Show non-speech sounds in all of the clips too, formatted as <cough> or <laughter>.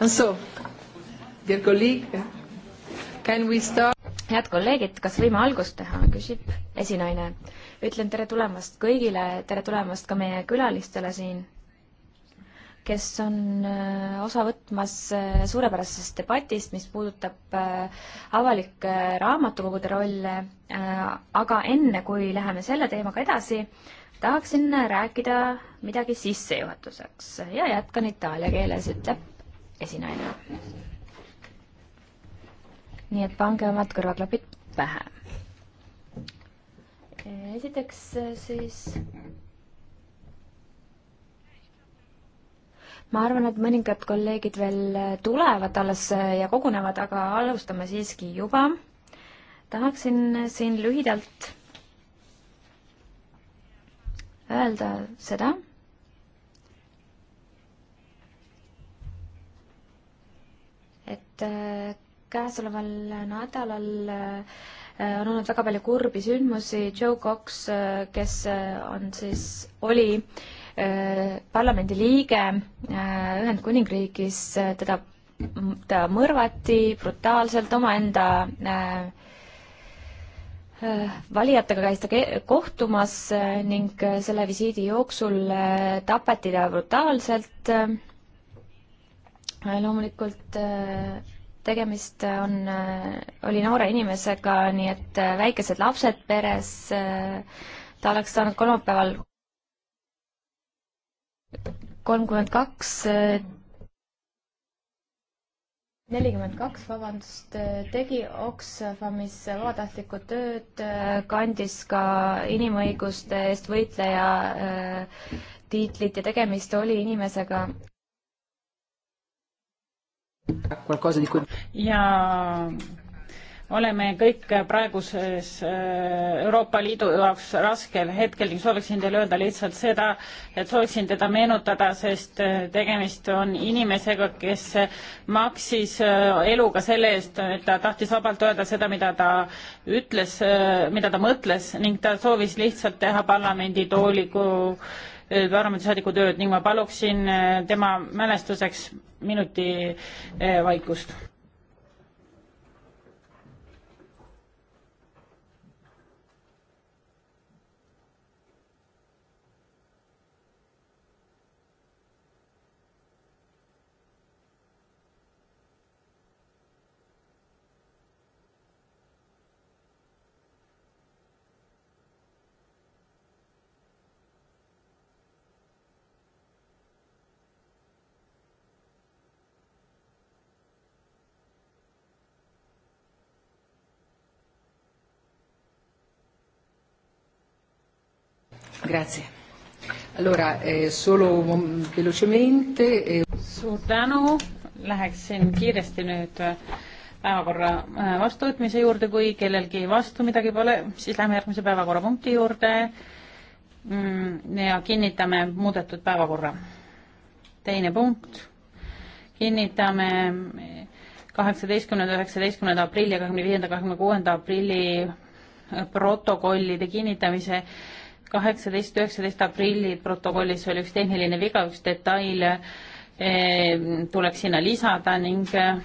And so, dear colleague, can we start? head kolleegid, kas võime algust teha, küsib esinaine. ütlen tere tulemast kõigile, tere tulemast ka meie külalistele siin, kes on äh, osa võtmas äh, suurepärasest debatist, mis puudutab äh, avalike raamatukogude rolle. aga enne, kui läheme selle teemaga edasi, tahaksin rääkida midagi sissejuhatuseks ja jätkan itaalia keeles, ütleb esinaine. nii et pange omad kõrvaklapid pähe. esiteks siis ma arvan, et mõningad kolleegid veel tulevad alles ja kogunevad, aga alustame siiski juba. tahaksin siin lühidalt öelda seda, et äh, käesoleval nädalal äh, on olnud väga palju kurbi sündmusi, Joe Cox, äh, kes on siis, oli parlamendi liige Ühendkuningriigis, teda, ta mõrvati brutaalselt omaenda äh, Äh, valijatega käis ta kohtumas äh, ning äh, selle visiidi jooksul tapeti ta brutaalselt. loomulikult tegemist on, oli noore inimesega, nii et väikesed lapsed peres. ta oleks saanud kolmapäeval kolmkümmend kaks nelikümmend kaks, vabandust, tegi Oxfamis vabatahtlikku tööd, kandis ka inimõiguste eest võitleja äh, tiitlit ja tegemist oli inimesega. ja oleme kõik praeguses äh, Euroopa Liidu jaoks raskel hetkel ning sooviksin teile öelda lihtsalt seda, et sooviksin teda meenutada, sest äh, tegemist on inimesega, kes maksis äh, eluga selle eest, et ta tahtis vabalt öelda seda, mida ta ütles, mida ta mõtles ning ta soovis lihtsalt teha parlamendi tooliku parlamendisaadiku tööd ning ma paluksin tema mälestuseks minuti vaikust grazie. Allora, eh, solo velocemente eh.... suur tänu, läheksin kiiresti nüüd eh, päevakorra eh, vastuvõtmise juurde, kui kellelgi vastu midagi pole, siis lähme järgmise päevakorrapunkti juurde mm, ja kinnitame muudetud päevakorra. teine punkt, kinnitame kaheksateistkümnenda, üheksateistkümnenda aprilli ja kahekümne viienda, kahekümne kuuenda aprilli eh, protokollide kinnitamise äh, kaheksateist, üheksateist aprilli protokollis oli üks tehniline viga, üks detail ehm, tuleks sinna lisada ning eh,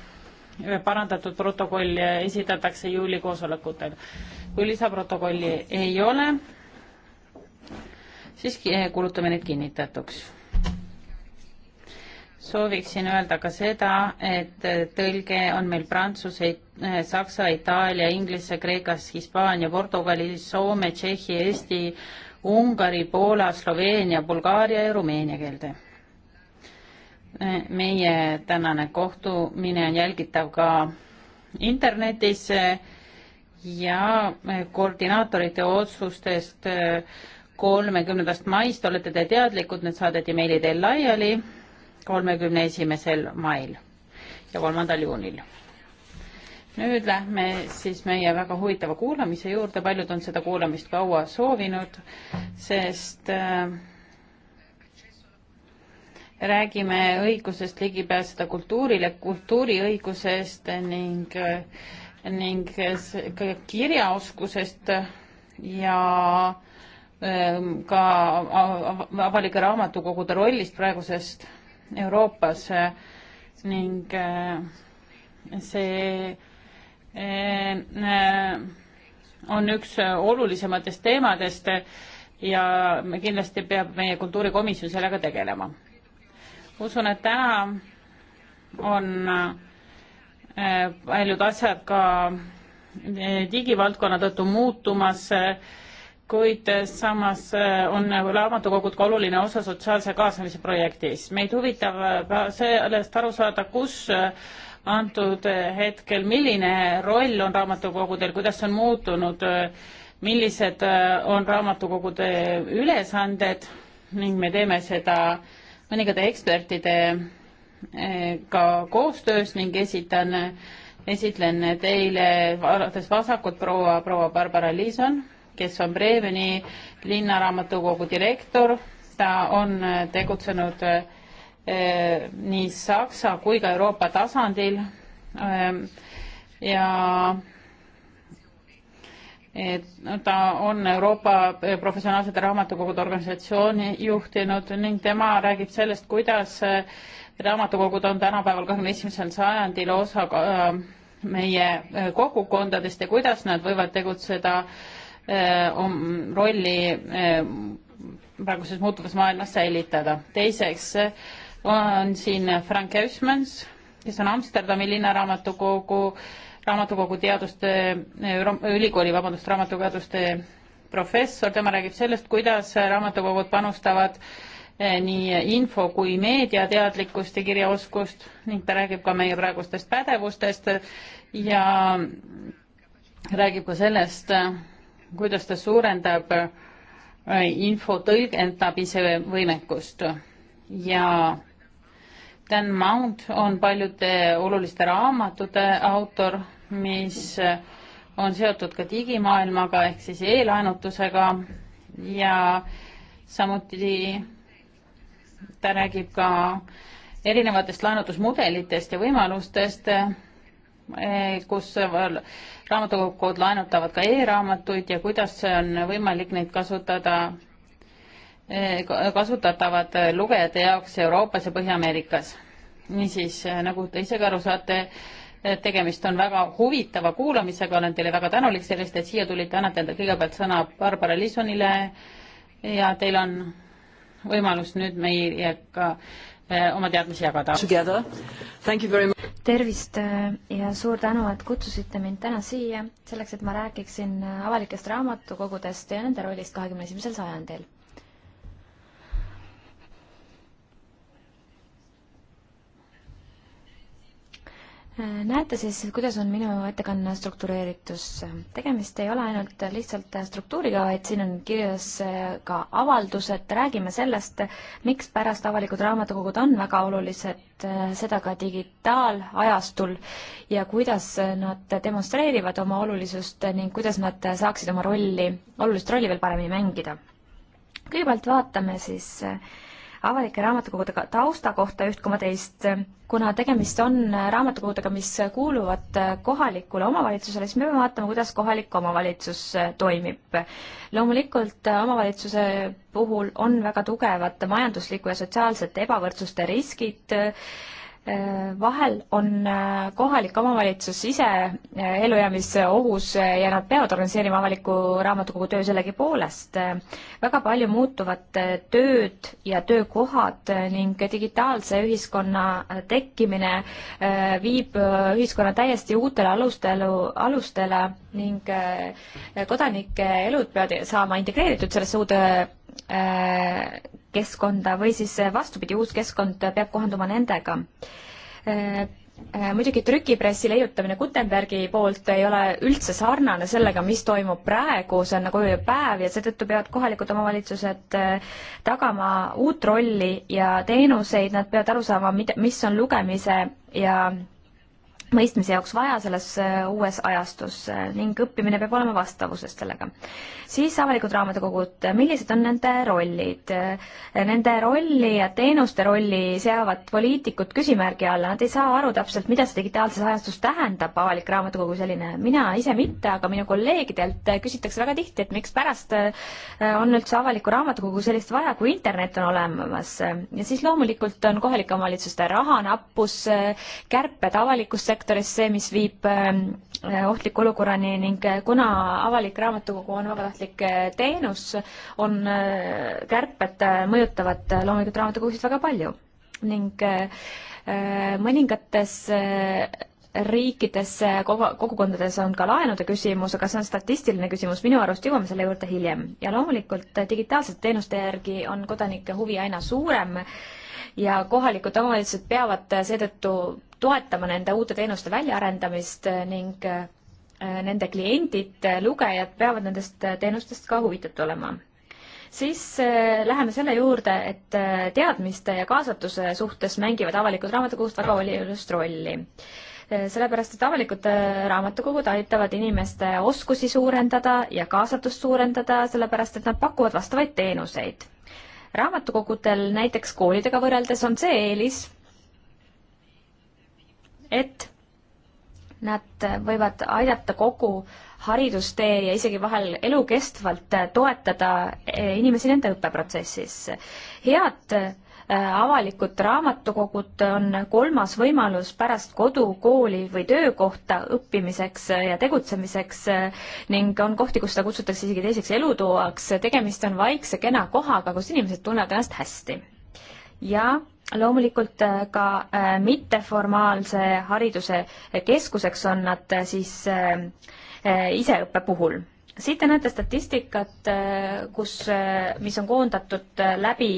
parandatud protokoll eh, esitatakse juuli koosolekutel. kui lisaprotokolli ei ole, siis eh, kuulutame need kinnitatuks. sooviksin öelda ka seda, et tõlge on meil prantsuse, saksa, itaalia, inglise, kreekas, Hispaania, Portugali, Soome, Tšehhi, Eesti, ungari, poola, Sloveenia, Bulgaaria ja Rumeenia keelde. meie tänane kohtumine on jälgitav ka internetis ja koordinaatorite otsustest kolmekümnendast maist olete te teadlikud, need saadeti meili teel laiali kolmekümne esimesel mail ja kolmandal juunil nüüd lähme siis meie väga huvitava kuulamise juurde, paljud on seda kuulamist kaua soovinud, sest äh, räägime õigusest ligipääseda kultuurile, kultuuriõigusest ning, ning kirjaoskusest ja ähm, ka avalike raamatukogude rollist praegusest Euroopas äh, ning äh, see Ehm, ehm, on üks äh, olulisematest teemadest ja me kindlasti peab meie kultuurikomisjon sellega tegelema. usun, et täna on äh, paljud asjad ka äh, digivaldkonna tõttu muutumas, kuid samas on raamatukogud ka oluline osa sotsiaalse kaasamise projektis. meid huvitab sellest aru saada, kus antud eh, hetkel, milline roll on raamatukogudel, kuidas on muutunud, eh, millised eh, on raamatukogude ülesanded ning me teeme seda mõningate ekspertidega koostöös ning esitan, esitlen teile alates vasakult proua, proua Barbara Liison, kes on Breveni linnaraamatukogu direktor, ta on tegutsenud äh, Äh, nii Saksa kui ka Euroopa tasandil ähm, ja et ta on Euroopa äh, Professionaalsete Raamatukogude Organisatsiooni juhtinud ning tema räägib sellest, kuidas äh, raamatukogud on tänapäeval kahekümne esimesel sajandil osa meie kogukondadest ja kuidas nad võivad tegutseda rolli praeguses muutuvas maailmas säilitada. teiseks on siin Frank Eusmans, kes on Amsterdami linnaraamatukogu, raamatukogu teaduste, ülikooli, vabandust, raamatukoguteaduste professor, tema räägib sellest, kuidas raamatukogud panustavad eh, nii info kui meediateadlikkust ja kirjaoskust ning ta räägib ka meie praegustest pädevustest ja räägib ka sellest, kuidas ta suurendab eh, info tõlgendamise võimekust ja Dan Mount on paljude oluliste raamatute autor, mis äh, on seotud ka digimaailmaga ehk siis e-laenutusega ja samuti ta räägib ka erinevatest laenutusmudelitest ja võimalustest, äh, kus raamatukogud laenutavad ka e-raamatuid ja kuidas on võimalik neid kasutada Eh, kasutatavad lugejate jaoks Euroopas ja Põhja-Ameerikas. niisiis, eh, nagu te ise ka aru saate, eh, tegemist on väga huvitava kuulamisega, olen teile väga tänulik sellest, et siia tulite, annate enda kõigepealt sõna Barbara Lisonile ja teil on võimalus nüüd meiega oma teadmisi jagada. tervist ja suur tänu, et kutsusite mind täna siia, selleks et ma räägiksin avalikest raamatukogudest ja nende rollist kahekümne esimesel sajandil Näete siis, kuidas on minu ettekanne struktureeritus. tegemist ei ole ainult lihtsalt struktuuriga, vaid siin on kirjas äh, ka avaldused, räägime sellest, mikspärast avalikud raamatukogud on väga olulised, äh, seda ka digitaalajastul ja kuidas äh, nad demonstreerivad oma olulisust ning kuidas nad saaksid oma rolli, olulist rolli veel paremini mängida. kõigepealt vaatame siis äh, avalike raamatukogude tausta kohta üht koma teist. kuna tegemist on raamatukogudega, mis kuuluvad kohalikule omavalitsusele, siis me peame vaatama, kuidas kohalik omavalitsus toimib. loomulikult omavalitsuse puhul on väga tugevad majanduslikku ja sotsiaalset ebavõrdsuste riskid Äh, vahel on äh, kohalik omavalitsus ise äh, ellujäämise ohus ja nad peavad organiseerima avaliku raamatukogu töö sellegipoolest. väga palju muutuvad tööd ja töökohad ning digitaalse ühiskonna tekkimine viib ühiskonna täiesti uutele alustele, alustele ning kodanike elud peavad saama integreeritud sellesse uude keskkonda või siis eh, vastupidi, uus keskkond peab kohanduma nendega. Eh, eh, muidugi trükipressi leiutamine Gutenbergi poolt ei ole üldse sarnane sellega, mis toimub praegu, see on nagu ööpäev ja seetõttu peavad kohalikud omavalitsused tagama uut rolli ja teenuseid, nad peavad aru saama, mida, mis on lugemise ja mõistmise jaoks vaja selles äh, uues ajastus äh, ning õppimine peab olema vastavuses sellega. siis avalikud raamatukogud, millised on nende rollid? Äh, nende rolli ja teenuste rolli seavad poliitikud küsimärgi alla, nad ei saa aru täpselt, mida see digitaalses ajastus tähendab, avalik raamatukogu selline. mina ise mitte, aga minu kolleegidelt küsitakse väga tihti, et mikspärast on üldse avalikku raamatukogu sellist vaja, kui internet on olemas. ja siis loomulikult on kohalike omavalitsuste rahanappus, kärped avalikus sektoris, sektoris see, mis viib ähm, äh, ohtliku olukorrani ning äh, kuna avalik raamatukogu on vabatahtlik äh, teenus, on kärped mõjutavad loomulikult raamatukogusid väga palju ning mõningates riikides, kogukondades on ka laenude küsimus, aga see on statistiline küsimus, minu arust jõuame selle juurde hiljem. ja loomulikult digitaalsete teenuste järgi on kodanike huvi aina suurem ja kohalikud omavalitsused peavad seetõttu toetama nende uute teenuste väljaarendamist ning äh, nende kliendid, lugejad peavad nendest teenustest ka huvitatud olema. siis äh, läheme selle juurde, et äh, teadmiste ja kaasatuse suhtes mängivad avalikud raamatukogud väga olulist rolli sellepärast, et avalikud raamatukogud aitavad inimeste oskusi suurendada ja kaasatust suurendada, sellepärast et nad pakuvad vastavaid teenuseid. raamatukogudel näiteks koolidega võrreldes on see eelis, et nad võivad aidata kogu haridustee ja isegi vahel elukestvalt toetada eh, inimesi nende õppeprotsessis. head eh, avalikud raamatukogud on kolmas võimalus pärast kodu, kooli või töökohta õppimiseks eh, ja tegutsemiseks ning on kohti, kus seda kutsutakse isegi teiseks elutoaks. tegemist on vaikse, kena kohaga, kus inimesed tunnevad ennast hästi. ja loomulikult äh, ka äh, mitteformaalse hariduse keskuseks on nad äh, siis iseõppe puhul. siit te näete statistikat, kus, mis on koondatud läbi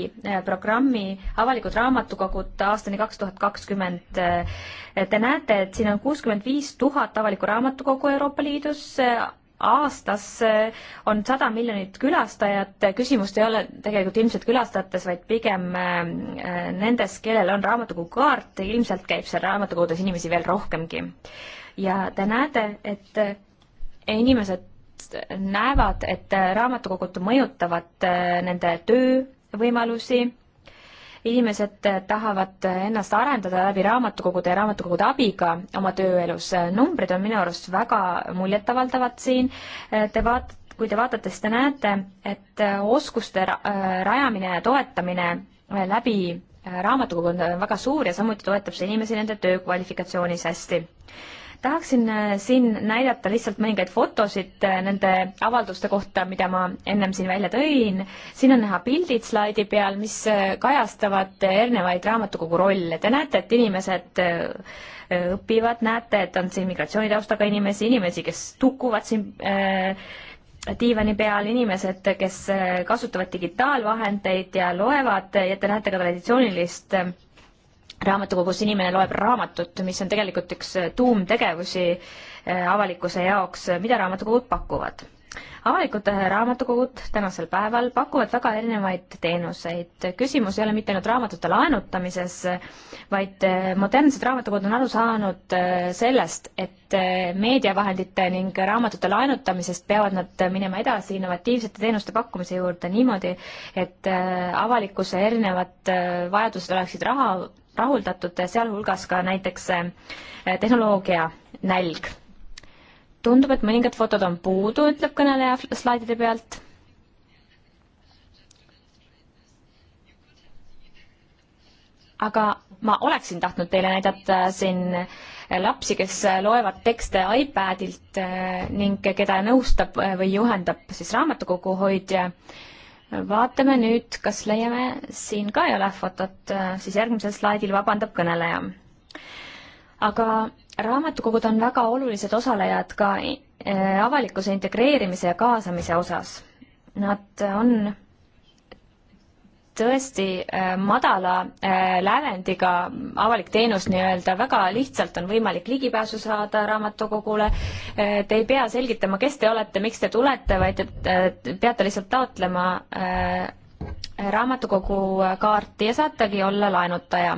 programmi Avalikud raamatukogud aastani kaks tuhat kakskümmend. Te näete, et siin on kuuskümmend viis tuhat avalikku raamatukogu Euroopa Liidus aastas on sada miljonit külastajat, küsimust ei ole tegelikult ilmselt külastajates, vaid pigem äh, nendes, kellel on raamatukogukaart, ilmselt käib seal raamatukogudes inimesi veel rohkemgi. ja te näete, et äh, inimesed näevad, et äh, raamatukogud mõjutavad nende töövõimalusi inimesed tahavad ennast arendada läbi raamatukogude ja raamatukogude abiga oma tööelus. numbrid on minu arust väga muljetavaldavad siin. Te vaat-, kui te vaatate, siis te näete, et oskuste rajamine ja toetamine läbi raamatukogude on väga suur ja samuti toetab see inimesi nende töökvalifikatsioonis hästi tahaksin äh, siin näidata lihtsalt mõningaid fotosid äh, nende avalduste kohta, mida ma ennem siin välja tõin. siin on näha pildid slaidi peal, mis äh, kajastavad erinevaid raamatukogu rolle. Te näete, et inimesed õpivad, näete, et on siin migratsioonitaustaga inimesi, inimesi, kes tukuvad siin äh, diivani peal inimesed, kes kasutavad digitaalvahendeid ja loevad ja te näete ka traditsioonilist äh, raamatukogus inimene loeb raamatut, mis on tegelikult üks äh, tuumtegevusi äh, avalikkuse jaoks, äh, mida raamatukogud pakuvad. avalikud raamatukogud tänasel päeval pakuvad väga erinevaid teenuseid. küsimus ei ole mitte ainult raamatute laenutamises, vaid modernsed raamatukogud on aru saanud sellest, et meediavahendite ning raamatute laenutamisest peavad nad minema edasi innovatiivsete teenuste pakkumise juurde niimoodi, et avalikkuse erinevad vajadused oleksid raha rahuldatud, sealhulgas ka näiteks eh, tehnoloogia nälg. tundub, et mõningad fotod on puudu, ütleb kõneleja slaidide pealt. aga ma oleksin tahtnud teile näidata siin lapsi, kes loevad tekste iPadilt eh, ning keda nõustab eh, või juhendab siis raamatukoguhoidja vaatame nüüd, kas leiame, siin ka ei ole fotot, siis järgmisel slaidil vabandab kõneleja. aga raamatukogud on väga olulised osalejad ka eh, avalikkuse integreerimise ja kaasamise osas. Nad on tõesti äh, madala äh, lävendiga avalik teenus nii-öelda, väga lihtsalt on võimalik ligipääsu saada raamatukogule. Äh, te ei pea selgitama, kes te olete, miks te tulete, vaid et peate lihtsalt taotlema raamatukogu kaarti ja saategi olla laenutaja.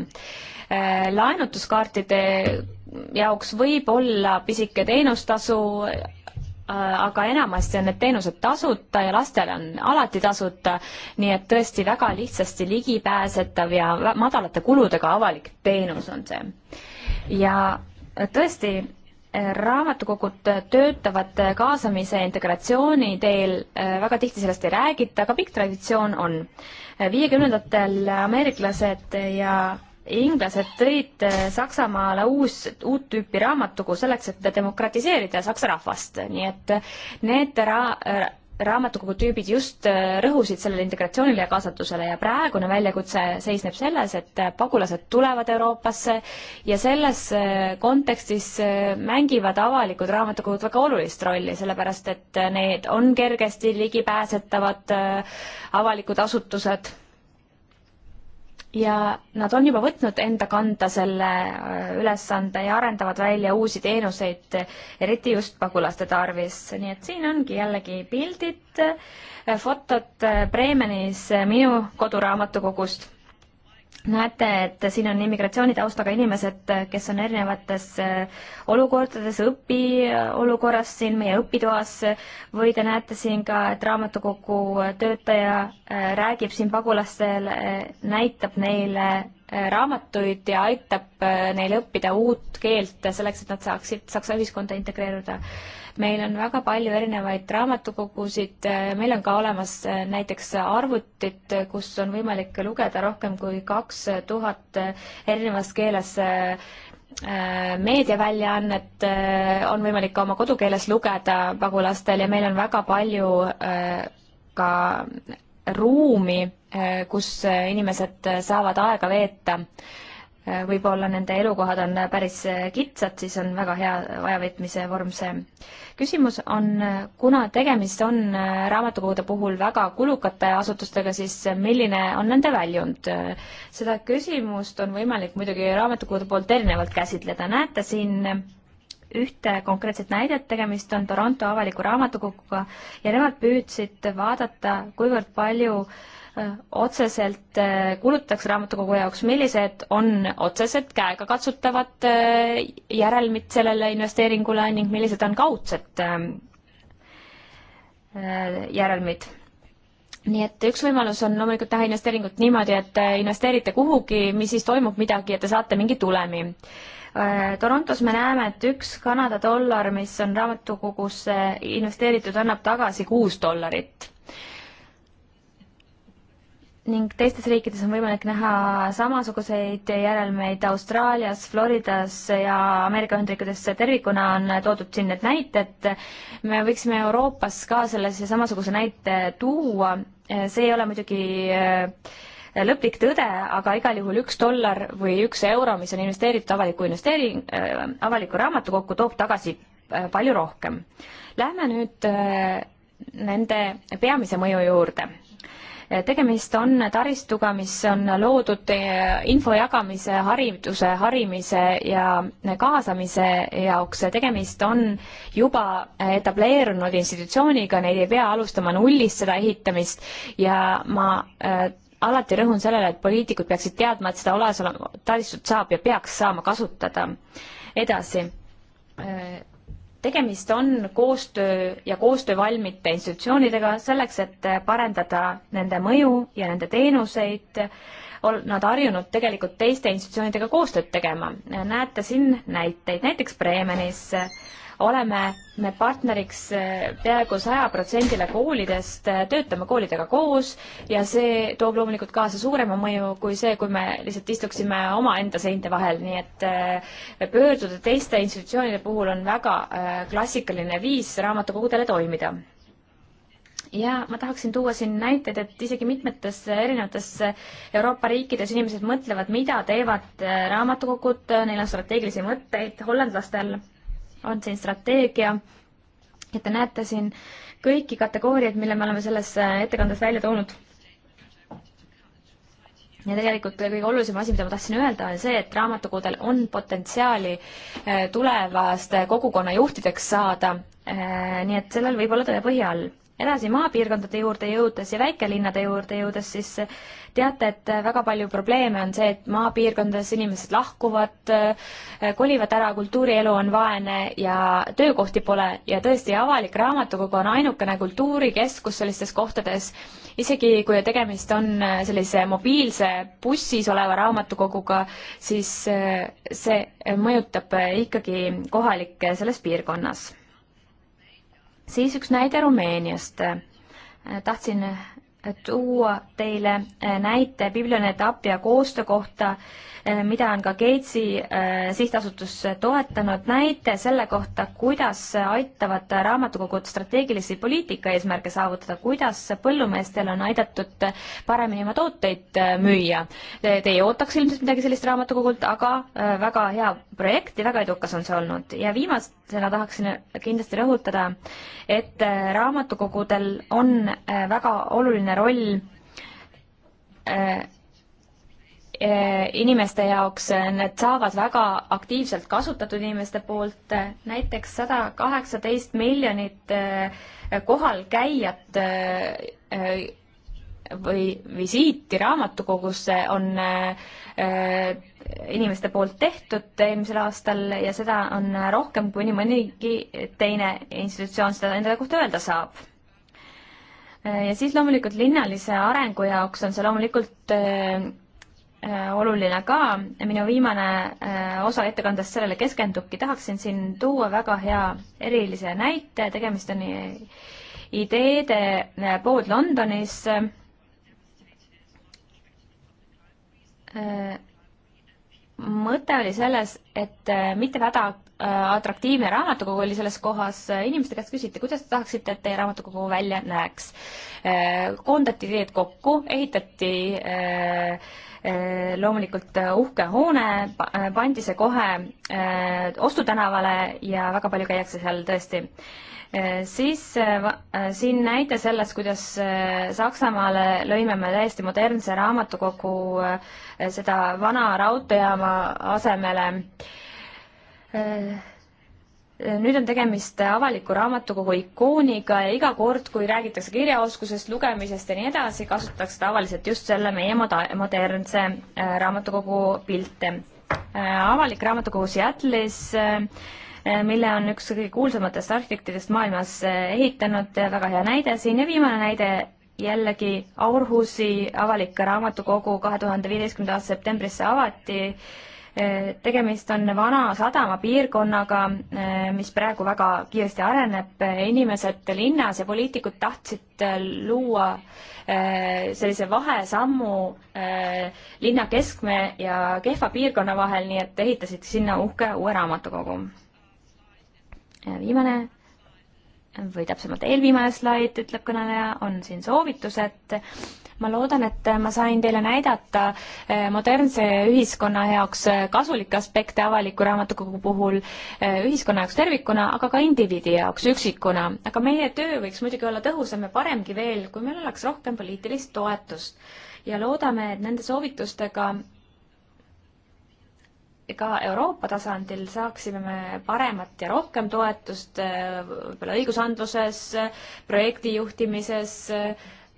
laenutuskaartide jaoks võib olla pisike teenustasu, Äh, aga enamasti on need teenused tasuta ja lastele on alati tasuta, nii et tõesti väga lihtsasti ligipääsetav ja madalate kuludega avalik teenus on see. ja tõesti, äh, raamatukogud töötavad kaasamise integratsiooni teel, äh, väga tihti sellest ei räägita, aga pikk traditsioon on. viiekümnendatel ameeriklased ja inglased tõid äh, Saksamaale uus, uut tüüpi raamatukogu selleks, et demokratiseerida saksa rahvast, nii et äh, need ra-, äh, raamatukogu tüübid just rõhusid sellele integratsioonile ja kaasatusele ja praegune väljakutse seisneb selles, et pagulased tulevad Euroopasse ja selles kontekstis mängivad avalikud raamatukogud väga olulist rolli, sellepärast et need on kergesti ligipääsetavad avalikud asutused ja nad on juba võtnud enda kanda selle äh, ülesande ja arendavad välja uusi teenuseid, eriti just pagulaste tarvis. nii et siin ongi jällegi pildid, äh, fotod äh, Bremenis minu koduraamatukogust näete, et siin on immigratsioonitaustaga inimesed, kes on erinevates äh, olukordades, õpiolukorras siin meie õpitoas või te näete siin ka, et raamatukogu töötaja äh, räägib siin pagulastele, äh, näitab neile Äh, raamatuid ja aitab äh, neil õppida uut keelt selleks, et nad saaksid Saksa ühiskonda integreeruda. meil on väga palju erinevaid raamatukogusid, äh, meil on ka olemas näiteks arvutid, kus on võimalik lugeda rohkem kui kaks tuhat erinevas keeles meediaväljaannet on võimalik ka oma kodukeeles lugeda pagulastel ja meil on väga palju ka ruumi Äh, kus äh, inimesed äh, saavad aega veeta. võib-olla nende elukohad on päris kitsad, siis on väga hea ajaveetmise vorm see. küsimus on, kuna tegemist on raamatukogude puhul väga kulukate asutustega, siis milline on nende väljund? seda küsimust on võimalik muidugi raamatukogude poolt erinevalt käsitleda, näete siin ühte konkreetset näidet, tegemist on Toronto avaliku raamatukoguga ja nemad püüdsid vaadata, kuivõrd palju äh, otseselt äh, kulutatakse raamatukogu jaoks, millised on otsesed käegakatsutavad äh, järelmid sellele investeeringule ning millised on kaudsed ähm, äh, järelmid? nii et üks võimalus on loomulikult teha investeeringut niimoodi, et investeerite kuhugi, mis siis toimub midagi ja te saate mingi tulemi Torontos me näeme, et üks Kanada dollar, mis on raamatukogusse investeeritud, annab tagasi kuus dollarit ning teistes riikides on võimalik näha samasuguseid järelmeid Austraalias, Floridas ja Ameerika Ühendriikides tervikuna on toodud siin need näited. me võiksime Euroopas ka sellesse samasuguse näite tuua, see ei ole muidugi äh, lõplik tõde, aga igal juhul üks dollar või üks euro, mis on investeeritud avaliku investeering, äh, avaliku raamatukokku, toob tagasi äh, palju rohkem. Lähme nüüd nende peamise mõju juurde tegemist on taristuga, mis on loodud info jagamise, hariduse, harimise ja kaasamise jaoks. tegemist on juba etableerunud institutsiooniga, neid ei pea alustama nullist, seda ehitamist ja ma äh, alati rõhun sellele, et poliitikud peaksid teadma, et seda olemasolevat taristut saab ja peaks saama kasutada. edasi äh, tegemist on koostöö ja koostöövalmite institutsioonidega selleks, et parendada nende mõju ja nende teenuseid. Nad harjunud tegelikult teiste institutsioonidega koostööd tegema. näete siin näiteid, näiteks Bremenis oleme me partneriks eh, peaaegu sajaprotsendile koolidest, eh, töötame koolidega koos ja see toob loomulikult kaasa suurema mõju kui see, kui me lihtsalt istuksime omaenda seinte vahel, nii et eh, pöörduda teiste institutsioonide puhul on väga klassikaline viis raamatukogudele toimida ja ma tahaksin tuua siin näiteid, et isegi mitmetes erinevates Euroopa riikides inimesed mõtlevad, mida teevad raamatukogud, neil on strateegilisi mõtteid hollandlastel on siin strateegia, et te näete siin kõiki kategooriaid, mille me oleme selles äh, ettekandes välja toonud. ja tegelikult kõige olulisem asi, mida ma tahtsin öelda, on see, et raamatukogudel on potentsiaali äh, tulevaste kogukonnajuhtideks saada, äh, nii et sellel võib olla tõe põhi all edasi maapiirkondade juurde jõudes ja väikelinnade juurde jõudes, siis teate, et väga palju probleeme on see, et maapiirkondades inimesed lahkuvad, kolivad ära, kultuurielu on vaene ja töökohti pole ja tõesti, avalik raamatukogu on ainukene kultuurikeskus sellistes kohtades, isegi kui tegemist on sellise mobiilse bussis oleva raamatukoguga, siis see mõjutab ikkagi kohalikke selles piirkonnas siis üks näide Rumeeniast. tahtsin tuua teile äh, näite Biblionet Apia koostöö kohta, äh, mida on ka Gatesi äh, sihtasutus toetanud, näite selle kohta, kuidas aitavad raamatukogud strateegilisi poliitika eesmärke saavutada, kuidas põllumeestel on aidatud paremini oma tooteid müüa. Te ei ootaks ilmselt midagi sellist raamatukogult, aga väga hea projekt ja väga edukas on see olnud ja viimasena tahaksin kindlasti rõhutada, et raamatukogudel on väga oluline roll äh, äh, inimeste jaoks, need saavad väga aktiivselt kasutatud inimeste poolt, näiteks sada kaheksateist miljonit äh, kohalkäijat või visiiti raamatukogusse on inimeste poolt tehtud eelmisel aastal ja seda on rohkem, kui nii mõnigi teine institutsioon seda enda kohta öelda saab Äh, ja siis loomulikult linnalise arengu jaoks on see loomulikult äh, äh, oluline ka, minu viimane osa ettekandest sellele keskendubki, tahaksin siin tuua väga hea erilise näite, tegemist on ideede pood Londonis. mõte oli selles, et mitte väga Äh, atraktiivne raamatukogu oli selles kohas, inimeste käest küsiti, kuidas te tahaksite, et teie raamatukogu välja näeks. Äh, koondati ideed kokku, ehitati äh, loomulikult uhke hoone, pandi see kohe ostutänavale ja väga palju käiakse seal tõesti siis siin näide sellest, kuidas Saksamaale lõime me täiesti modernse raamatukogu seda vana raudteejaama asemele Äh, äh, nüüd on tegemist avaliku raamatukogu ikooniga ja iga kord, kui räägitakse kirjaoskusest, lugemisest ja nii edasi, kasutatakse tavaliselt just selle meie modernse äh, raamatukogu pilte. avalik raamatukogu Seattle'is, mille on üks kõige kuulsamatest arhitektidest maailmas ehitanud, väga hea näide siin ja viimane näide jällegi Aarhusi avalik raamatukogu kahe tuhande viieteistkümnenda aasta septembrisse avati Eh, tegemist on vana sadama piirkonnaga, eh, mis praegu väga kiiresti areneb, eh, inimesed linnas ja poliitikud tahtsid luua sellise vahesammu linna keskme ja kehva piirkonna vahel, nii et ehitasid sinna uhke uue raamatukogu. viimane või täpsemalt eelviimane slaid, ütleb kõneleja, on siin soovitused ma loodan, et ma sain teile näidata eh, modernse ühiskonna jaoks eh, kasulikke aspekte avaliku raamatukogu puhul, eh, ühiskonna jaoks tervikuna, aga ka indiviidi jaoks üksikuna. aga meie töö võiks muidugi olla tõhusam ja paremgi veel, kui meil oleks rohkem poliitilist toetust. ja loodame, et nende soovitustega ka Euroopa tasandil saaksime me paremat ja rohkem toetust võib-olla õigusandluses, projektijuhtimises,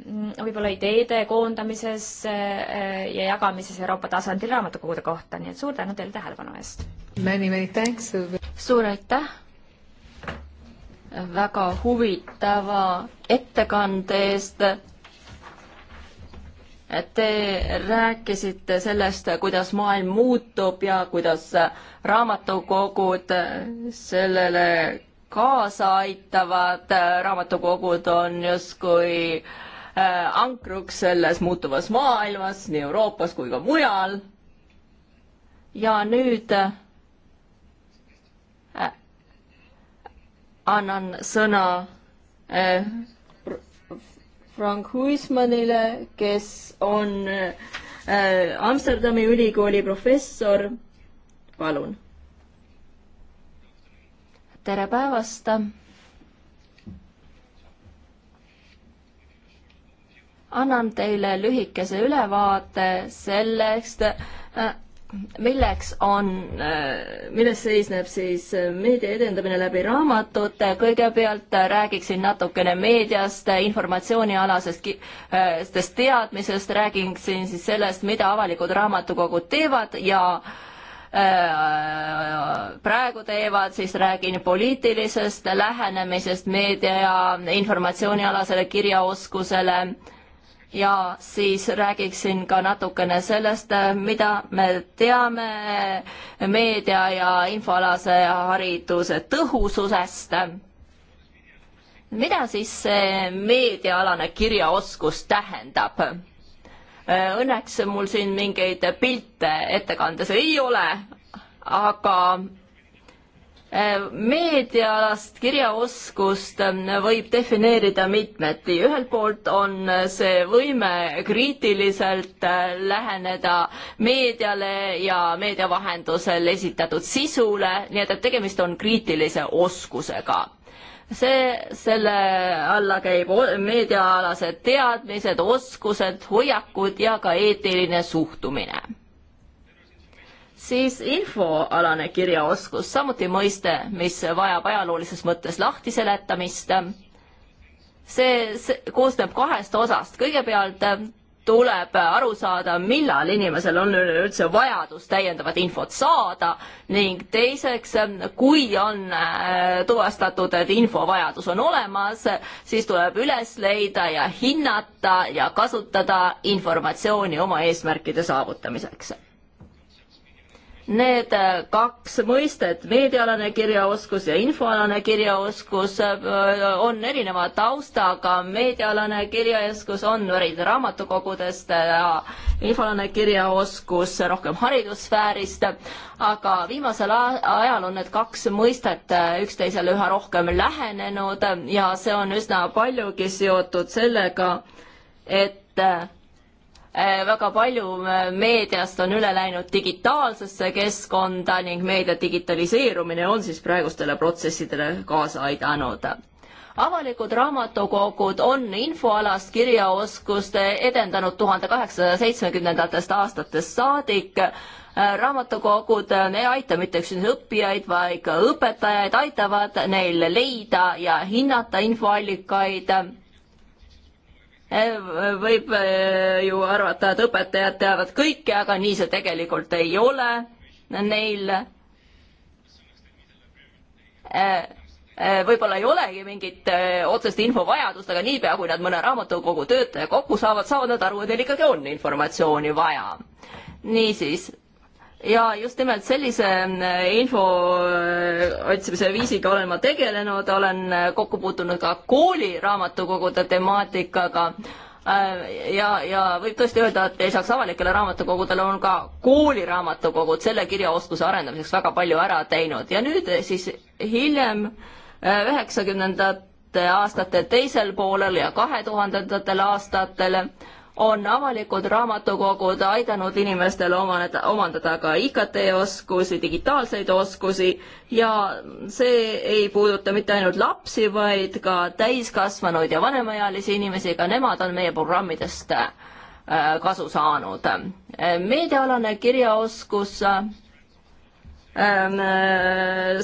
Mm, võib-olla ideede koondamises eh, ja jagamises Euroopa tasandil raamatukogude kohta, nii et suur tänu teile tähelepanu eest! suur aitäh väga huvitava ettekande eest! Te rääkisite sellest, kuidas maailm muutub ja kuidas raamatukogud sellele kaasa aitavad, raamatukogud on justkui äh, Äh, ankruks selles muutuvas maailmas, nii Euroopas kui ka mujal. ja nüüd äh, annan sõna äh, Frank Huismanile, kes on Amsterdami ülikooli professor. palun. tere päevast annan teile lühikese ülevaate sellest, äh, milleks on, äh, milles seisneb siis äh, meedia edendamine läbi raamatute, kõigepealt räägiksin natukene meediast, informatsioonialasest, sest teadmisest, räägiksin siis sellest, mida avalikud raamatukogud teevad ja praegu teevad, siis räägin poliitilisest lähenemisest meedia ja informatsioonialasele kirjaoskusele ja siis räägiksin ka natukene sellest, mida me teame meedia ja infoalase hariduse tõhususest. mida siis see meediaalane kirjaoskus tähendab? Õnneks mul siin mingeid pilte ettekandes ei ole, aga Äh, meediaalast kirjaoskust ähm, võib defineerida mitmeti. ühelt poolt on äh, see võime kriitiliselt äh, läheneda meediale ja meedia vahendusel esitatud sisule, nii et, et tegemist on kriitilise oskusega see, selle alla käib meediaalased teadmised, oskused, hoiakud ja ka eetiline suhtumine siis infoalane kirjaoskus, samuti mõiste, mis vajab ajaloolises mõttes lahtiseletamist. see, see koosneb kahest osast, kõigepealt tuleb aru saada, millal inimesel on üleüldse vajadus täiendavat infot saada ning teiseks, kui on äh, tuvastatud, et infovajadus on olemas, siis tuleb üles leida ja hinnata ja kasutada informatsiooni oma eesmärkide saavutamiseks Need äh, kaks mõistet, meediaalane kirjaoskus ja infoalane kirjaoskus, äh, on erineva taustaga. meediaalane kirjaoskus on pärit raamatukogudest ja äh, infoalane kirjaoskus rohkem haridussfäärist, aga viimasel ajal on need kaks mõistet üksteisele üha rohkem lähenenud ja see on üsna paljugi seotud sellega, et Äh, väga palju äh, meediast on üle läinud digitaalsesse keskkonda ning meedia digitaliseerumine on siis praegustele protsessidele kaasa aidanud. avalikud raamatukogud on infoalast kirjaoskust edendanud tuhande kaheksasaja seitsmekümnendatest aastatest saadik äh, raamatukogud ei aita mitte üksnes õppijaid, vaid ka õpetajaid, aitavad neil leida ja hinnata infoallikaid võib äh, ju arvata, et õpetajad teavad kõike, aga nii see tegelikult ei ole. Neil äh, äh, võib-olla ei olegi mingit otsest infovajadust, aga niipea, kui nad mõne raamatukogu töötaja kokku saavad, saavad nad aru, et neil ikkagi on informatsiooni vaja. niisiis ja just nimelt sellise äh, info äh, otsimise viisiga olen ma tegelenud, olen äh, kokku puutunud ka kooliraamatukogude temaatikaga ja, ja võib tõesti öelda, et lisaks avalikele raamatukogudele on ka kooliraamatukogud selle kirjaoskuse arendamiseks väga palju ära teinud ja nüüd siis hiljem üheksakümnendate aastate teisel poolel ja kahe tuhandendatel aastatel on avalikud raamatukogud aidanud inimestel omaneda, omandada ka IKT-oskusi, digitaalseid oskusi ja see ei puuduta mitte ainult lapsi, vaid ka täiskasvanuid ja vanemaealisi inimesi, ka nemad on meie programmidest äh, kasu saanud. meediaalane kirjaoskus ähm, äh,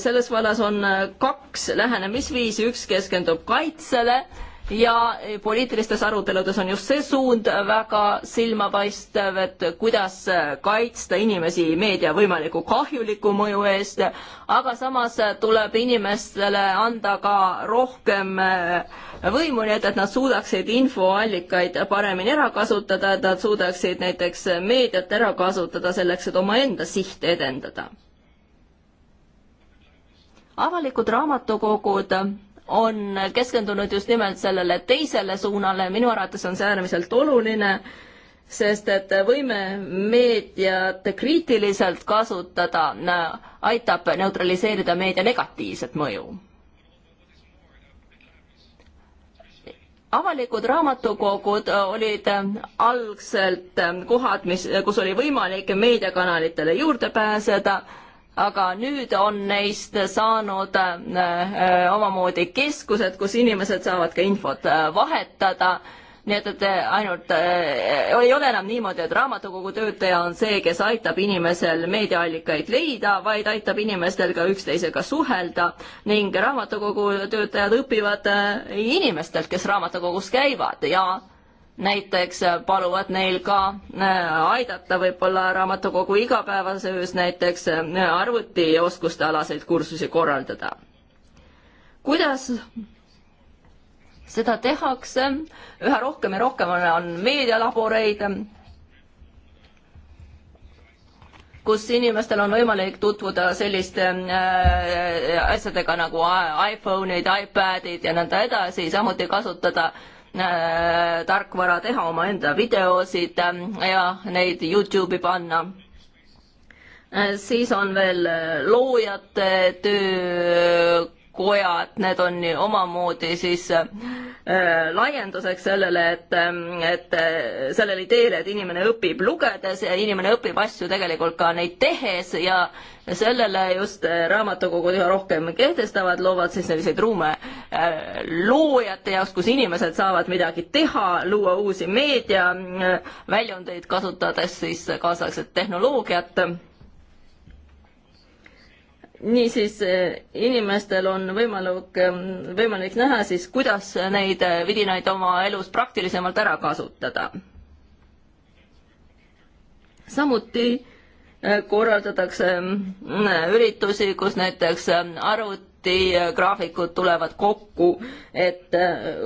selles vallas on kaks lähenemisviisi, üks keskendub kaitsele ja poliitilistes aruteludes on just see suund väga silmapaistev, et kuidas kaitsta inimesi meedia võimaliku kahjuliku mõju eest, aga samas tuleb inimestele anda ka rohkem eh, võimu, nii et, et nad suudaksid infoallikaid paremini ära kasutada, et nad suudaksid näiteks meediat ära kasutada selleks, et omaenda sihte edendada avalikud raamatukogud on keskendunud just nimelt sellele teisele suunale, minu arvates on see äärmiselt oluline, sest et võime meediat kriitiliselt kasutada, aitab neutraliseerida meedia negatiivset mõju. avalikud raamatukogud olid algselt kohad, mis, kus oli võimalik meediakanalitele juurde pääseda aga nüüd on neist saanud äh, äh, omamoodi keskused, kus inimesed saavad ka infot äh, vahetada nii et, et ainult äh,, ei ole enam niimoodi, et raamatukogu töötaja on see, kes aitab inimesel meediaallikaid leida, vaid aitab inimestel ka üksteisega suhelda ning raamatukogu töötajad õpivad äh, inimestelt, kes raamatukogus käivad ja näiteks äh, paluvad neil ka äh, aidata võib-olla raamatukogu igapäevases näiteks äh, arvutioskuste alaseid kursusi korraldada. kuidas seda tehakse, üha rohkem ja rohkem on, on meedialaboreid, kus inimestel on võimalik tutvuda selliste äh, asjadega nagu iPhone'id, iPadid ja nõnda edasi, samuti kasutada äh, Äh, tarkvara teha omaenda videosid ähm, ja neid Youtube'i panna äh, siis on veel äh, loojate töö, kojad, need on omamoodi siis äh, laienduseks sellele, et, ähm, et äh, sellele ideele, et inimene õpib lugedes ja inimene õpib asju tegelikult ka neid tehes ja sellele just äh, raamatukogud üha rohkem kehtestavad, loovad siis selliseid ruume äh, loojate jaoks, kus inimesed saavad midagi teha, luua uusi meediaväljaandeid äh,, kasutades siis kaasaegset tehnoloogiat niisiis eh, inimestel on võimalik, eh, võimalik näha siis, kuidas neid eh, vidinaid oma elus praktilisemalt ära kasutada. samuti korraldatakse mm, üritusi, kus näiteks arvutigraafikud tulevad kokku, et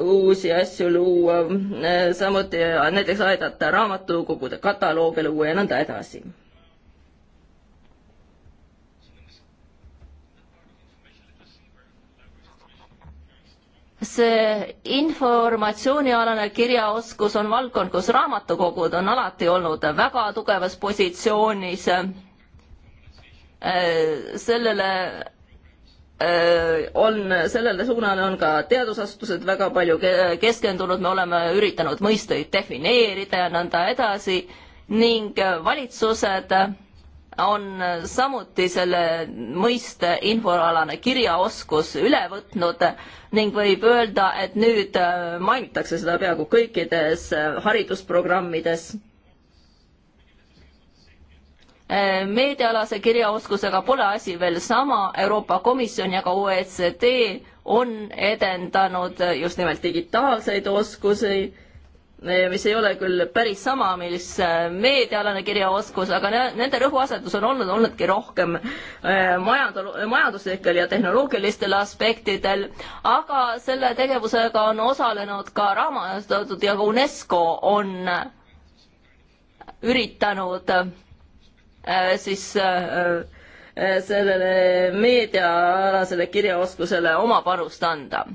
uusi asju luua, mm, samuti näiteks aidata raamatukogude kataloogi luua ja nõnda edasi see informatsioonialane kirjaoskus on valdkond, kus raamatukogud on alati olnud väga tugevas positsioonis äh, sellele äh, on, sellele suunale on ka teadusasutused väga palju keskendunud, me oleme üritanud mõisteid defineerida ja nõnda edasi ning valitsused on samuti selle mõiste infoalane kirjaoskus üle võtnud ning võib öelda, et nüüd äh, mainitakse seda peaaegu kõikides äh, haridusprogrammides. Äh, meediaalase kirjaoskusega pole asi veel sama, Euroopa Komisjon ja ka OECD on edendanud just nimelt digitaalseid oskusi Äh, mis ei ole küll päris sama, mis äh, meediaalane kirjaoskus, aga ne, nende rõhuasetus on olnud olnudki rohkem äh, majand-, majanduslikel ja tehnoloogilistel aspektidel, aga selle tegevusega on osalenud ka raamatukogutud ja UNESCO on üritanud siis sellele meediaalasele kirjaoskusele oma panust anda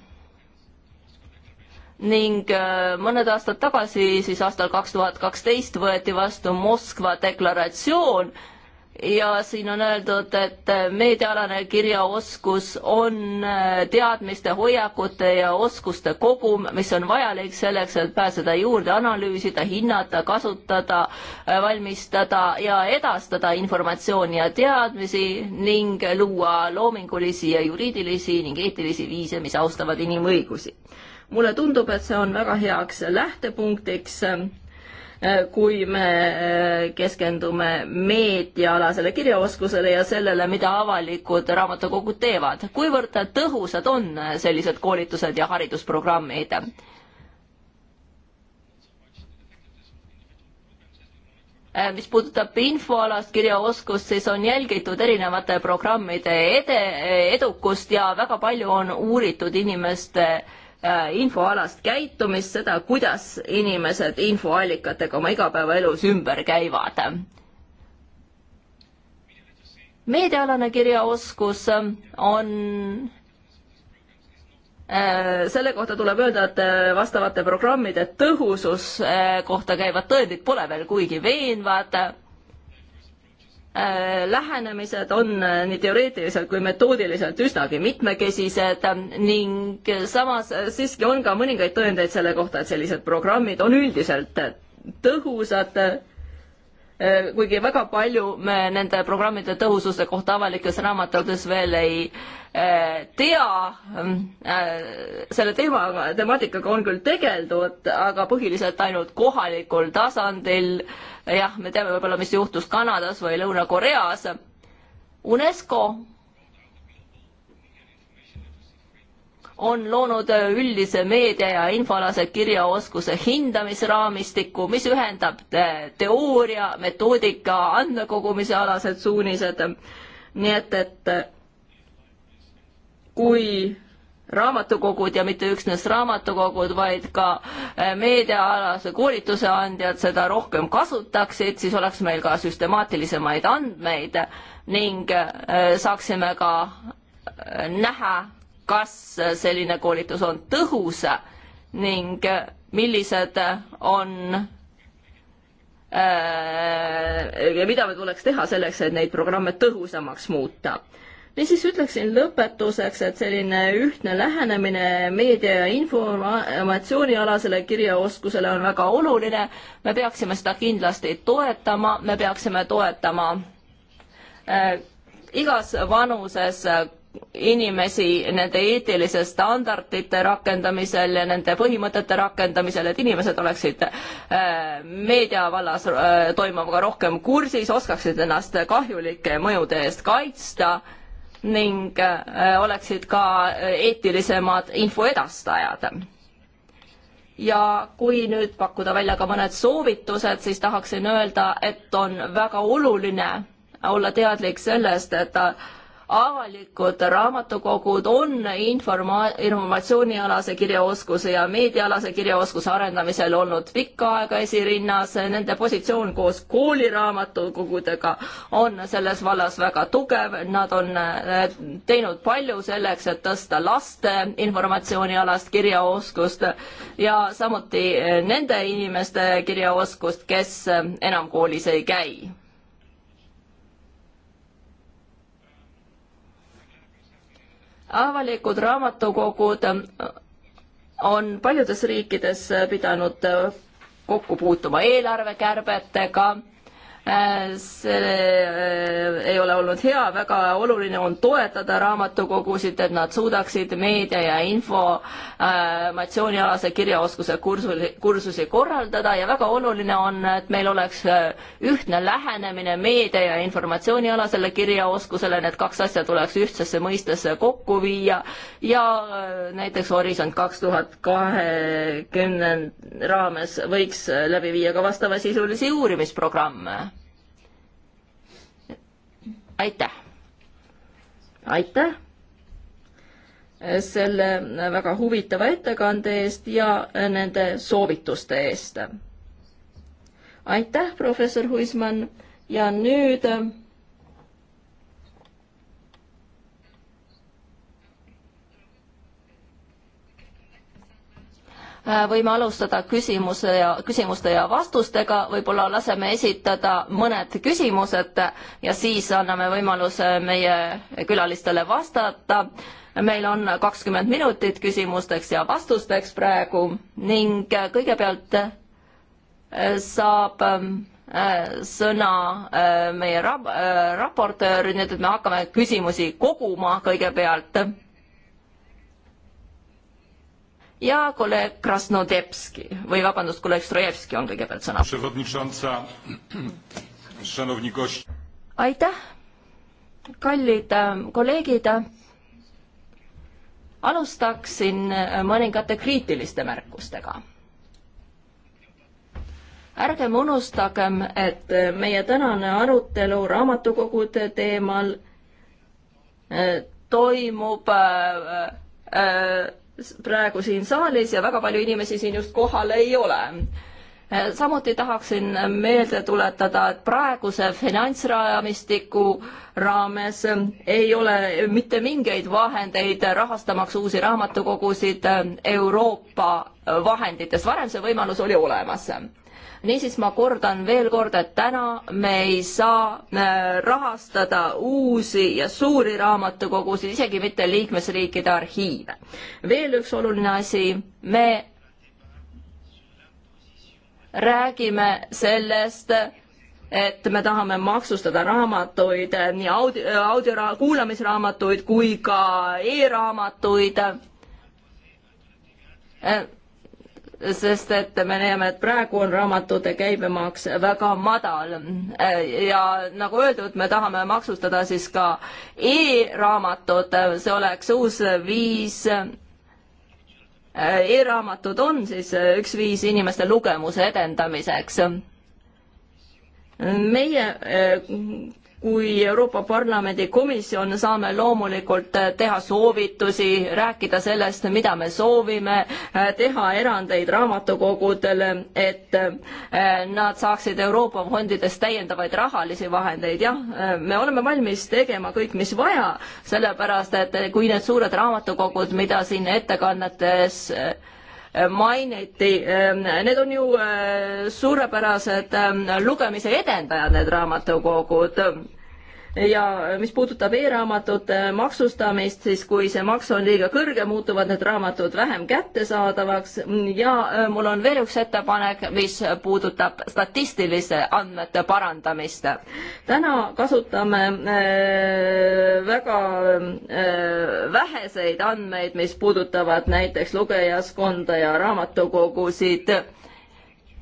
ning äh, mõned aastad tagasi, siis aastal kaks tuhat kaksteist võeti vastu Moskva deklaratsioon ja siin on öeldud, et äh, meediaalane kirjaoskus on äh, teadmiste, hoiakute ja oskuste kogum, mis on vajalik selleks, et pääseda juurde, analüüsida, hinnata, kasutada, valmistada ja edastada informatsiooni ja teadmisi ning luua loomingulisi ja juriidilisi ning eetilisi viise, mis austavad inimõigusi mulle tundub, et see on väga heaks lähtepunktiks, äh, kui me äh, keskendume meediaalasele kirjaoskusele ja sellele, mida avalikud raamatukogud teevad. kuivõrd tõhusad on sellised koolitused ja haridusprogrammid? Äh, mis puudutab infoalast kirjaoskust, siis on jälgitud erinevate programmide ede, edukust ja väga palju on uuritud inimeste Äh, infoalast käitumist, seda, kuidas inimesed infoallikatega oma igapäevaelus ümber käivad. meediaalane kirjaoskus on äh, selle kohta tuleb öelda, et äh, vastavate programmide tõhususe kohta käivad tõendid pole veel kuigi veenvad Äh, lähenemised on äh, nii teoreetiliselt kui metoodiliselt üsnagi mitmekesised ning samas äh, siiski on ka mõningaid tõendeid selle kohta, et sellised programmid on üldiselt tõhusad Äh, kuigi väga palju me nende programmide tõhususe kohta avalikes raamatutes veel ei äh, tea, ähm, äh, selle teema, temaatikaga on küll tegeldud, aga põhiliselt ainult kohalikul tasandil. jah, me teame võib-olla, mis juhtus Kanadas või Lõuna-Koreas. UNESCO on loonud üldise meedia ja infoalase kirjaoskuse hindamisraamistiku, mis ühendab eh, teooria, metoodika, andmekogumise alased suunised. nii et, et kui raamatukogud ja mitte üksnes raamatukogud, vaid ka eh, meediaalase koolituse andjad seda rohkem kasutaksid, siis oleks meil ka süstemaatilisemaid andmeid ning eh, saaksime ka näha, kas selline koolitus on tõhus ning millised on äh, ja mida me tuleks teha selleks, et neid programme tõhusamaks muuta. niisiis ütleksin lõpetuseks, et selline ühtne lähenemine meedia ja informatsioonialasele kirjaoskusele on väga oluline. me peaksime seda kindlasti toetama, me peaksime toetama äh, igas vanuses inimesi nende eetilise standardite rakendamisel ja nende põhimõtete rakendamisel, et inimesed oleksid äh, meedia vallas äh, toimuvaga rohkem kursis, oskaksid ennast kahjulike mõjude eest kaitsta ning äh, oleksid ka eetilisemad info edastajad ja kui nüüd pakkuda välja ka mõned soovitused, siis tahaksin öelda, et on väga oluline olla teadlik sellest, et avalikud raamatukogud on informa-, informatsioonialase kirjaoskuse ja meediaalase kirjaoskuse arendamisel olnud pikka aega esirinnas, nende positsioon koos kooliraamatukogudega on selles vallas väga tugev, nad on eh, teinud palju selleks, et tõsta laste informatsioonialast kirjaoskust ja samuti eh, nende inimeste kirjaoskust, kes eh, enam koolis ei käi avalikud raamatukogud äh, on paljudes riikides äh, pidanud äh, kokku puutuma eelarvekärbetega Äh, see äh, ei ole olnud hea, väga oluline on toetada raamatukogusid, et nad suudaksid meedia ja informatsioonialase kirjaoskuse kursusi, kursusi korraldada ja väga oluline on, et meil oleks äh, ühtne lähenemine meedia ja informatsioonialasele kirjaoskusele, need kaks asja tuleks ühtsesse mõistesse kokku viia ja näiteks Horisont kaks tuhat kahekümne raames võiks läbi viia ka vastavasisulisi uurimisprogramme aitäh! aitäh selle väga huvitava ettekande eest ja nende soovituste eest. aitäh, professor Huismann ja nüüd Äh, võime alustada küsimuse ja, küsimuste ja vastustega, võib-olla laseme esitada mõned küsimused ja siis anname võimaluse meie külalistele vastata. meil on kakskümmend minutit küsimusteks ja vastusteks praegu ning kõigepealt äh, saab ähm, äh, sõna meie rap-, raportöör, nii et me hakkame küsimusi koguma kõigepealt ja kolleeg Krasnodebski või vabandust, kolleeg Strojevski on kõigepealt sõna. <clears throat> aitäh, kallid ähm, kolleegid. alustaksin äh, mõningate kriitiliste märkustega ärgem unustagem, et äh, meie tänane arutelu raamatukogude teemal äh, toimub äh, äh, praegu siin saalis ja väga palju inimesi siin just kohal ei ole. samuti tahaksin meelde tuletada, et praeguse finantsraamistiku raames ei ole mitte mingeid vahendeid rahastamaks uusi raamatukogusid Euroopa vahenditest, varem see võimalus oli olemas niisiis ma kordan veel kord, et täna me ei saa äh, rahastada uusi ja suuri raamatukogusid, isegi mitte liikmesriikide arhiive. veel üks oluline asi, me räägime sellest, et me tahame maksustada raamatuid, äh, nii audio, äh, audio, kuulamisraamatuid kui ka e-raamatuid sest et me näeme, et praegu on raamatute käibemaks väga madal ja nagu öeldud, me tahame maksustada siis ka e-raamatud, see oleks uus viis e. e-raamatud on siis üks viis inimeste lugemuse edendamiseks meie kui Euroopa Parlamendi komisjon saame loomulikult eh, teha soovitusi, rääkida sellest, mida me soovime, eh, teha erandeid raamatukogudele, et eh, nad saaksid Euroopa fondidest täiendavaid rahalisi vahendeid, jah, me oleme valmis tegema kõik, mis vaja, sellepärast et kui need suured raamatukogud, mida siin ettekannetes mainiti, ehm, need on ju ehm, suurepärased ehm, lugemise edendajad, need raamatukogud ja mis puudutab e-raamatute maksustamist, siis kui see maks on liiga kõrge, muutuvad need raamatud vähem kättesaadavaks ja äh, mul on veel üks ettepanek, mis puudutab statistilise andmete parandamist. täna kasutame äh, väga äh, väheseid andmeid, mis puudutavad näiteks lugejaskonda ja raamatukogusid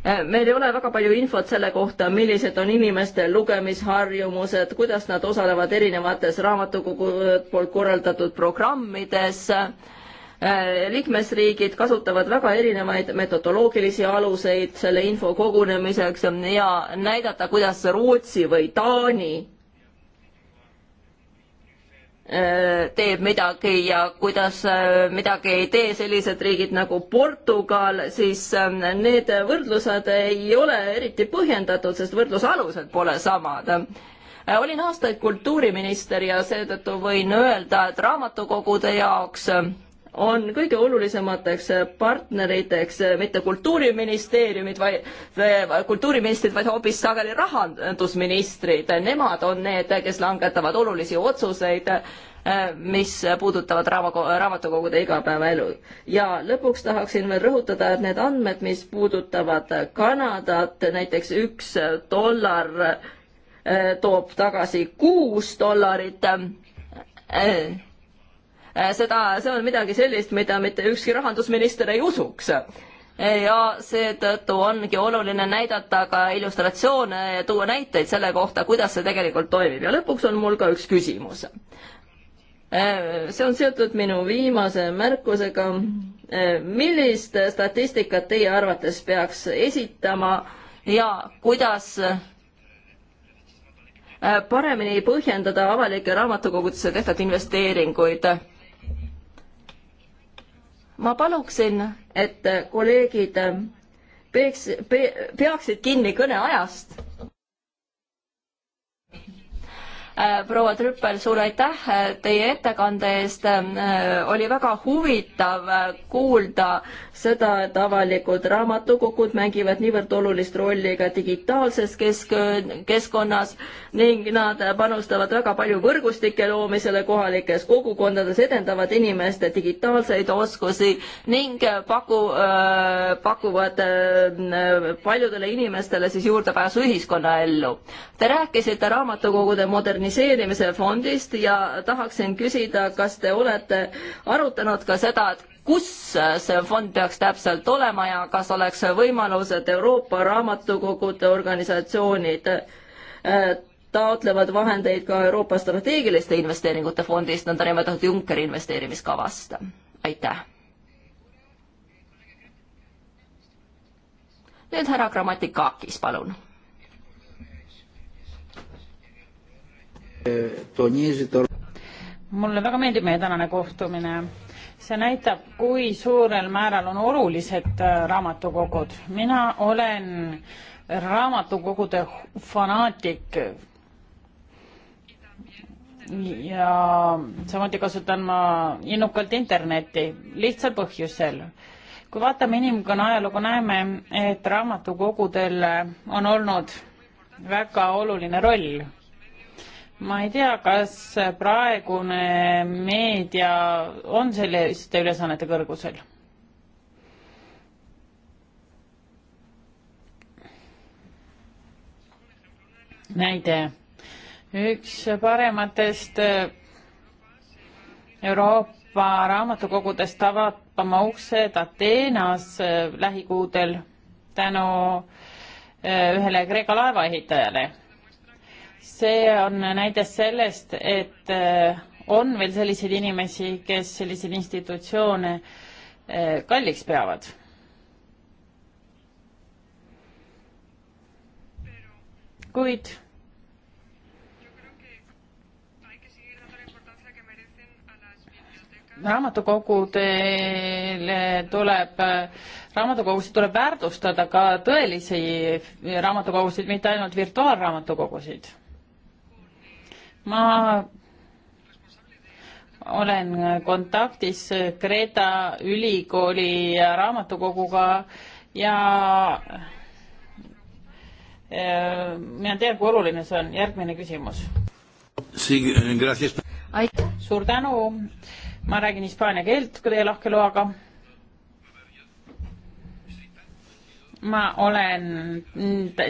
Äh, meil ei ole väga palju infot selle kohta, millised on inimeste lugemisharjumused, kuidas nad osalevad erinevates raamatukogu äh, poolt korraldatud programmides. Äh, liikmesriigid kasutavad väga erinevaid metodoloogilisi aluseid selle info kogunemiseks ja näidata, kuidas Rootsi või Taani Äh, teeb midagi ja kuidas äh, midagi ei tee sellised riigid nagu Portugal, siis ähm, need võrdlused ei ole eriti põhjendatud, sest võrdlusalused pole samad äh, olin aastaid kultuuriminister ja seetõttu võin öelda, et raamatukogude jaoks on kõige olulisemateks partneriteks mitte kultuuriministeeriumid, vaid kultuuriministrid, vaid hoopis sageli rahandusministrid. Nemad on need, kes langetavad olulisi otsuseid, mis puudutavad raamatukogude igapäevaelu. ja lõpuks tahaksin veel rõhutada, et need andmed, mis puudutavad Kanadat, näiteks üks dollar eh, toob tagasi kuus dollarit eh, Äh, seda, see on midagi sellist, mida mitte ükski rahandusminister ei usuks ja seetõttu ongi oluline näidata ka illustratsioone ja tuua näiteid selle kohta, kuidas see tegelikult toimib ja lõpuks on mul ka üks küsimus. Äh, see on seotud minu viimase märkusega. Äh, millist statistikat teie arvates peaks esitama ja kuidas paremini põhjendada avalike raamatukogudesse tehtud investeeringuid? ma paluksin, et kolleegid äh, peaks pe,, peaksid kinni kõneajast. Äh, proua Trüppel, suur aitäh äh, teie ettekande eest. oli väga huvitav kuulda seda, et avalikud raamatukogud mängivad niivõrd olulist rolli ka digitaalses kesk-, keskkonnas ning nad panustavad väga palju võrgustike loomisele kohalikes kogukondades, edendavad inimeste digitaalseid oskusi ning paku äh,, pakuvad äh, paljudele inimestele siis juurdepääsu ühiskonnaellu. Te rääkisite raamatukogude moderniseerimise fondist ja tahaksin küsida, kas te olete arutanud ka seda, et kus äh, see fond peaks täpselt olema ja kas oleks võimalus, et Euroopa Raamatukogude organisatsioonid äh, taotlevad vahendeid ka Euroopa strateegiliste investeeringute fondist, nõndanimetatud Junckeri investeerimiskavast. aitäh. nüüd härra Grammatikakis, palun. mulle väga meeldib meie tänane kohtumine see näitab, kui suurel määral on olulised äh, raamatukogud. mina olen raamatukogude fanaatik. ja samuti kasutan ma innukalt internetti, lihtsal põhjusel. kui vaatame inimkonna ajalugu, näeme, et raamatukogudel on olnud väga oluline roll ma ei tea, kas praegune meedia on selliste ülesannete kõrgusel. näide, üks parematest Euroopa raamatukogudest avab oma uksed Ateenas äh, lähikuudel tänu äh, ühele Kreeka laevaehitajale see on näide sellest, et äh, on veel selliseid inimesi, kes selliseid institutsioone äh, kalliks peavad. kuid raamatukogudele tuleb, raamatukogusid tuleb väärtustada ka tõelisi raamatukogusid, mitte ainult virtuaalraamatukogusid ma olen kontaktis Kreeta ülikooli raamatukoguga ja mina tean, kui oluline see on. järgmine küsimus. aitäh. suur tänu. ma räägin hispaania keelt, kui teie lahke loaga. ma olen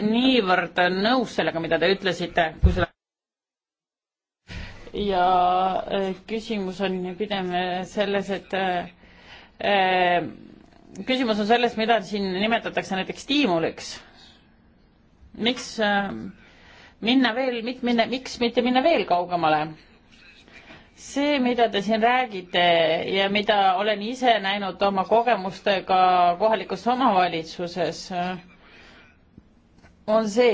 niivõrd nõus sellega, mida te ütlesite, kui selle ja eh, küsimus on pigem eh, selles, et äh, küsimus on selles, mida siin nimetatakse näiteks stiimuliks. miks äh, minna veel, miks minna, miks mitte minna veel kaugemale? see, mida te siin räägite ja mida olen ise näinud oma kogemustega kohalikus omavalitsuses, on see,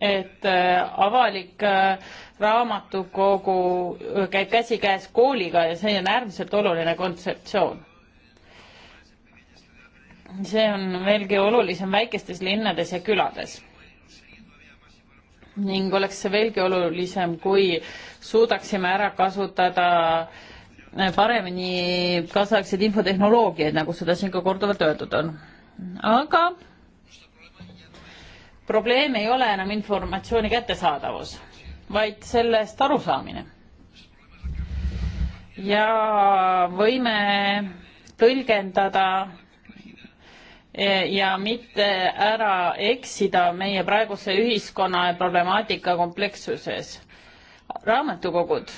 et äh, avalik äh, raamatukogu äh, käib käsikäes kooliga ja see on äärmiselt oluline kontseptsioon. see on veelgi olulisem väikestes linnades ja külades. ning oleks see veelgi olulisem, kui suudaksime ära kasutada paremini kaasaegseid infotehnoloogiaid, nagu seda siin ka korduvalt öeldud on. aga probleem ei ole enam informatsiooni kättesaadavus, vaid sellest arusaamine. ja võime tõlgendada e, ja mitte ära eksida meie praeguse ühiskonna problemaatika komplekssuses. raamatukogud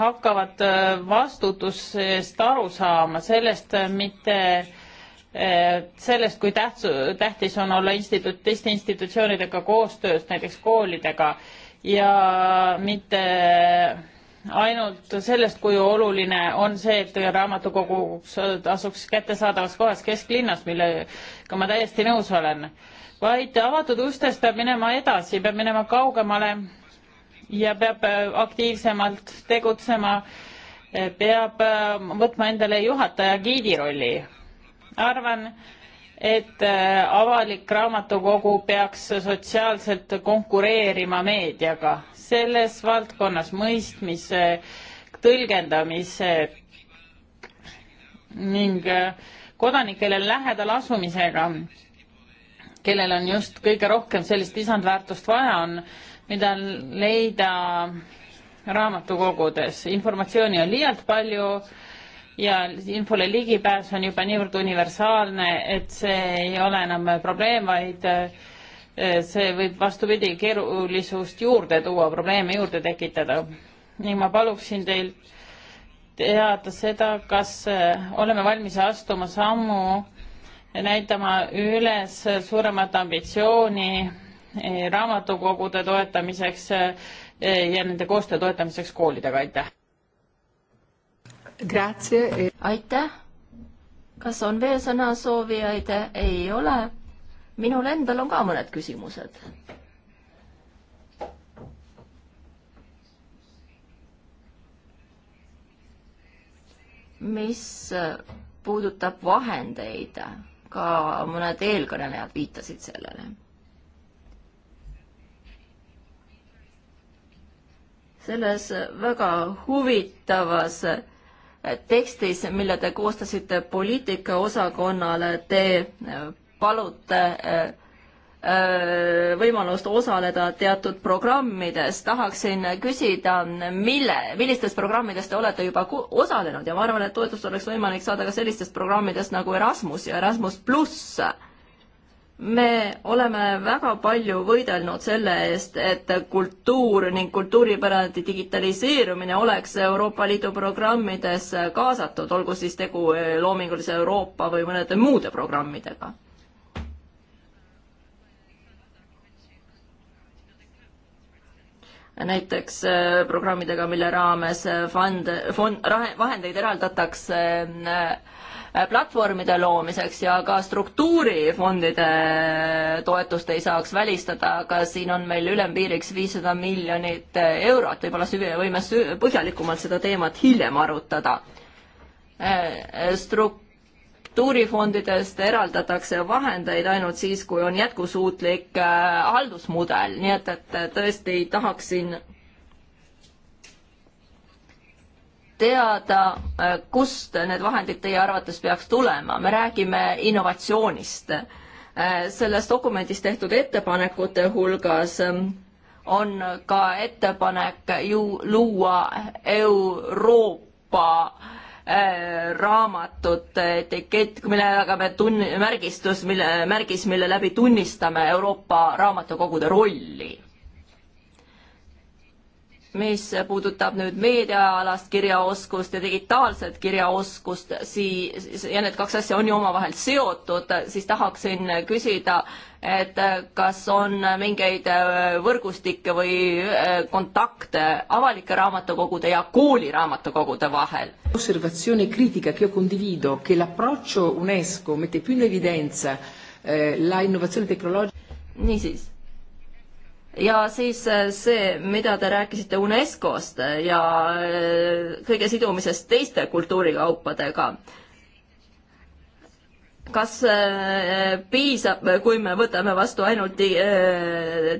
hakkavad e, vastutusest aru saama, sellest mitte äh, Eh, sellest, kui tähtsu-, tähtis on olla instituut, teiste institutsioonidega koostöös, näiteks koolidega ja mitte ainult sellest, kui oluline on see, et raamatukogu asuks kättesaadavas kohas kesklinnas, millega ma täiesti nõus olen, vaid avatud ustest peab minema edasi, peab minema kaugemale ja peab aktiivsemalt tegutsema, peab võtma endale juhataja giidi rolli arvan, et äh, avalik raamatukogu peaks sotsiaalselt konkureerima meediaga selles valdkonnas mõistmise, tõlgendamise ning äh, kodanikele lähedal asumisega, kellel on just kõige rohkem sellist lisandväärtust vaja on, mida leida raamatukogudes. informatsiooni on liialt palju ja infole ligipääs on juba niivõrd universaalne, et see ei ole enam probleem, vaid eh, see võib vastupidi keerulisust juurde tuua, probleeme juurde tekitada. ning ma paluksin teil teada seda, kas eh, oleme valmis astuma sammu, näitama üles suuremat ambitsiooni eh, raamatukogude toetamiseks ja nende koostöö toetamiseks koolidega, aitäh! aitäh. kas on veel sõnasoovijaid? ei ole. minul endal on ka mõned küsimused. mis puudutab vahendeid, ka mõned eelkõnelejad viitasid sellele selles väga huvitavas tekstis, mille te koostasite poliitikaosakonnale, te äh, palute äh, äh, võimalust osaleda teatud programmides. tahaksin küsida, mille, millistes programmides te olete juba osalenud ja ma arvan, et toetust oleks võimalik saada ka sellistest programmidest nagu Erasmus ja Erasmus pluss me oleme väga palju võidelnud selle eest, et kultuur ning kultuuripärandi digitaliseerumine oleks Euroopa Liidu programmides kaasatud, olgu siis tegu loomingulise Euroopa või mõnede muude programmidega. näiteks äh, programmidega, mille raames fond, fond, vahendeid eraldatakse äh, Äh, platvormide loomiseks ja ka struktuurifondide toetust ei saaks välistada, aga siin on meil ülempiiriks viissada miljonit äh, eurot, võib-olla süve, võime sü põhjalikumalt seda teemat hiljem arutada. Äh, struktuurifondidest eraldatakse vahendeid ainult siis, kui on jätkusuutlik haldusmudel, nii et, et tõesti tahaksin teada, äh, kust need vahendid teie arvates peaks tulema, me räägime innovatsioonist. Äh, selles dokumendis tehtud ettepanekute hulgas ähm, on ka ettepanek ju luua Euroopa äh, raamatute etikett, millega me tunn-, märgistus, mille, märgis, mille läbi tunnistame Euroopa raamatukogude rolli mis puudutab nüüd meediaalast kirjaoskust ja digitaalset kirjaoskust, siis ja need kaks asja on ju omavahel seotud, siis tahaksin küsida, et kas on mingeid äh, võrgustikke või äh, kontakte avalike raamatukogude ja kooliraamatukogude vahel? Osservatsioone kriitika, che io condivido, che l'approccio UNESCO mette più in evidenza eh, la innovazione tecnologica. niisiis ja siis äh, see, mida te rääkisite UNESCO-st ja äh, kõige sidumisest teiste kultuurikaupadega. kas äh, piisab, kui me võtame vastu ainult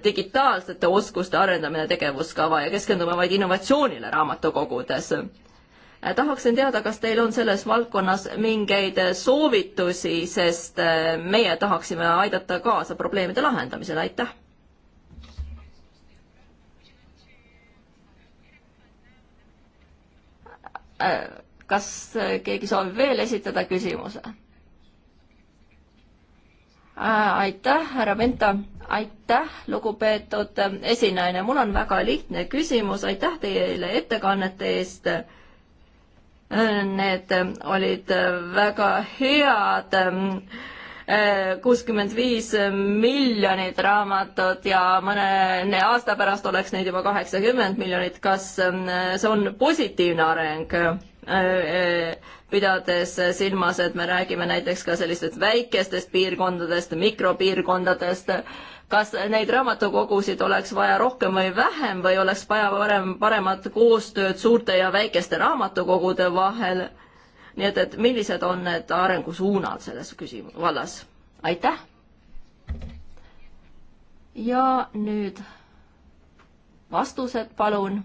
digitaalsete oskuste arendamine tegevuskava ja keskendume vaid innovatsioonile raamatukogudes? tahaksin teada, kas teil on selles valdkonnas mingeid soovitusi, sest meie tahaksime aidata kaasa probleemide lahendamisele, aitäh Äh, kas äh, keegi soovib veel esitada küsimuse? Äh, aitäh, härra Penta, aitäh, lugupeetud esinaine, mul on väga lihtne küsimus, aitäh teile ettekannete eest. Need olid väga head ähm, kuuskümmend viis miljonit raamatut ja mõne aasta pärast oleks neid juba kaheksakümmend miljonit, kas ähm, see on positiivne areng? Äh, äh, pidades silmas, et me räägime näiteks ka sellistest väikestest piirkondadest, mikropiirkondadest, kas neid raamatukogusid oleks vaja rohkem või vähem või oleks vaja parem, paremat koostööd suurte ja väikeste raamatukogude vahel nii et, et millised on need arengusuunad selles küsimus, vallas? aitäh! ja nüüd vastused, palun.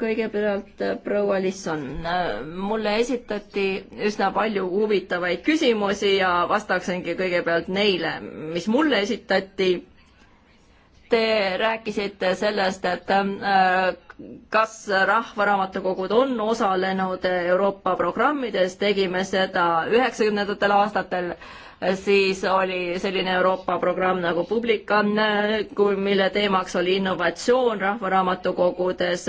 kõigepealt proua Lisson, mulle esitati üsna palju huvitavaid küsimusi ja vastaksingi kõigepealt neile, mis mulle esitati Te rääkisite sellest, et äh, kas rahvaraamatukogud on osalenud Euroopa programmides, tegime seda üheksakümnendatel aastatel, siis oli selline Euroopa programm nagu Publica, äh, mille teemaks oli innovatsioon rahvaraamatukogudes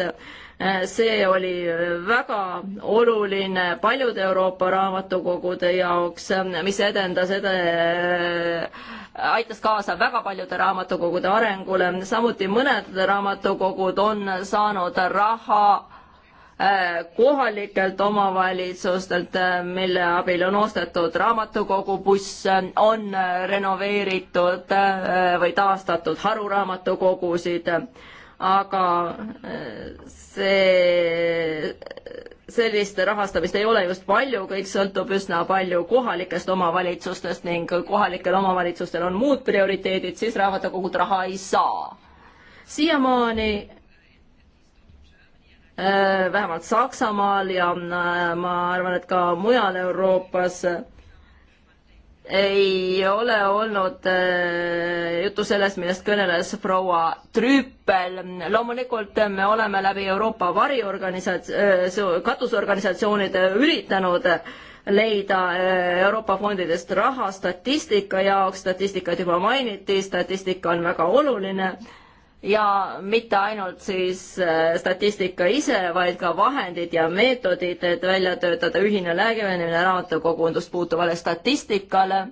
Äh, see oli äh, väga oluline paljude Euroopa raamatukogude jaoks, äh, mis edendas ede-, aitas kaasa väga paljude raamatukogude arengule, samuti mõned raamatukogud on saanud raha kohalikelt omavalitsustelt, mille abil on ostetud raamatukogubuss, on renoveeritud või taastatud haruraamatukogusid aga äh, see, sellist rahastamist ei ole just palju, kõik sõltub üsna palju kohalikest omavalitsustest ning kohalikel omavalitsustel on muud prioriteedid, siis raamatukogud raha ei saa. siiamaani äh, vähemalt Saksamaal ja äh, ma arvan, et ka mujal Euroopas ei ole olnud äh, juttu sellest, millest kõneles proua Trüüpel. loomulikult me oleme läbi Euroopa variorganisatsioon, äh, katusorganisatsioonide üritanud leida äh, Euroopa fondidest raha statistika jaoks, statistikat juba mainiti, statistika on väga oluline ja mitte ainult siis äh, statistika ise, vaid ka vahendid ja meetodid, et välja töötada ühine lähenemine raamatukogundust puutuvale statistikale.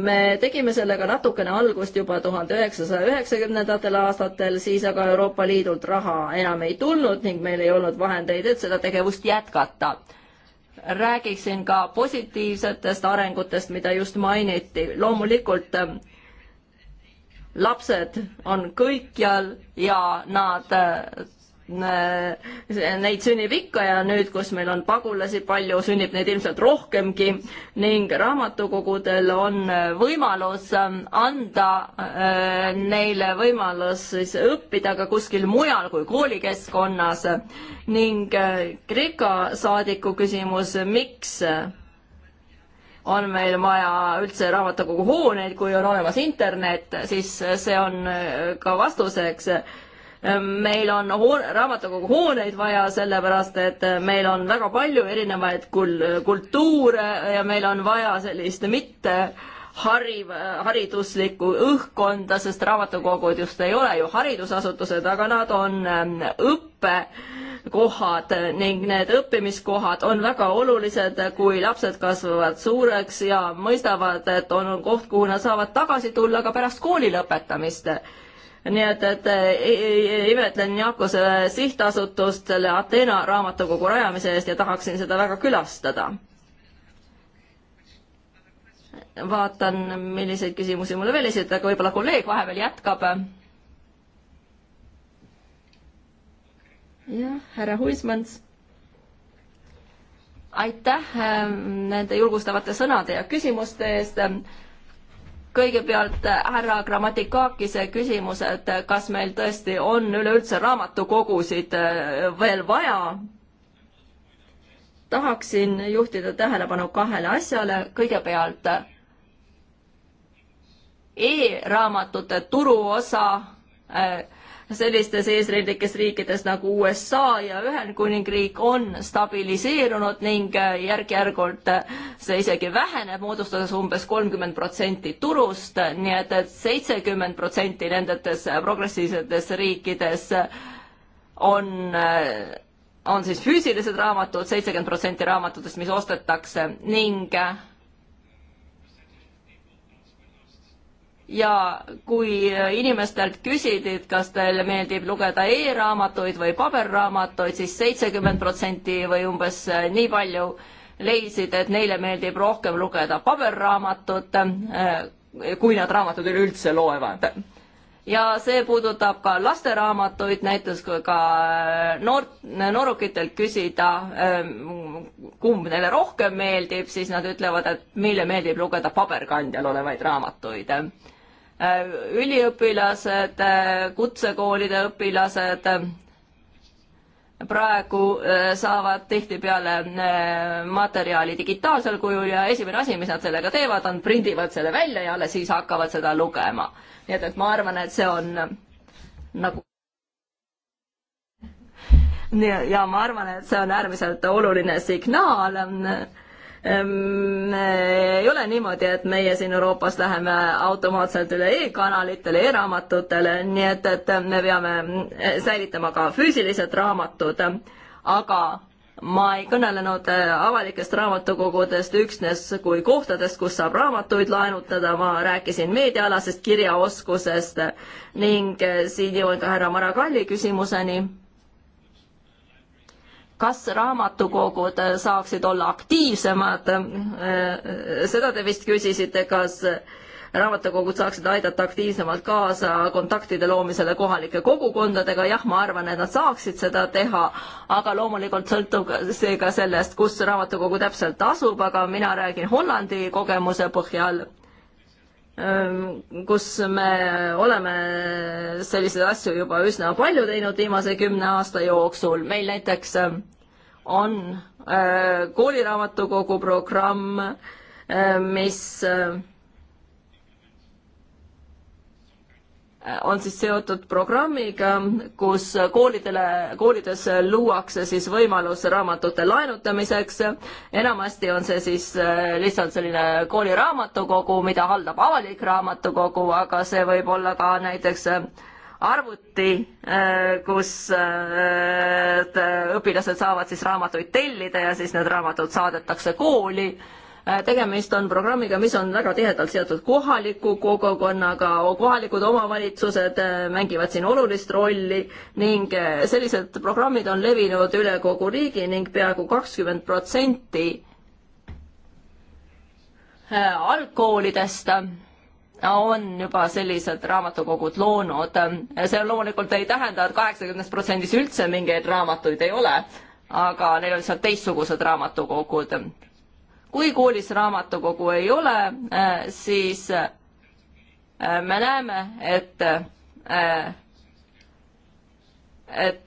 me tegime sellega natukene algust juba tuhande üheksasaja üheksakümnendatel aastatel, siis aga Euroopa Liidult raha enam ei tulnud ning meil ei olnud vahendeid, et seda tegevust jätkata räägiksin ka positiivsetest arengutest, mida just mainiti. loomulikult lapsed on kõikjal ja nad äh, Neid sünnib ikka ja nüüd, kus meil on pagulasi palju, sünnib neid ilmselt rohkemgi ning raamatukogudel on äh, võimalus ähm, anda äh, neile võimalus siis õppida ka kuskil mujal kui koolikeskkonnas ning Kreeka saadiku küsimus, miks on meil vaja üldse raamatukogu hooneid, kui on olemas internet, siis see on äh, ka vastuseks. meil on hoone, raamatukogu hooneid vaja, sellepärast et meil on väga palju erinevaid kul-, kultuure ja meil on vaja sellist mitte hariv, hariduslikku õhkkonda, sest raamatukogud just ei ole ju haridusasutused, aga nad on ähm, õppe äh, kohad ning need õppimiskohad on väga olulised, kui lapsed kasvavad suureks ja mõistavad, et on koht, kuhu nad saavad tagasi tulla ka pärast kooli lõpetamist nii et, et e, e, e, imetlen Jaakuse sihtasutust selle Ateena raamatukogu rajamise eest ja tahaksin seda väga külastada vaatan, milliseid küsimusi mulle veel esitatakse, võib-olla kolleeg vahepeal jätkab. jah, härra Huismans. aitäh ähm, nende julgustavate sõnade ja küsimuste eest. kõigepealt äh, härra Grammatikakise küsimus, et kas meil tõesti on üleüldse raamatukogusid äh, veel vaja? tahaksin juhtida tähelepanu kahele asjale, kõigepealt äh, e-raamatute turuosa äh, sellistes eesrindlikes riikides nagu USA ja Ühendkuningriik on stabiliseerunud ning äh, järk-järgult äh, see isegi väheneb, moodustades umbes kolmkümmend protsenti turust, nii et, et seitsekümmend protsenti nendes äh, progressiivsetes riikides on on siis füüsilised raamatud, seitsekümmend protsenti raamatutest, mis ostetakse ning ja kui inimestelt küsidi, et kas teile meeldib lugeda e-raamatuid või paberraamatuid siis, siis seitsekümmend protsenti või umbes nii palju leidsid, et neile meeldib rohkem lugeda paberraamatut, eh, kui nad raamatuid üleüldse loevad. ja see puudutab ka lasteraamatuid, näiteks kui ka eh, noor, noorukitelt küsida, eh, kumb neile rohkem meeldib, siis nad ütlevad, et meile meeldib lugeda paberkandjal olevaid raamatuid Äh, üliõpilased, äh, kutsekoolide õpilased äh, praegu saavad tihtipeale materjali digitaalsel kujul ja esimene asi, mis nad sellega teevad, on prindivad selle välja ja alles siis hakkavad seda lugema. nii et, et ma arvan, et see on nagu ja ma arvan, et see on äärmiselt oluline signaal ei ole niimoodi, et meie siin Euroopas läheme automaatselt üle e-kanalitele e, e-raamatutele, nii et, et me peame eh, säilitama ka füüsilised raamatud, aga ma ei kõnelenud eh, avalikest raamatukogudest üksnes kui kohtadest, kus saab raamatuid laenutada, ma rääkisin meediaalasest kirjaoskusest ning eh, siin jõuan ka härra Mara Kalli küsimuseni kas raamatukogud äh, saaksid olla aktiivsemad, äh, äh, seda te vist küsisite, kas raamatukogud saaksid aidata aktiivsemalt kaasa kontaktide loomisele kohalike kogukondadega, jah, ma arvan, et nad saaksid seda teha, aga loomulikult sõltub see ka sellest, kus raamatukogu täpselt asub, aga mina räägin Hollandi kogemuse põhjal Ehm, kus me oleme selliseid asju juba üsna palju teinud viimase kümne aasta jooksul. meil näiteks ehm, on ehm, kooliraamatukogu programm, mis Äh, on siis seotud programmiga, kus koolidele, koolides luuakse siis võimalus raamatute laenutamiseks. enamasti on see siis äh, lihtsalt selline kooliraamatukogu, mida haldab avalik raamatukogu, aga see võib olla ka näiteks äh, arvuti, kus õpilased saavad siis raamatuid tellida ja siis need raamatud saadetakse kooli Äh, tegemist on programmiga, mis on väga tihedalt seotud kohaliku kogukonnaga, kohalikud omavalitsused äh, mängivad siin olulist rolli ning äh, sellised programmid on levinud üle kogu riigi ning peaaegu kakskümmend protsenti algkoolidest on juba sellised raamatukogud loonud. see loomulikult ei tähenda et, et kaheksakümnes protsendis üldse mingeid raamatuid ei ole, aga neil on lihtsalt teistsugused raamatukogud kui koolis raamatukogu ei ole, äh, siis äh, me näeme, et äh, et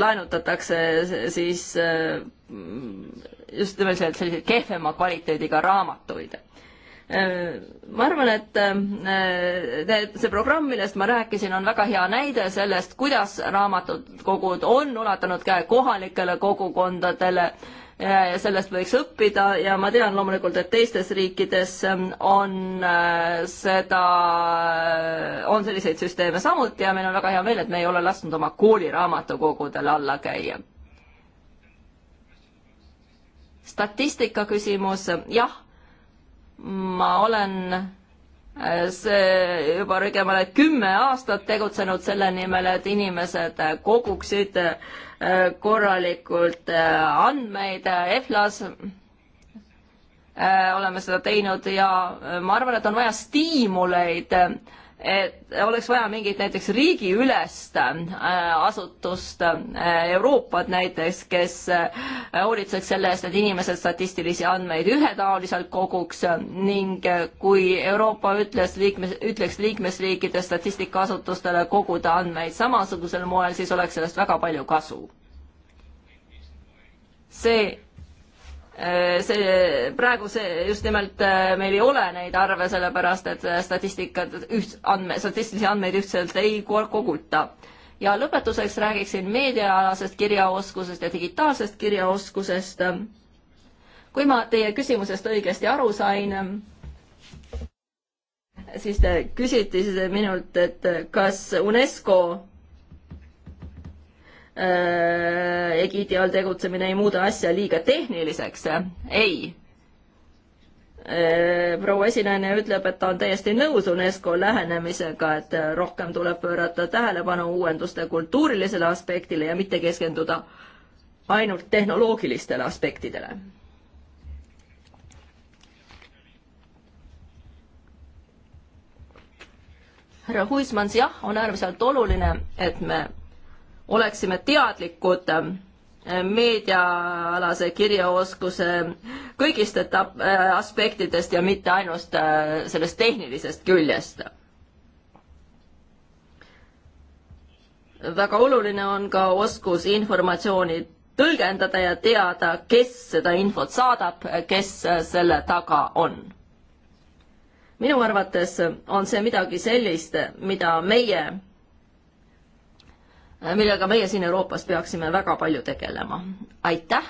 laenutatakse siis just nimelt selliseid kehvema kvaliteediga raamatuid ma arvan, et see programm, millest ma rääkisin, on väga hea näide sellest, kuidas raamatukogud on ulatanud käe kohalikele kogukondadele sellest võiks õppida ja ma tean loomulikult, et teistes riikides ähm, on äh, seda, äh, on selliseid süsteeme samuti ja meil on väga hea meel, et me ei ole lasknud oma kooliraamatukogudel alla käia statistika küsimus, jah, ma olen see juba ligemale kümme aastat tegutsenud selle nimel, et inimesed koguksid äh, korralikult äh, andmeid EFLAS. Äh, oleme seda teinud ja ma arvan, et on vaja stiimuleid et oleks vaja mingit näiteks riigiülest äh, asutust, äh, Euroopat näiteks, kes äh, hoolitseks selle eest, et inimesed statistilisi andmeid ühetaoliselt koguks ning kui Euroopa ütles liikmes, ütleks liikmesriikide statistikaasutustele koguda andmeid samasugusel moel, siis oleks sellest väga palju kasu. see Äh, see praegu see just nimelt äh, meil ei ole neid arve, sellepärast et äh, statistikat üht-, andme, statistilisi andmeid ühtselt ei koguta. ja lõpetuseks räägiksin meediaalasest kirjaoskusest ja digitaalsest kirjaoskusest. kui ma teie küsimusest õigesti aru sain, siis te küsite minult, et kas UNESCO Äh, egiidi all tegutsemine ei muuda asja liiga tehniliseks. ei. Äh, proua esinaine ütleb, et ta on täiesti nõus UNESCO lähenemisega, et rohkem tuleb pöörata tähelepanu uuenduste kultuurilisele aspektile ja mitte keskenduda ainult tehnoloogilistele aspektidele. härra Huismans, jah, on äärmiselt oluline, et me oleksime teadlikud äh, meediaalase kirjaoskuse kõigist etapp, äh, aspektidest ja mitte ainult äh, sellest tehnilisest küljest. väga oluline on ka oskus informatsiooni tõlgendada ja teada, kes seda infot saadab, kes selle taga on. minu arvates on see midagi sellist, mida meie Äh, millega meie siin Euroopas peaksime väga palju tegelema. aitäh!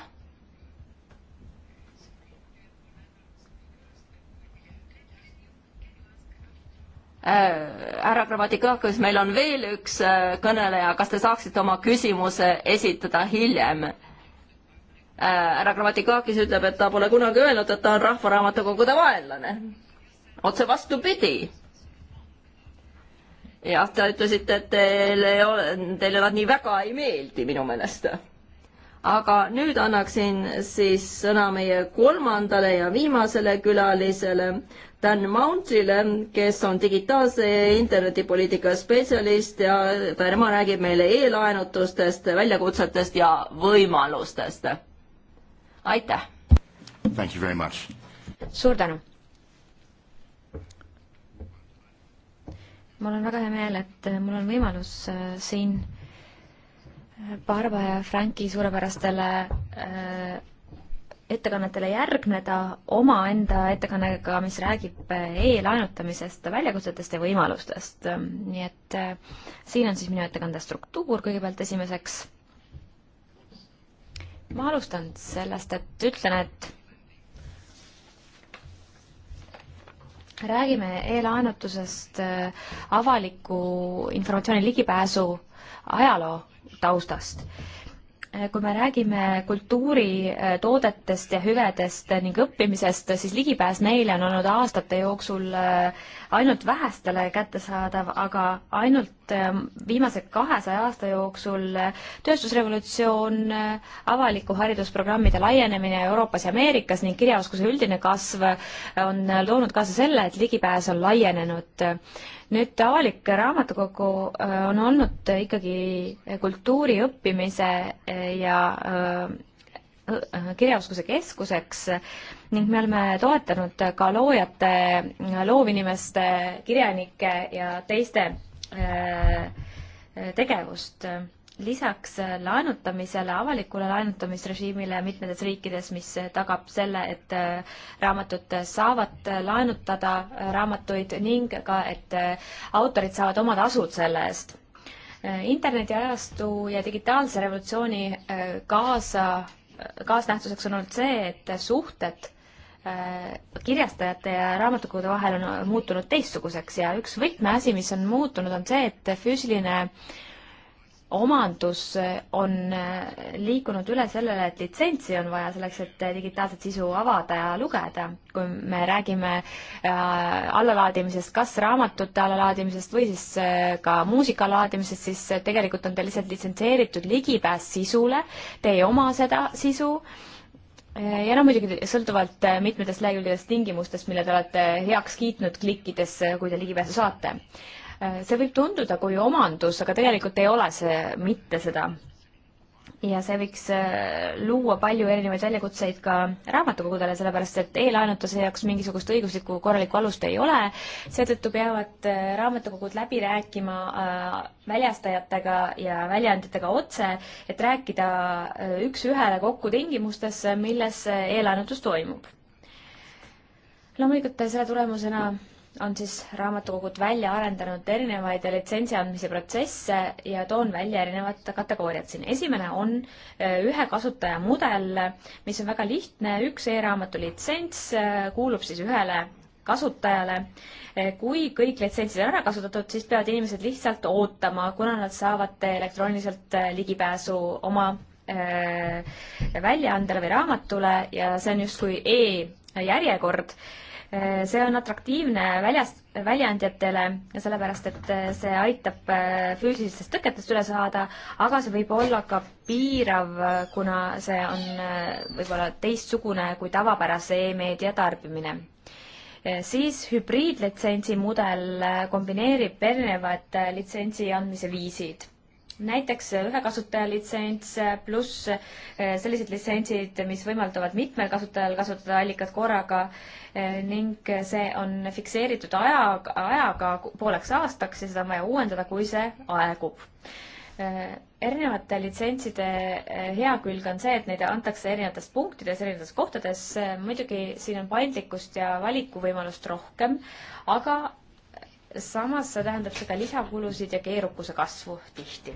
Äh, härra Grammatikakis, meil on veel üks äh, kõneleja, kas te saaksite oma küsimuse esitada hiljem? härra Grammatikakis ütleb, et ta pole kunagi öelnud, et ta on Rahvaraamatukogude vaenlane. otse vastupidi jah, te ütlesite, et teile ei ole, teile nad nii väga ei meeldi minu meelest. aga nüüd annaksin siis sõna meie kolmandale ja viimasele külalisele, Dan Mountile, kes on digitaalse internetipoliitika spetsialist ja tema räägib meile e-laenutustest, väljakutsetest ja võimalustest. aitäh! suur tänu! mul on väga hea meel, et mul on võimalus äh, siin äh, Barba ja Franki suurepärastele äh, ettekannetele järgneda omaenda ettekannega, mis räägib e-laenutamisest, väljakutsetest ja võimalustest. Ähm, nii et siin on siis minu ettekande struktuur kõigepealt esimeseks. ma alustan sellest, et ütlen, et räägime e-laenutusest äh, avaliku informatsiooni ligipääsu ajaloo taustast Äh, kui me räägime kultuuritoodetest ja hüvedest ning õppimisest, siis ligipääs neile on olnud aastate jooksul äh, ainult vähestele kättesaadav, aga ainult ähm, viimase kahesaja aasta jooksul äh, tööstusrevolutsioon, avaliku haridusprogrammide laienemine Euroopas ja Ameerikas ning kirjaoskuse üldine kasv on toonud kaasa selle, et ligipääs on laienenud nüüd avalik raamatukogu äh, on olnud ikkagi kultuuri õppimise äh, ja äh, kirjaoskuse keskuseks ning me oleme toetanud ka loojate, loovinimeste, kirjanike ja teiste tegevust lisaks laenutamisele, avalikule laenutamisrežiimile mitmetes riikides, mis tagab selle, et äh, raamatud saavad laenutada äh, raamatuid ning ka, et äh, autorid saavad oma tasud selle eest. internetiajastu ja digitaalse revolutsiooni kaasa, kaasnähtuseks on olnud see, et suhted kirjastajate ja raamatukogude vahel on muutunud teistsuguseks ja üks võtmeasi, mis on muutunud, on see, et füüsiline äh, omandus on äh, liikunud üle sellele, et litsentsi on vaja selleks, et äh, digitaalset sisu avada ja lugeda. kui me räägime äh, allalaadimisest, kas raamatute allalaadimisest või siis ka muusika allalaadimisest, siis tegelikult on teil lihtsalt litsenseeritud ligipääs sisule, te ei oma seda sisu ja no muidugi sõltuvalt mitmetest lehekülgedest tingimustest, mille te olete heaks kiitnud, klikkides, kui te ligipääsu saate. Äh, see võib tunduda kui omandus, aga tegelikult ei ole see mitte seda. ja see võiks äh, luua palju erinevaid väljakutseid ka raamatukogudele, sellepärast et e-laenutuse jaoks mingisugust õiguslikku korralikku alust ei ole, seetõttu peavad äh, raamatukogud läbi rääkima väljastajatega ja väljaandjatega otse, et rääkida üks-ühele kokku tingimustes, milles e-laenutus toimub. loomulikult selle tulemusena no on siis raamatukogud välja arendanud erinevaid litsentsi andmise protsesse ja toon välja erinevad kategooriad siin. esimene on e, ühe kasutaja mudel, mis on väga lihtne, üks e-raamatu litsents e, kuulub siis ühele kasutajale. E, kui kõik litsentsid on ära kasutatud, siis peavad inimesed lihtsalt ootama, kuna nad saavad elektrooniliselt ligipääsu oma väljaandele või raamatule ja see on justkui e-järjekord see on atraktiivne väljas, väljaandjatele, sellepärast et äh, see aitab äh, füüsilistest tõketest üle saada, aga see võib olla ka piirav, äh, kuna see on võib-olla teistsugune kui tavapärase e-meedia tarbimine. siis hübriidlitsentsi mudel kombineerib erinevad litsentsi andmise viisid näiteks ühe kasutaja litsents pluss sellised litsentsid, mis võimaldavad mitmel kasutajal kasutada allikat korraga Eh, ning see on fikseeritud aja, ajaga pooleks aastaks ja seda on vaja uuendada, kui see aegub. Eh, erinevate litsentside eh, hea külg on see, et neid antakse erinevates punktides, erinevates kohtades, muidugi siin on paindlikkust ja valikuvõimalust rohkem, aga samas see tähendab seda lisakulusid ja keerukuse kasvu tihti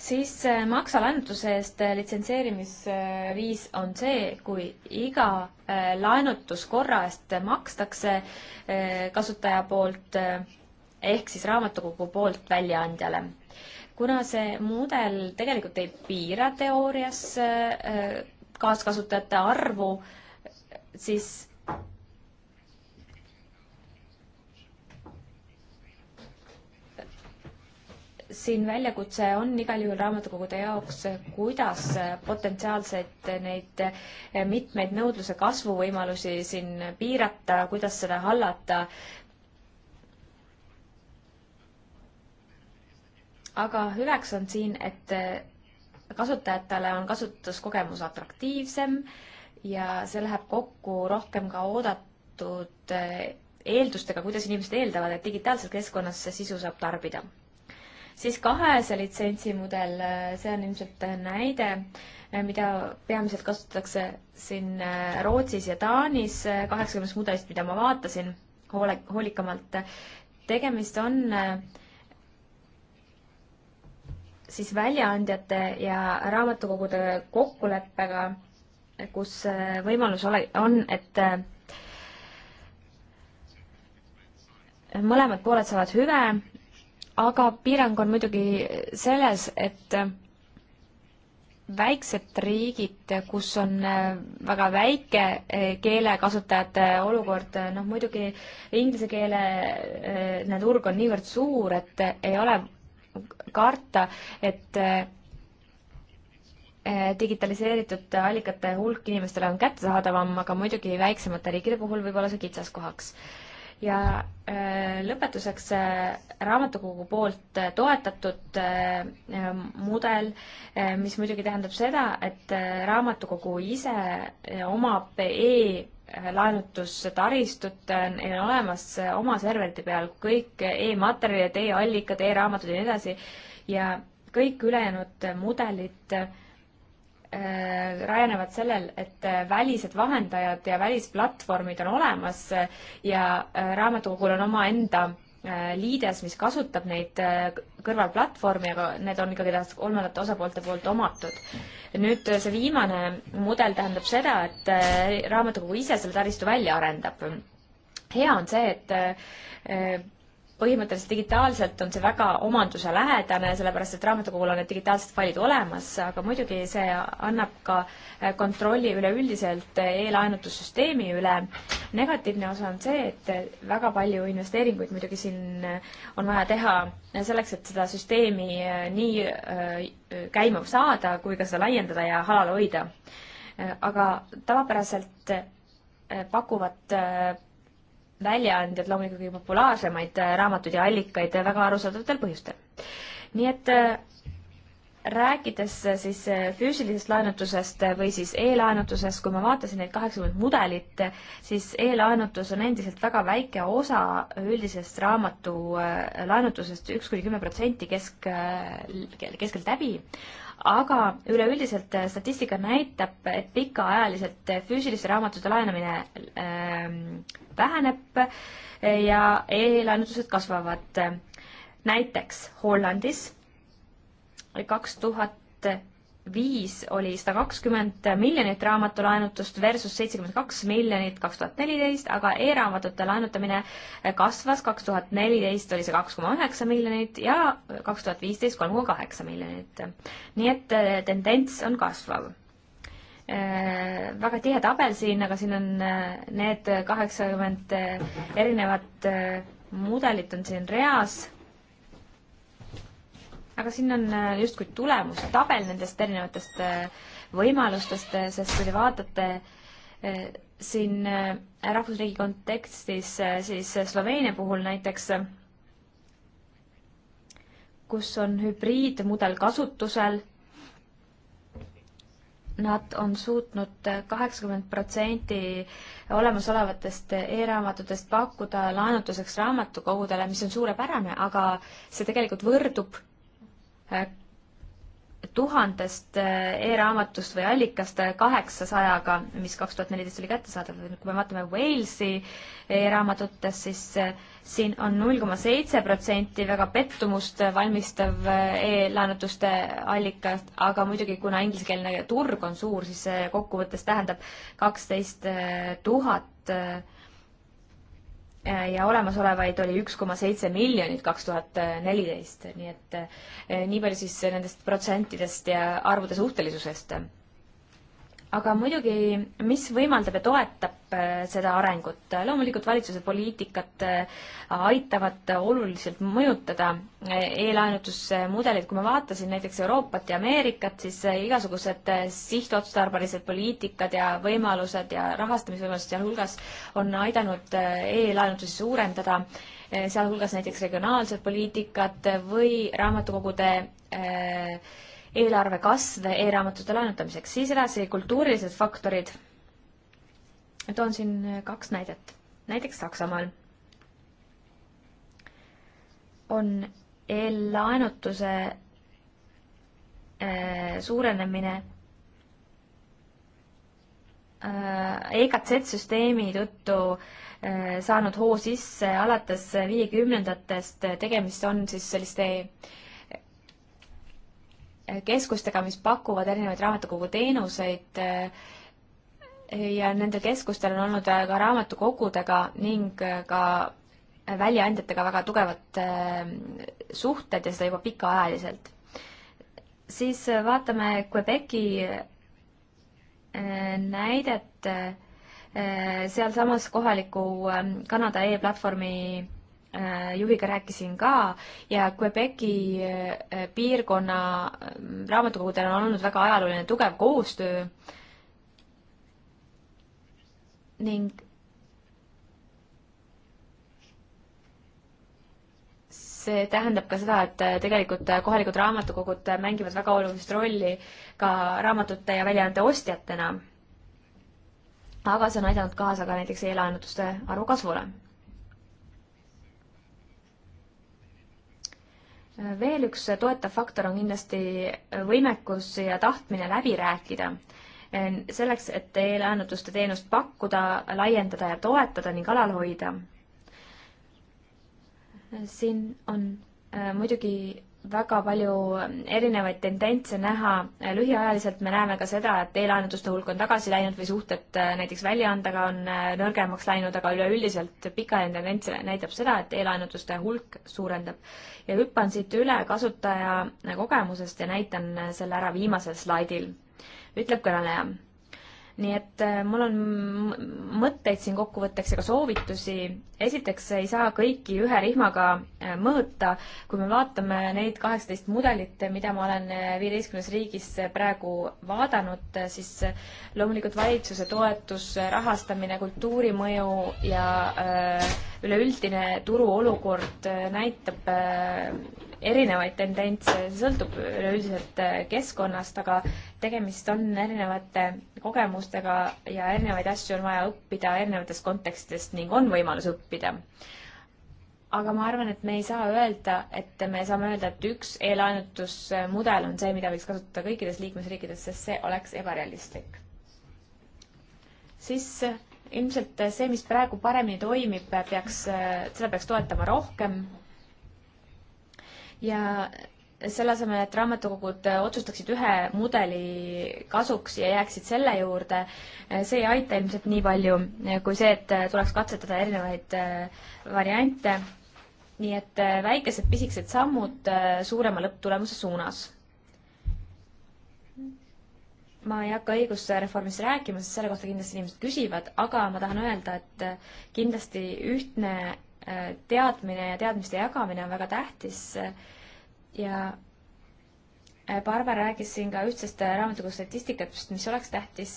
siis äh, maksalaenutuse eest äh, litsenseerimisviis on see, kui iga äh, laenutuskorra eest makstakse kasutaja poolt ehk siis raamatukogu poolt väljaandjale. kuna see mudel tegelikult ei piira teoorias kaaskasutajate arvu, siis siin väljakutse on igal juhul raamatukogude jaoks, kuidas potentsiaalselt neid mitmeid nõudluse kasvuvõimalusi siin piirata, kuidas seda hallata. aga hüveks on siin, et kasutajatele on kasutuskogemus atraktiivsem ja see läheb kokku rohkem ka oodatud eeldustega, kuidas inimesed eeldavad, et digitaalses keskkonnas see sisu saab tarbida siis kahese litsentsi mudel, äh, see on ilmselt äh, näide, äh, mida peamiselt kasutatakse siin Rootsis ja Taanis kaheksakümnest mudelist, mida ma vaatasin hoole, hoolikamalt. tegemist on siis väljaandjate ja raamatukogude kokkuleppega, kus võimalus ole, on, et mõlemad pooled saavad hüve aga piirang on muidugi selles, et väiksed riigid, kus on äh, väga väike äh, keelekasutajate olukord, äh, noh muidugi inglise keele turg on niivõrd suur, et ei ole karta, et digitaliseeritud allikate hulk inimestele on kättesaadavam, aga muidugi väiksemate riikide puhul võib olla see kitsaskohaks ja äh, lõpetuseks äh, raamatukogu poolt äh, toetatud mudel, mis muidugi tähendab seda, et raamatukogu ise omab e laenutustaristut, neil on olemas oma serverite peal kõik e-materjalid e, e-allikad e, e-raamatud ja nii edasi ja kõik ülejäänud mudelid äh, Äh, rajanevad sellel, et äh, välised vahendajad ja välisplatvormid on olemas äh, ja raamatukogul on omaenda liides, mis kasutab neid kõrvalplatvormi, aga need on ikkagi kolmandate osapoolte poolt omatud. nüüd see viimane mudel tähendab seda, et raamatukogu ise selle taristu välja arendab. hea on see, et põhimõtteliselt digitaalselt on see väga omanduse lähedane, sellepärast et raamatukogul on need digitaalsed failid olemas, aga muidugi see annab ka eh, kontrolli üleüldiselt e-laenutussüsteemi üle. negatiivne osa on see, et väga palju investeeringuid muidugi siin eh, on vaja teha selleks, et seda süsteemi eh, nii käima saada kui ka seda laiendada ja halal hoida. aga tavapäraselt pakuvad väljaandjad loomulikult kõige populaarsemaid äh, raamatuid ja allikaid äh, väga arusaadavatel põhjustel. nii et äh, rääkides siis füüsilisest laenutusest või siis e-laenutusest, kui ma vaatasin neid kaheksakümmend mudelit, siis e-laenutus on endiselt väga väike osa üldisest raamatu laenutusest, üks kuni kümme protsenti kesk, keskelt läbi, aga üleüldiselt äh, statistika näitab, et pikaajaliselt äh, füüsiliste raamatute laenamine ähm, äh, väheneb ja e-laenutused kasvavad. näiteks Hollandis kaks tuhat viis oli sada kakskümmend miljonit raamatulaenutust versus seitsekümmend kaks miljonit kaks tuhat neliteist, aga e-raamatute laenutamine kasvas, kaks tuhat neliteist oli see kaks koma üheksa miljonit ja kaks tuhat viisteist kolm koma kaheksa miljonit. nii et äh, tendents on kasvav. Äh, väga tihe tabel siin, aga siin on äh, need kaheksakümmend erinevat mudelit on siin reas aga siin on äh, justkui tulemustabel nendest erinevatest äh, võimalustest, äh, sest kui te vaatate siin rahvusriigi kontekstis, siis Sloveenia puhul näiteks, kus on hübriidmudel kasutusel, nad on suutnud kaheksakümmend protsenti olemasolevatest e-raamatutest pakkuda laenutuseks raamatukogudele, mis on suurepärane, aga see tegelikult võrdub Äh, tuhandest äh, e-raamatust või allikast äh, kaheksasajaga, mis kaks tuhat neliteist oli kättesaadav, kui me vaatame Walesi e-raamatutest, siis siin on null koma seitse protsenti väga pettumust valmistav e-laenutuste allikas, aga muidugi, kuna inglisekeelne turg on suur, siis see kokkuvõttes tähendab kaksteist tuhat Äh, ja olemasolevaid oli üks koma seitse miljonit kaks tuhat neliteist, nii et äh, nii palju siis nendest protsentidest ja arvude suhtelisusest aga muidugi, mis võimaldab ja toetab äh, seda arengut, loomulikult valitsuse poliitikad äh, aitavad oluliselt mõjutada äh, e-laenutusmudelit, kui ma vaatasin näiteks Euroopat ja Ameerikat, siis igasugused sihtotstarbelised poliitikad ja võimalused ja rahastamisvõimalused sealhulgas on aidanud e-laenutusi suurendada, sealhulgas näiteks regionaalsed poliitikad või raamatukogude äh, eelarve kasv e-raamatute laenutamiseks. siis edasi kultuurilised faktorid. toon siin äh, kaks näidet. näiteks Saksamaal on e-laenutuse äh, suurenemine äh, EKZ süsteemi tõttu saanud hoo sisse alates viiekümnendatest, tegemist on siis selliste keskustega, mis pakuvad erinevaid raamatukogu teenuseid eh, ja nendel keskustel on olnud eh, ka raamatukogudega ning eh, ka väljaandjatega väga tugevad suhted ja seda juba pikaajaliselt. siis vaatame Quebeci näidet, sealsamas kohaliku Kanada e-platvormi Äh, juhiga rääkisin ka ja Quebeci äh, piirkonna äh, raamatukogudel on olnud väga ajalooline tugev koostöö ning see tähendab ka seda, et tegelikult kohalikud raamatukogud mängivad väga olulist rolli ka raamatute ja väljaannete ostjatena. aga see on aidanud kaasa ka näiteks e-laenutuste arvu kasvule veel üks toetav faktor on kindlasti võimekus ja tahtmine läbi rääkida. selleks, et e-laenutuste teenust pakkuda, laiendada ja toetada ning alal hoida. siin on äh, muidugi väga palju ähm, erinevaid tendentse näha, lühiajaliselt me näeme ka seda, et e-laenutuste hulk on tagasi läinud või suhted äh, näiteks väljaandega on äh, nõrgemaks läinud, aga üleüldiselt pikaajaline tendents näitab seda, et e-laenutuste hulk suurendab. ja hüppan siit üle kasutaja äh, kogemusest ja näitan selle ära viimasel slaidil, ütleb kõneleja nii et äh, mul on mõtteid siin kokkuvõtteks ja ka soovitusi. esiteks ei saa kõiki ühe rihmaga äh, mõõta. kui me vaatame neid kaheksateist mudelit, mida ma olen äh, viieteistkümnes riigis praegu vaadanud, siis loomulikult valitsuse toetus, rahastamine, kultuurimõju ja üleüldine turu olukord näitab erinevaid tendentse, see sõltub üleüldiselt äh, keskkonnast, aga tegemist on erinevate kogemustega ja erinevaid asju on vaja õppida erinevatest kontekstidest ning on võimalus õppida. aga ma arvan, et me ei saa öelda, et me saame öelda, et üks e-laenutusmudel on see, mida võiks kasutada kõikides liikmesriikides, sest see oleks ebarealistlik. siis äh, ilmselt äh, see, mis praegu paremini toimib, peaks, seda peaks toetama rohkem ja selle asemel, et raamatukogud otsustaksid ühe mudeli kasuks ja jääksid selle juurde, see ei aita ilmselt nii palju kui see, et tuleks katsetada erinevaid äh, variante. nii et äh, väikesed pisikesed sammud äh, suurema lõpptulemuse suunas. ma ei hakka õigusreformist rääkima, sest selle kohta kindlasti inimesed küsivad, aga ma tahan öelda, et kindlasti ühtne teadmine ja teadmiste jagamine on väga tähtis ja Barbara rääkis siin ka ühtsest raamatukogu statistikast, mis oleks tähtis.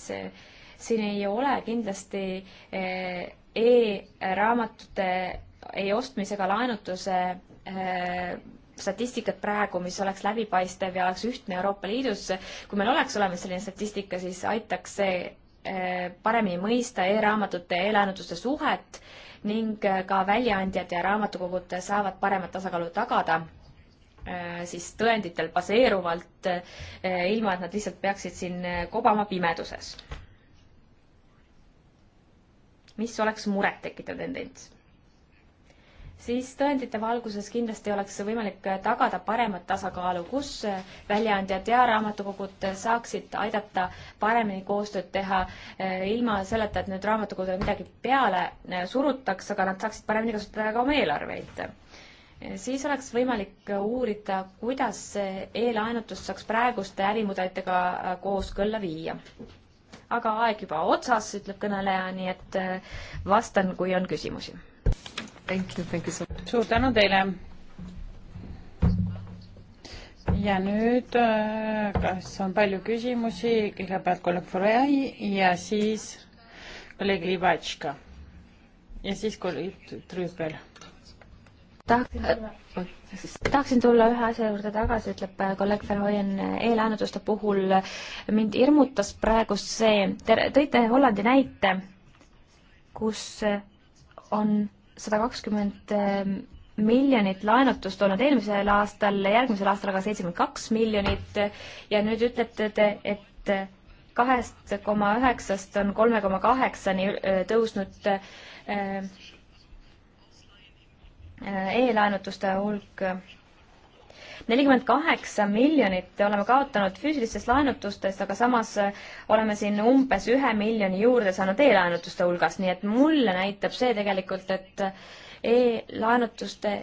siin ei ole kindlasti eh, e-raamatute ei ostmise ega laenutuse eh, statistikat praegu, mis oleks läbipaistev ja oleks ühtne Euroopa Liidus. kui meil oleks olemas selline statistika, siis aitaks see eh, paremini mõista e-raamatute ja e-laenutuste suhet ning äh, ka väljaandjad ja raamatukogud saavad paremat tasakaalu tagada äh, siis tõenditel baseeruvalt, äh, ilma et nad lihtsalt peaksid siin kobama pimeduses. mis oleks murettekitav tendents siis tõendite valguses kindlasti oleks võimalik tagada paremat tasakaalu, kus väljaandjad ja raamatukogud saaksid aidata paremini koostööd teha, eh, ilma selleta, et nüüd raamatukogudele midagi peale eh, surutaks, aga nad saaksid paremini kasutada ka oma eelarveid eh, siis oleks võimalik uurida, kuidas e-laenutust saaks praeguste ärimudelitega kooskõlla viia. aga aeg juba otsas, ütleb kõneleja, nii et vastan, kui on küsimusi Thank you, thank you so much. suur tänu teile. ja nüüd, äh, kas on palju küsimusi, kõigepealt kolleeg Forei ja siis kolleeg Libatška ja siis kolleeg Trüüpel. tahaksin, äh, tahaksin tulla ühe asja juurde tagasi, ütleb äh, kolleeg Verhoien eelannetuste puhul. mind hirmutas praegu see, te tõite Hollandi näite, kus on sada kakskümmend eh, miljonit laenutust olnud eelmisel aastal, järgmisel aastal aga seitsekümmend kaks miljonit ja nüüd ütlete te, et kahest koma üheksast on kolme koma kaheksani eh, tõusnud eh, e-laenutuste hulk nelikümmend kaheksa miljonit oleme kaotanud füüsilistest laenutustest, aga samas eh, oleme siin umbes ühe miljoni juurde saanud e-laenutuste hulgast, nii et mulle näitab see tegelikult, et eh, e-laenutuste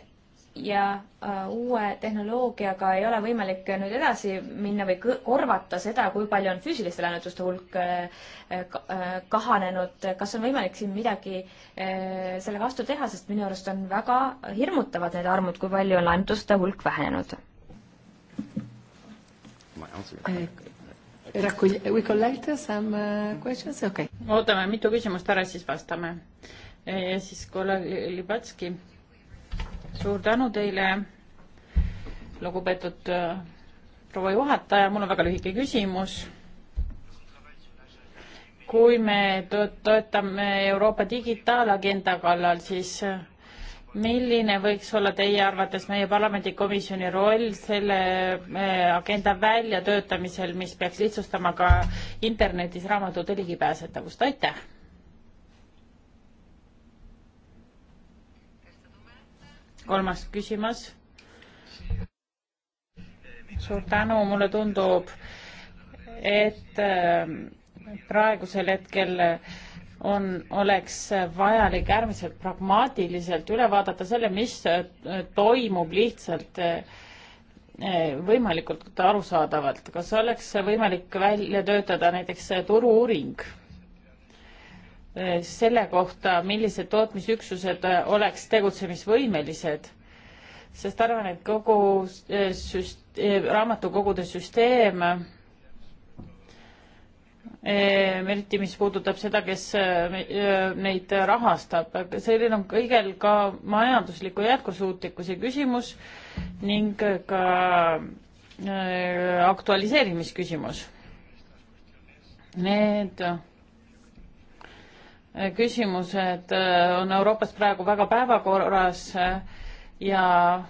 ja äh, uue tehnoloogiaga ei ole võimalik nüüd edasi minna või korvata seda, kui palju on füüsiliste läänituste hulk äh, äh, kahanenud. kas on võimalik siin midagi selle vastu teha, sest minu arust on väga hirmutavad need armud, kui palju on laenutuste hulk vähenenud? Uh, ootame mitu küsimust ära, siis vastame. ja siis kolleeg Libatski suur tänu teile, lugupeetud äh, proua juhataja, mul on väga lühike küsimus kui me toetame Euroopa digitaalagenda kallal, siis äh, milline võiks olla teie arvates meie parlamendikomisjoni roll selle äh, agenda väljatöötamisel, mis peaks lihtsustama ka internetis raamatute ligipääsetavust, aitäh! kolmas küsimus. suur tänu, mulle tundub, et ähm, praegusel hetkel äh, on, oleks vajalik äärmiselt pragmaatiliselt üle vaadata selle, mis äh, toimub lihtsalt äh, võimalikult arusaadavalt. kas oleks võimalik välja töötada näiteks turu-uuring? selle kohta, millised tootmisüksused äh, oleks tegutsemisvõimelised, sest arvan, et kogu äh, süst-, äh, raamatukogude süsteem, eriti mis puudutab seda, kes neid rahastab, selline on kõigel ka majandusliku jätkusuutlikkuse küsimus ning ka aktualiseerimisküsimus. Need küsimused äh, on Euroopas praegu väga päevakorras äh, ja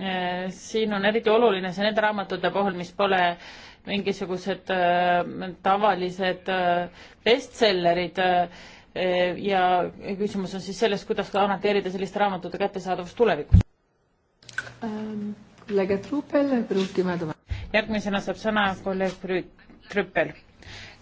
äh, siin on eriti oluline see nende raamatute puhul, mis pole mingisugused tavalised bestsellerid ja küsimus on siis selles, kuidas garanteerida selliste raamatute kättesaadavust tulevikus ähm,. järgmisena saab sõna kolleeg Rüüt Trüppel.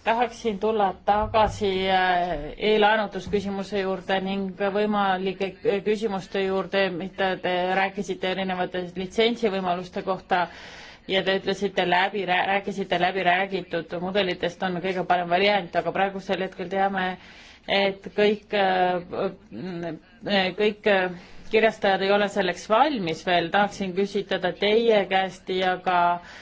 tahaksin tulla tagasi äh, e-laenutusküsimuse juurde ning võimalike äh, küsimuste juurde, mida te rääkisite erinevate litsentsivõimaluste kohta ja te ütlesite läbi, rääkisite läbiräägitud mudelitest on kõige parem variant, aga praegusel hetkel teame, et kõik, äh, kõik kirjastajad ei ole selleks valmis veel, tahaksin küsitada teie käest ja ka äh,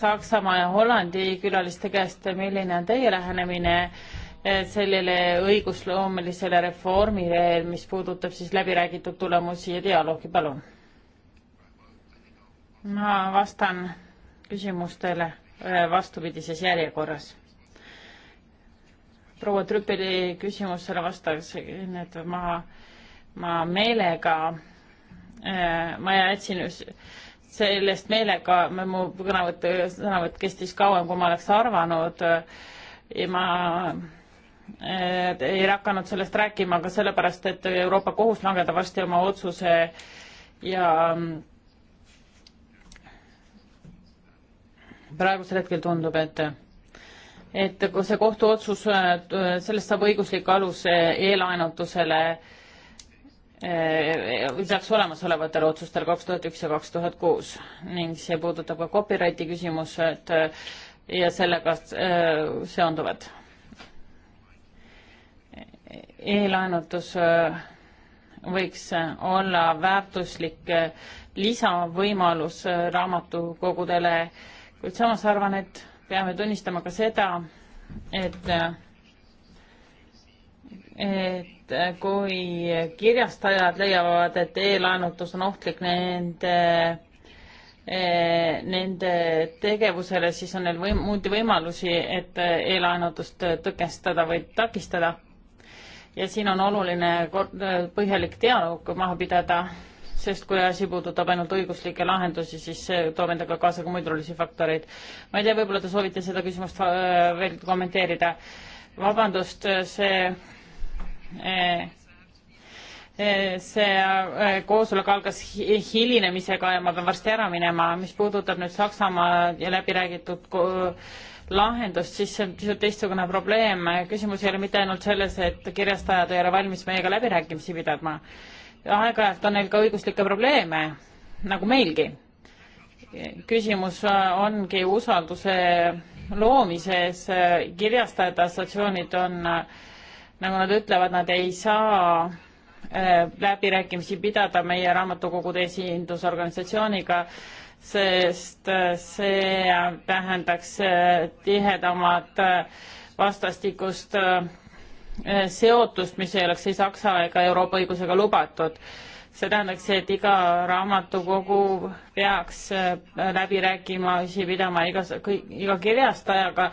Saksamaa ja Hollandi külaliste käest, milline on teie lähenemine eh, sellele õigusloomelisele reformile, mis puudutab siis läbiräägitud tulemusi ja dialoogi, palun? ma vastan küsimustele eh, vastupidises järjekorras. proua Trüppeli küsimusele vastaksin, et ma, ma meelega, eh, ma jätsin sellest meelega, mu kõnevõtt, sõnavõtt kestis kauem, kui ma oleks arvanud ja ma eh, ei hakanud sellest rääkima ka sellepärast, et Euroopa Kohus langetab varsti oma otsuse ja mm, praegusel hetkel tundub, et et kui see kohtuotsus, sellest saab õiguslik alus eh, e-laenutusele äh, Äh, lisaks olemasolevatele otsustele kaks tuhat üks ja kaks tuhat kuus ning see puudutab ka copyrighti küsimused äh, ja sellega äh, seonduvad. e-laenutus võiks olla väärtuslik lisavõimalus raamatukogudele, kuid samas arvan, et peame tunnistama ka seda, et et kui kirjastajad leiavad, et e-laenutus on ohtlik nende, e, nende tegevusele, siis on neil võim-, muid võimalusi, et e-laenutust tõkestada või takistada. ja siin on oluline põhjalik dialoog maha pidada, sest kui asi puudutab ainult õiguslikke lahendusi, siis see toob endaga kaasa ka muid olulisi faktoreid. ma ei tea, võib-olla te soovite seda küsimust äh, veel kommenteerida. vabandust, see Eh, eh, see eh, koosolek algas hilinemisega ja ma pean varsti ära minema. mis puudutab nüüd Saksamaa ja läbiräägitud lahendust, siis see on pisut teistsugune probleem. küsimus ei ole mitte ainult selles, et kirjastajad ei ole valmis meiega läbirääkimisi pidama. aeg-ajalt on neil ka õiguslikke probleeme, nagu meilgi. küsimus äh, ongi usalduse loomises. kirjastajate assotsiatsioonid on äh, nagu nad ütlevad, nad ei saa äh, läbirääkimisi pidada meie raamatukogude esindusorganisatsiooniga, sest äh, see tähendaks äh, tihedamat vastastikust seotust, mis ei oleks ei Saksa ega Euroopa õigusega lubatud see tähendaks, et iga raamatukogu peaks äh, läbirääkimisi pidama iga, iga kirjastajaga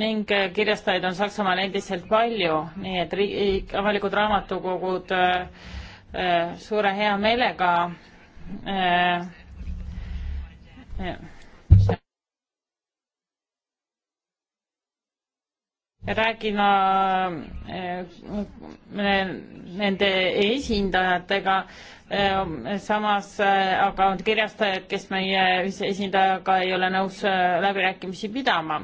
ning äh, kirjastajaid on Saksamaal endiselt palju, nii et riik, avalikud raamatukogud äh, äh suure hea meelega äh, räägima äh, äh, nende esindajatega, äh, samas aga on kirjastajad, kes meie esindajaga ei ole nõus läbirääkimisi pidama.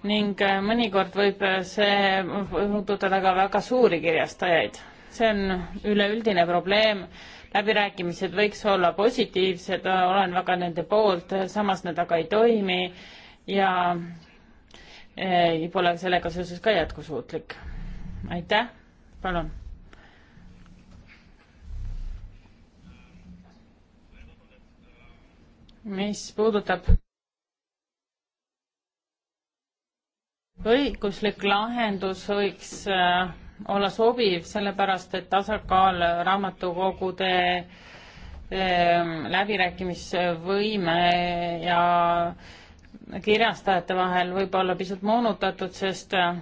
ning mõnikord võib see puudutada ka väga suuri kirjastajaid. see on üleüldine probleem, läbirääkimised võiks olla positiivsed, olen väga nende poolt, samas need aga ei toimi ja pole sellega seoses ka jätkusuutlik. aitäh, palun. mis puudutab õiguslik lahendus võiks äh, olla sobiv, sellepärast et tasakaal raamatukogude ähm, läbirääkimisvõime ja äh, kirjastajate vahel võib olla pisut moonutatud, sest äh,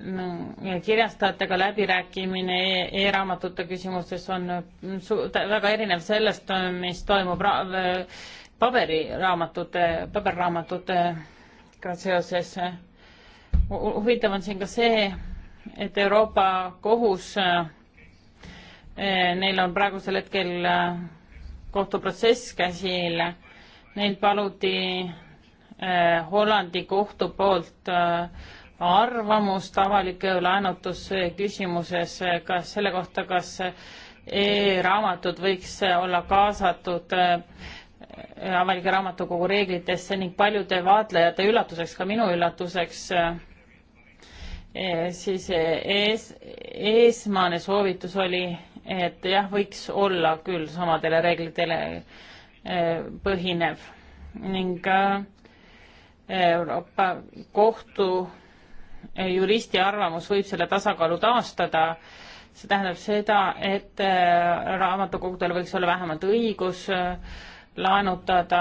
mm, kirjastajatega läbirääkimine e-, e-raamatute e küsimustes on mm, väga erinev sellest, äh, mis toimub äh, paberiraamatute, paberraamatutega seoses. huvitav on siin ka see, et Euroopa Kohus, neil on praegusel hetkel kohtuprotsess käsil Neil paluti äh, Hollandi kohtu poolt äh, arvamust avalike laenutuse küsimuses, äh, kas selle kohta, kas e-raamatud võiks olla kaasatud avalike raamatukogu reeglitesse ning paljude vaatlejate üllatuseks, ka minu üllatuseks, e, siis ees, eesmaane soovitus oli, et jah, võiks olla küll samadele reeglitele põhinev ning äh, Euroopa Kohtu äh, juristi arvamus võib selle tasakaalu taastada. see tähendab seda, et äh, raamatukogudel võiks olla vähemalt õigus laenutada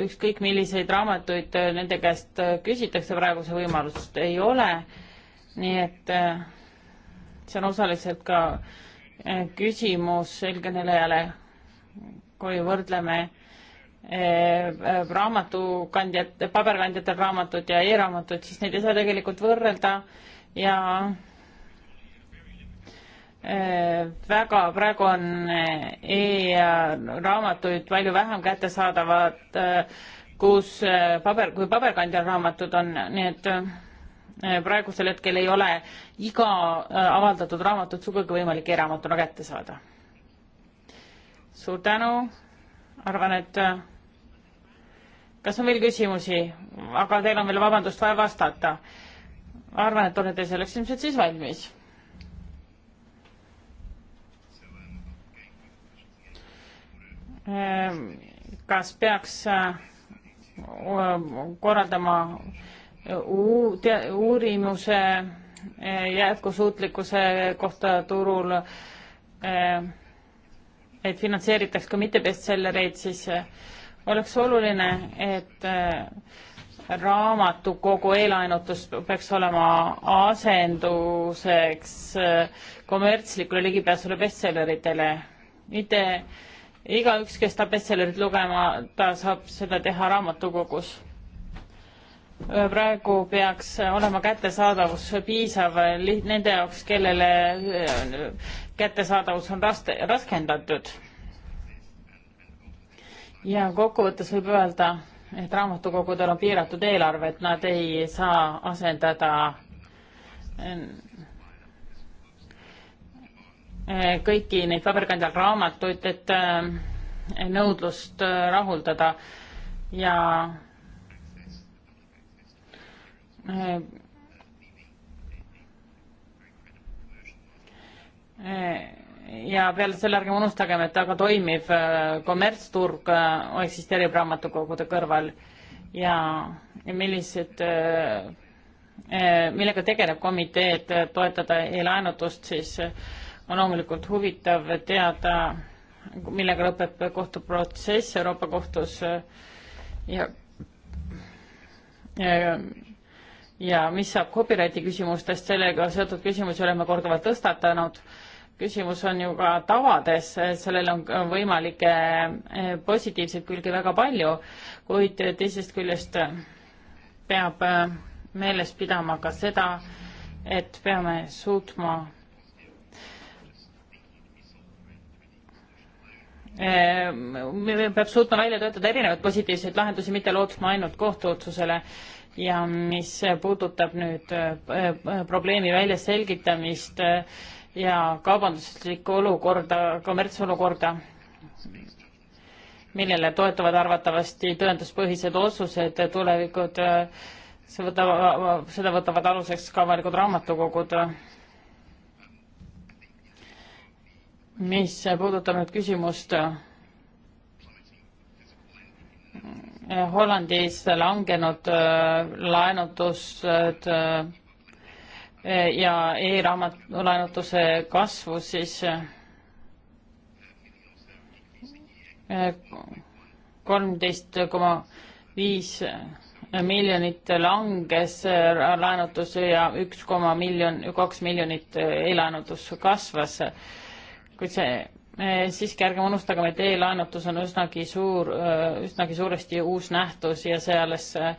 ükskõik milliseid raamatuid, nende käest küsitakse, praegu see võimalust ei ole. nii et see on osaliselt ka küsimus eelkõnelejale kui võrdleme eh, raamatukandjat, paberkandjatel raamatut ja e-raamatut, siis neid ei saa tegelikult võrrelda ja eh, väga, praegu on eh, e-raamatuid palju vähem kättesaadavad, kus paber, kui paberkandjal raamatud on, nii et praegusel hetkel ei ole iga avaldatud raamatut sugugi võimalik e-raamatuna kätte saada suur tänu, arvan, et äh, kas on veel küsimusi, aga teil on veel vabandust vaja vastata. arvan, et olete selleks ilmselt siis valmis. Ehm, kas peaks äh, korraldama äh, uurimuse jätkusuutlikkuse kohta turul äh, et finantseeritaks ka mittebestsellereid, siis äh, oleks oluline, et äh, raamatukogu eelaenutus peaks olema asenduseks äh, kommertslikule ligipääsule bestselleritele. mitte igaüks, kes tahab bestsellerit lugema, ta saab seda teha raamatukogus praegu peaks olema kättesaadavus piisav nende jaoks, kellele äh, kättesaadavus on raske, raskendatud. ja kokkuvõttes võib öelda, et raamatukogudel on piiratud eelarve, et nad ei saa asendada äh, kõiki neid paberkandjal raamatuid, et äh, nõudlust rahuldada ja Äh, ja peale selle ärgem unustagem, et aga toimiv äh, kommertsturg äh, eksisteerib raamatukogude kõrval ja millised, millega tegeleb komitee, et toetada e-laenutust, siis on loomulikult huvitav teada, millega lõpeb kohtuprotsess Euroopa Kohtus ja, ja ja mis saab copyrighti küsimustest, sellega seotud küsimusi oleme korduvalt tõstatanud. küsimus on ju ka tavades, sellel on võimalikke eh, positiivseid külgi väga palju, kuid teisest küljest peab eh, meeles pidama ka seda, et peame suutma eh, me peab suutma välja töötada erinevaid positiivseid lahendusi, mitte lootma ainult kohtuotsusele ja mis puudutab nüüd äh, äh, probleemi väljaselgitamist äh, ja kaubanduslikku olukorda, kommertsolukorda, millele toetuvad arvatavasti tõenduspõhised otsused, tulevikud, see võtab, seda võtavad aluseks ka avalikud raamatukogud. mis puudutab nüüd küsimust Hollandis langenud äh, laenutused äh, ja e-raamat, laenutuse kasvu, siis äh, kolmteist koma viis miljonit langes laenutus ja üks koma miljon, kaks miljonit e-laenutus kasvas. kuid see Eh, siiski ärgem unustagem, et e-laenutus on üsnagi suur, eh, üsnagi suuresti uus nähtus ja see alles eh,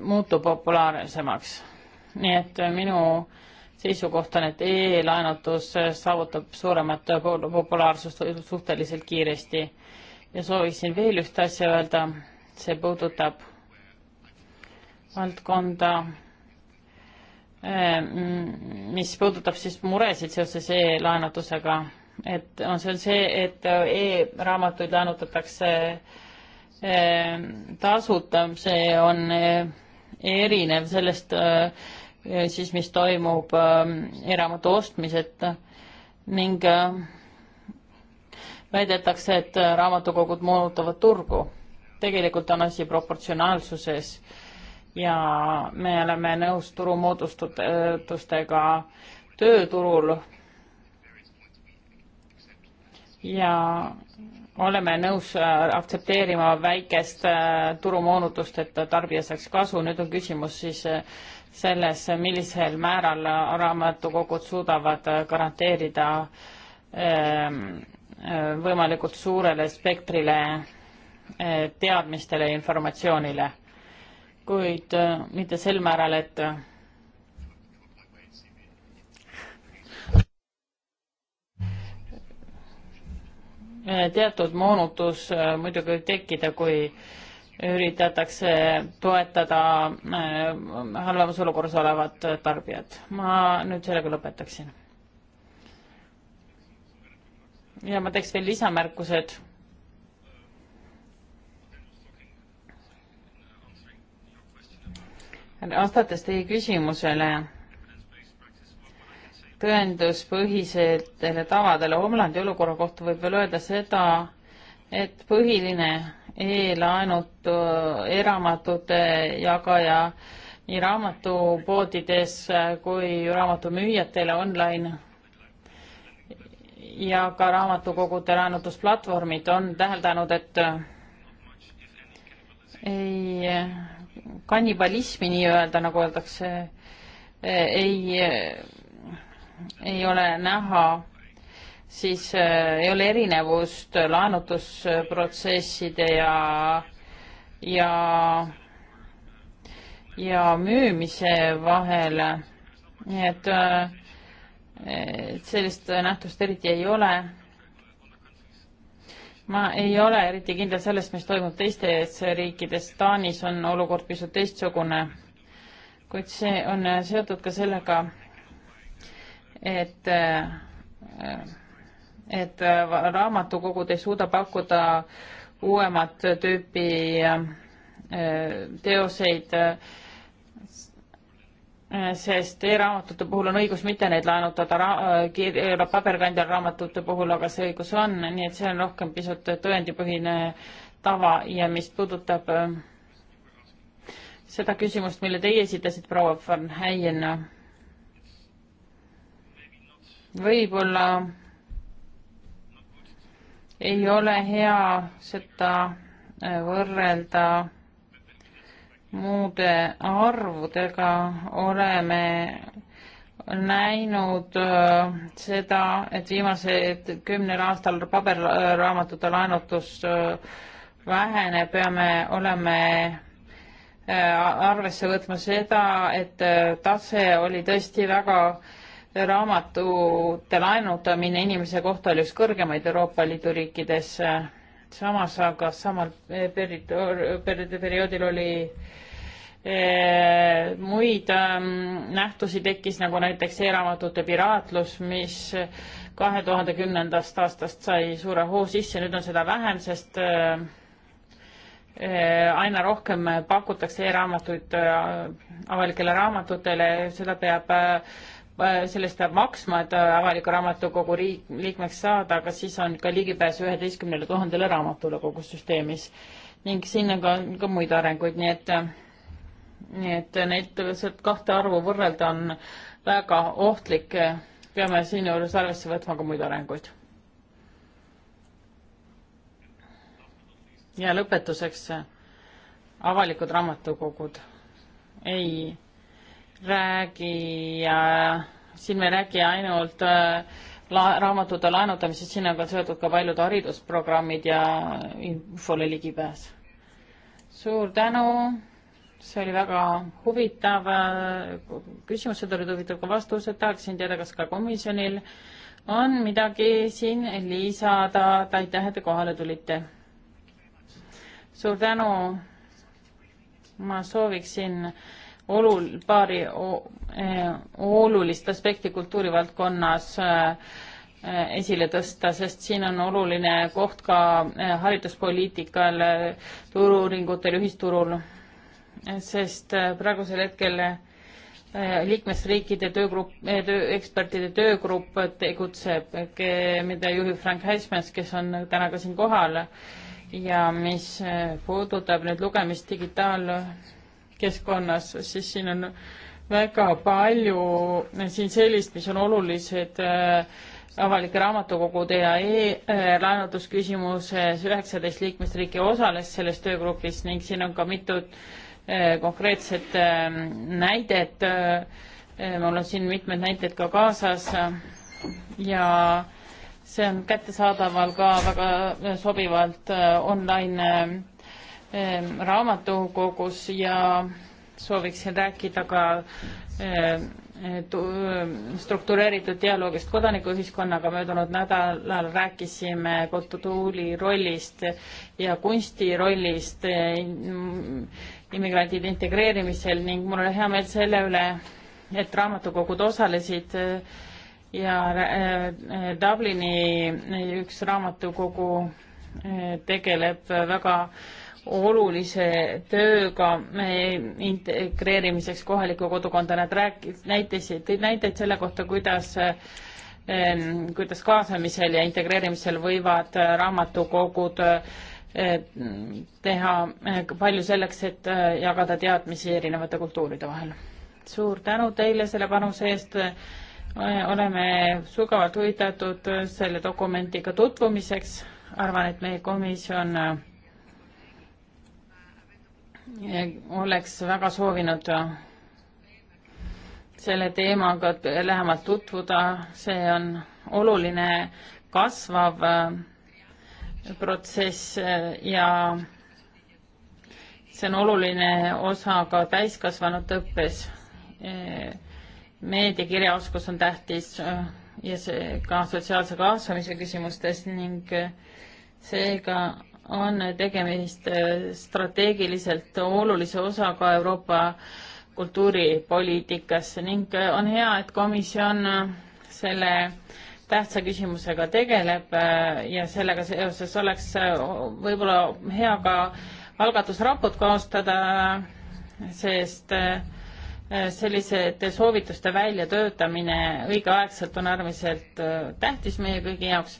muutub populaarsemaks. nii et minu seisukoht on, et e-laenutus saavutab suuremat populaarsust suhteliselt kiiresti. ja sooviksin veel ühte asja öelda, see puudutab valdkonda Äh, mis puudutab siis muresid seoses e-laenutusega, et on, see on see, et e-raamatuid laenutatakse äh, tasuta, see on äh, erinev sellest siis, mis toimub e-raamatu ostmiselt ning väidetakse, et raamatukogud muudavad turgu. tegelikult on asi proportsionaalsuses ja me oleme nõus turumoodustustega tööturul ja oleme nõus äh, aktsepteerima väikest äh, turumoonutust, et tarbija saaks kasu, nüüd on küsimus siis äh, selles, millisel määral raamatukogud suudavad garanteerida ähm, võimalikult suurele spektrile teadmistele ja informatsioonile kuid äh, mitte sel määral, et äh, teatud moonutus äh, muidugi võib tekkida, kui üritatakse toetada halvemas olukorras olevat tarbijat. ma nüüd sellega lõpetaksin. ja ma teeks veel lisamärkused vastates teie küsimusele tõenduspõhisetele tavadele Hollandi olukorra kohta võib veel öelda seda, et põhiline e-laenud e-, e-raamatute jagaja nii raamatupoodides kui raamatumüüjatele online ja ka raamatukogude laenutusplatvormid on täheldanud, et ei kannibalismi nii-öelda, nagu öeldakse, ei, ei ole näha, siis eh, ei ole erinevust laenutusprotsesside ja, ja, ja müümise vahel. nii et, et eh, sellist nähtust eriti ei ole ma ei ole eriti kindel sellest, mis toimub teistes riikides, Taanis on olukord pisut teistsugune, kuid see on seotud ka sellega, et, et raamatukogud ei suuda pakkuda uuemat tüüpi eh, teoseid äh, Äh, sest e-raamatute puhul on õigus mitte neid laenutada ra-, äh, äh, paberkandjal raamatute puhul, aga see õigus on, nii et see on rohkem pisut tõendipõhine tava ja mis puudutab seda küsimust, mille teie esitasite, proua von Häien, võib-olla ei ole hea seda võrrelda muude arvudega oleme näinud äh, seda, et viimased kümnel aastal paberraamatute äh, laenutus äh, väheneb ja me oleme arvesse võtma seda, et tase oli tõesti väga raamatute laenutamine inimese kohta oli üks kõrgemaid Euroopa Liidu riikides samas aga samal eh, perioodil, perioodil oli eh, muid eh, nähtusi tekkis, nagu näiteks e-raamatute piraatlus, mis kahe tuhande kümnendast aastast sai suure hoo sisse, nüüd on seda vähem, sest eh, aina rohkem pakutakse e-raamatuid äh, avalikele raamatutele, seda peab äh, Äh, sellest peab maksma, et äh, avaliku raamatukogu riik, liikmeks saada, aga siis on ka ligipääs üheteistkümnele tuhandele raamatule kogu süsteemis. ning sinna ka on ka muid arenguid, nii et, äh, nii et neid, sealt kahte arvu võrrelda on väga ohtlik. peame siinjuures arvesse võtma ka muid arenguid. ja lõpetuseks avalikud raamatukogud ei räägi äh,, siin me ei räägi ainult äh, la-, raamatute laenutamisest, sinnaga on seotud ka paljud haridusprogrammid ja infole ligipääs. suur tänu, see oli väga huvitav äh, küsimus, seda olid huvitavad ka vastused, tahaksin teada, kas ka komisjonil on midagi siin lisada, aitäh, et te kohale tulite. suur tänu, ma sooviksin äh, olul-, paari e, olulist aspekti kultuurivaldkonnas e, e, esile tõsta, sest siin on oluline koht ka hariduspoliitikal, turu-uuringutel, ühisturul, sest praegusel hetkel liikmesriikide töögrupp, töö, ekspertide töögrupp tegutseb, mida juhib Frank Häsmes, kes on täna ka siin kohal ja mis puudutab nüüd lugemist digitaal- keskkonnas, siis siin on väga palju siin sellist, mis on olulised äh, avalike raamatukogude ja e-laenutusküsimuses äh, üheksateist liikmesriiki osales selles töögrupis ning siin on ka mitut äh, konkreetset näidet. mul on siin mitmed näited ka kaasas ja see on kättesaadaval ka väga sobivalt online raamatukogus ja sooviksin rääkida ka struktureeritud dialoogist kodanikuühiskonnaga. möödunud nädalal rääkisime kultuuri rollist ja kunsti rollist immigrantide integreerimisel ning mul oli hea meel selle üle, et raamatukogud osalesid ja Dublini üks raamatukogu tegeleb väga äh, olulise tööga integreerimiseks kohalikku kodukonda, nad rääkisid, näitasid, tõid näiteid selle kohta, kuidas kuidas kaasamisel ja integreerimisel võivad raamatukogud teha eh, palju selleks, et eh, jagada teadmisi erinevate kultuuride vahel. suur tänu teile selle panuse eest. oleme sügavalt huvitatud selle dokumendiga tutvumiseks. arvan, et meie komisjon eh, oleks väga soovinud selle teemaga lähemalt tutvuda, see on oluline kasvav äh, protsess äh, ja see on oluline osa ka täiskasvanute õppes. Äh, meediakirjaoskus on tähtis ja see ka sotsiaalse kaasamise küsimustes ning seega on tegemist äh, strateegiliselt olulise osaga Euroopa kultuuripoliitikas ning äh, on hea, et komisjon äh, selle tähtsa küsimusega tegeleb ja sellega seoses oleks võib-olla hea ka algatusraport koostada, sest sellisete soovituste väljatöötamine õigeaegselt on äärmiselt tähtis meie kõigi jaoks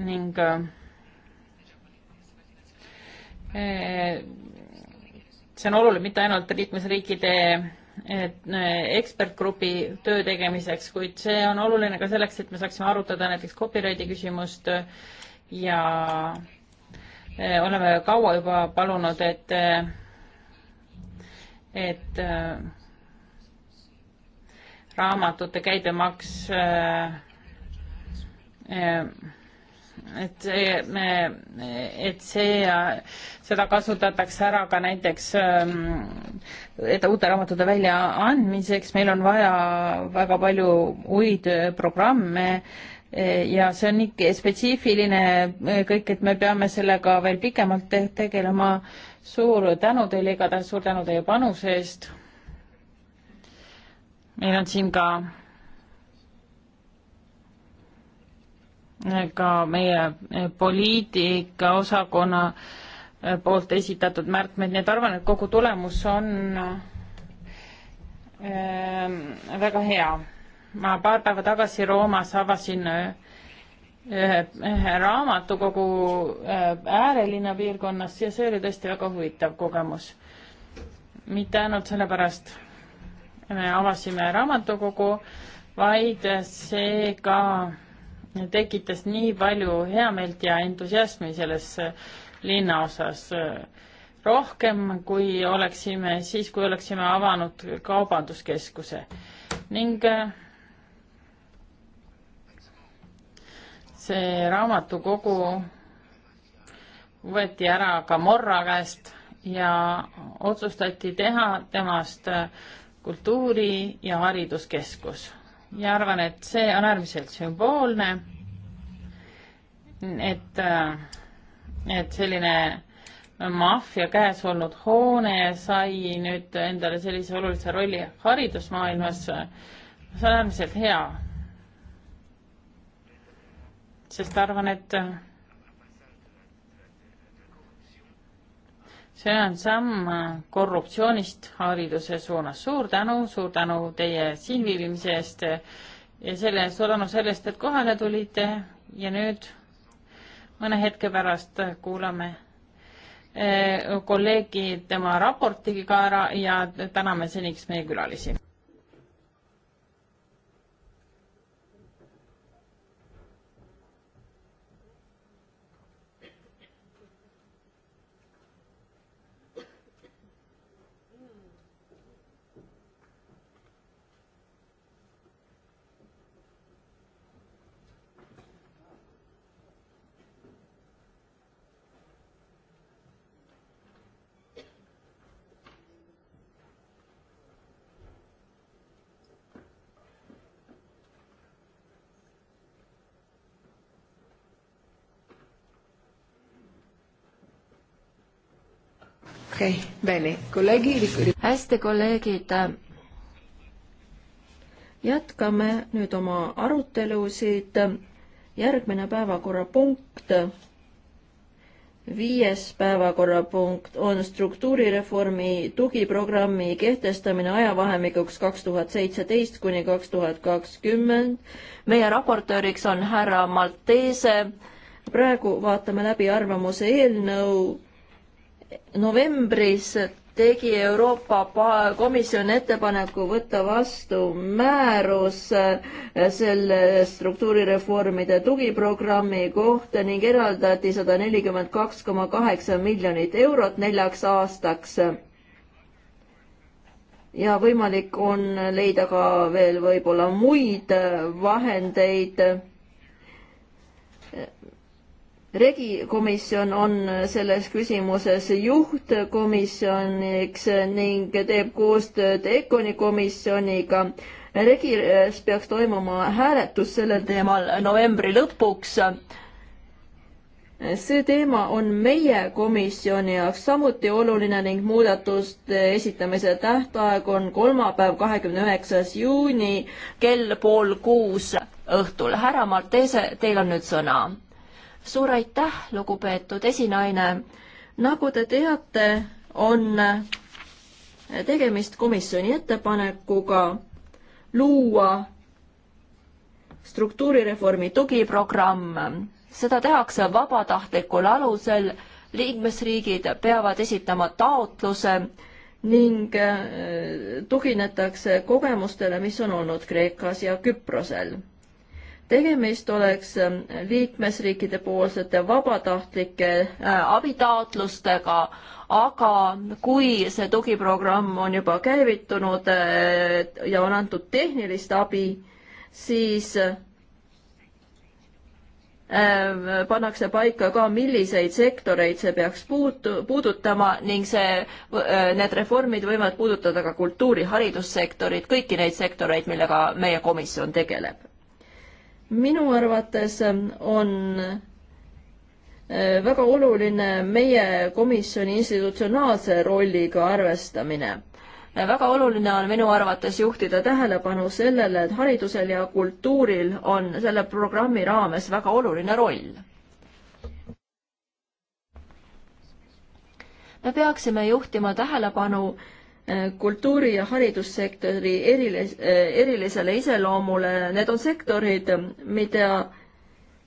ning äh, Äh, see on oluline mitte ainult liikmesriikide äh, ekspertgrupi töö tegemiseks, kuid see on oluline ka selleks, et me saaksime arutada näiteks copyrighti küsimust ja äh, oleme kaua juba palunud, et, et raamatute käibemaks äh, äh, et see, et see, seda kasutatakse ära ka näiteks ähm, et uute raamatute väljaandmiseks, meil on vaja väga palju muid programme e, ja see on ikka spetsiifiline e, kõik, et me peame sellega veel pikemalt te tegelema. suur tänu teile igatahes, suur tänu teie panuse eest. meil on siin ka ka meie eh, poliitikaosakonna eh, poolt esitatud märkmed, nii et arvan, et kogu tulemus on eh, väga hea. ma paar päeva tagasi Roomas avasin ühe, ühe raamatukogu äärelinna piirkonnas ja see oli tõesti väga huvitav kogemus. mitte ainult sellepärast me avasime raamatukogu, vaid see ka tekitas nii palju heameelt ja entusiasmi selles äh, linnaosas. rohkem, kui oleksime, siis kui oleksime avanud kaubanduskeskuse ning äh, see raamatukogu võeti ära ka Morra käest ja otsustati teha temast äh, kultuuri- ja hariduskeskus ja arvan, et see on äärmiselt sümboolne, et, äh, et selline maffia käes olnud hoone sai nüüd endale sellise olulise rolli haridusmaailmas, see on äärmiselt hea. sest arvan, et äh, see on samm korruptsioonist hariduse suunas. suur tänu, suur tänu teie siin viibimise eest ja selle, suur tänu sellest, et kohale tulite ja nüüd mõne hetke pärast kuulame eh, kolleegi tema raportiga ära ja täname seniks meie külalisi. okei okay., bene, kolleegid. hästi, kolleegid. jätkame nüüd oma arutelusid. järgmine päevakorrapunkt, viies päevakorrapunkt on struktuurireformi tugiprogrammi kehtestamine ajavahemikuks kaks tuhat seitseteist kuni kaks tuhat kakskümmend. meie raportööriks on härra Maltese. praegu vaatame läbi arvamuse eelnõu novembris tegi Euroopa Komisjon ettepaneku võtta vastu määrus äh, selle struktuurireformide tugiprogrammi kohta ning eraldati sada nelikümmend kaks koma kaheksa miljonit eurot neljaks aastaks. ja võimalik on leida ka veel võib-olla muid vahendeid regikomisjon on selles küsimuses juhtkomisjoniks ning teeb koostööd EKONi komisjoniga. regis peaks toimuma hääletus sellel teemal novembri lõpuks. see teema on meie komisjoni jaoks samuti oluline ning muudatuste esitamise tähtaeg on kolmapäev, kahekümne üheksas juuni kell pool kuus õhtul. härra Maltese, teil on nüüd sõna suur aitäh, lugupeetud esinaine. nagu te teate, on tegemist komisjoni ettepanekuga luua struktuurireformi tugiprogramm. seda tehakse vabatahtlikul alusel, liikmesriigid peavad esitama taotluse ning äh, tuginetakse kogemustele, mis on olnud Kreekas ja Küprosel tegemist oleks ähm, liikmesriikide poolsete vabatahtlike äh, abitaotlustega, aga kui see tugiprogramm on juba käivitunud äh, ja on antud tehnilist abi, siis äh, pannakse paika ka, milliseid sektoreid see peaks puutu, puudutama ning see, need reformid võivad puudutada ka kultuuri, haridussektorit, kõiki neid sektoreid, millega meie komisjon tegeleb minu arvates ähm, on äh, väga oluline meie komisjoni institutsionaalse rolliga arvestamine. Äh, väga oluline on minu arvates juhtida tähelepanu sellele, et haridusel ja kultuuril on selle programmi raames väga oluline roll. me peaksime juhtima tähelepanu äh, Äh, kultuuri- ja haridussektori erile, äh, erilisele iseloomule, need on sektorid, mida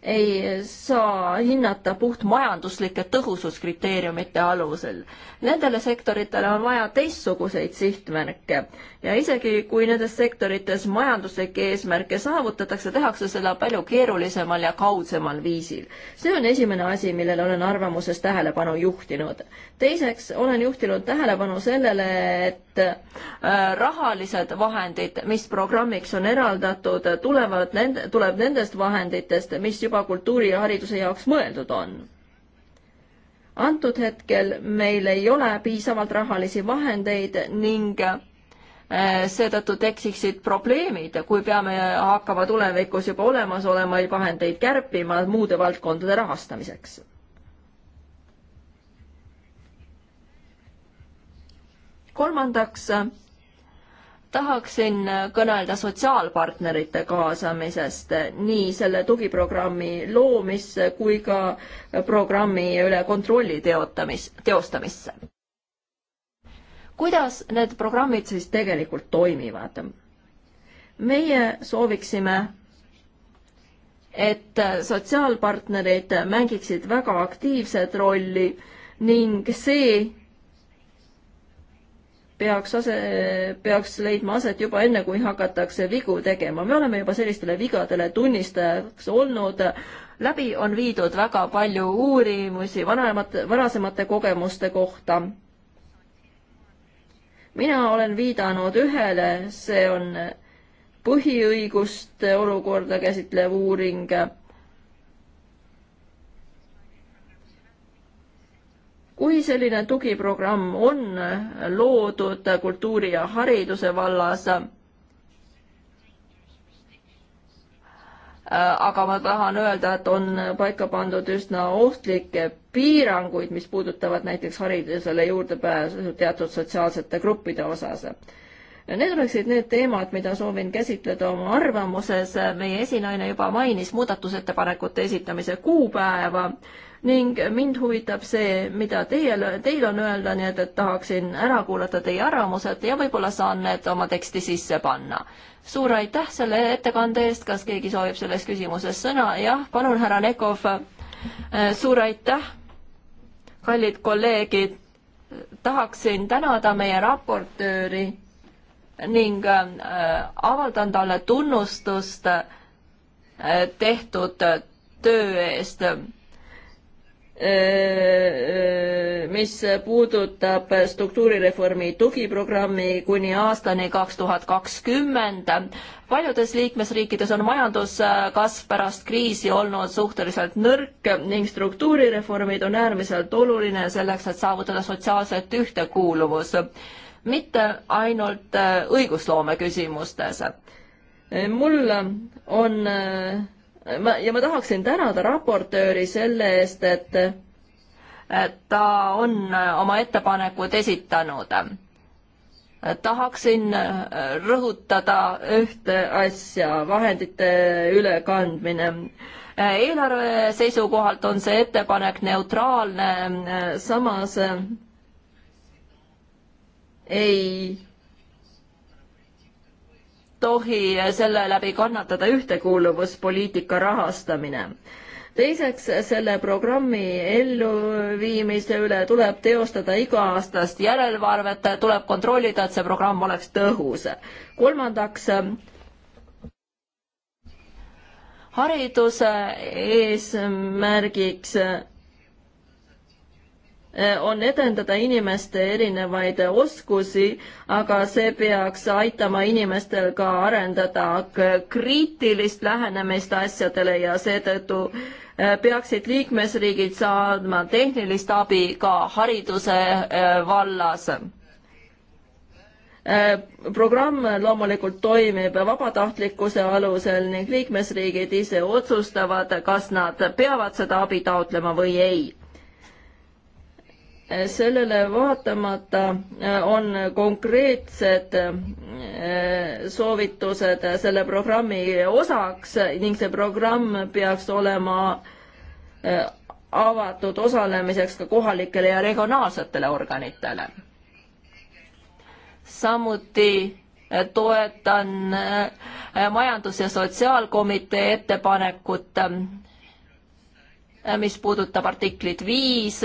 ei saa hinnata puht majanduslike tõhususkriteeriumite alusel. Nendele sektoritele on vaja teistsuguseid sihtmärke ja isegi, kui nendes sektorites majanduslikke eesmärke saavutatakse, tehakse seda palju keerulisemal ja kaudsemal viisil. see on esimene asi, millele olen arvamuses tähelepanu juhtinud. teiseks olen juhtinud tähelepanu sellele, et äh, rahalised vahendid, mis programmiks on eraldatud, tulevad nende, tuleb nendest vahenditest, mis juba Euroopa kultuuri ja hariduse jaoks mõeldud on. antud hetkel meil ei ole piisavalt rahalisi vahendeid ning äh, seetõttu tekiksid probleemid, kui peame hakkama tulevikus juba olemasolevaid vahendeid kärpima muude valdkondade rahastamiseks. kolmandaks tahaksin kõnelda sotsiaalpartnerite kaasamisest nii selle tugiprogrammi loomisse kui ka programmi üle kontrolli teotamis, teostamisse. kuidas need programmid siis tegelikult toimivad? meie sooviksime, et sotsiaalpartnerid mängiksid väga aktiivset rolli ning see, peaks ase, peaks leidma aset juba enne, kui hakatakse vigu tegema. me oleme juba sellistele vigadele tunnistajaks olnud. läbi on viidud väga palju uurimusi vanemate, varasemate kogemuste kohta. mina olen viidanud ühele, see on põhiõiguste olukorda käsitlev uuring kui selline tugiprogramm on loodud kultuuri ja hariduse vallas, aga ma tahan öelda, et on paika pandud üsna ohtlikke piiranguid, mis puudutavad näiteks haridusele juurdepääsu teatud sotsiaalsete gruppide osas. Need oleksid need teemad, mida soovin käsitleda oma arvamuses. meie esinaine juba mainis muudatusettepanekute esitamise kuupäeva ning mind huvitab see, mida teie, teil on öelda, nii et, et tahaksin ära kuulata teie arvamused ja võib-olla saan need oma teksti sisse panna. suur aitäh selle ettekande eest, kas keegi soovib selles küsimuses sõna, jah, palun, härra Nekov, äh, suur aitäh, kallid kolleegid, tahaksin tänada meie raportööri ning äh, avaldan talle tunnustust äh, tehtud töö eest. Äh, äh, mis puudutab struktuurireformi tugiprogrammi kuni aastani kaks tuhat kakskümmend. paljudes liikmesriikides on majanduskasv pärast kriisi olnud suhteliselt nõrk ning struktuurireformid on äärmiselt oluline selleks, et saavutada sotsiaalset ühtekuuluvus, mitte ainult äh, õigusloome küsimustes. mul on ma, ja ma tahaksin tänada raportööri selle eest, et ta on oma ettepanekud esitanud. tahaksin rõhutada ühte asja, vahendite ülekandmine. eelarve seisukohalt on see ettepanek neutraalne, samas ei tohi selle läbi kannatada ühtekuuluvuspoliitika rahastamine teiseks, selle programmi elluviimise üle tuleb teostada iga-aastast järelevalvet, tuleb kontrollida, et see programm oleks tõhus. kolmandaks, hariduse eesmärgiks Äh, on edendada inimeste erinevaid oskusi, aga see peaks aitama inimestel ka arendada kriitilist lähenemist asjadele ja seetõttu äh, peaksid liikmesriigid saama tehnilist abi ka hariduse äh, vallas programm loomulikult toimib vabatahtlikkuse alusel ning liikmesriigid ise otsustavad, kas nad peavad seda abi taotlema või ei sellele vaatamata äh, on konkreetsed äh, soovitused selle programmi osaks ning see programm peaks olema äh, avatud osalemiseks ka kohalikele ja regionaalsetele organitele. samuti toetan majandus- ja sotsiaalkomitee ettepanekut, mis puudutab artiklit viis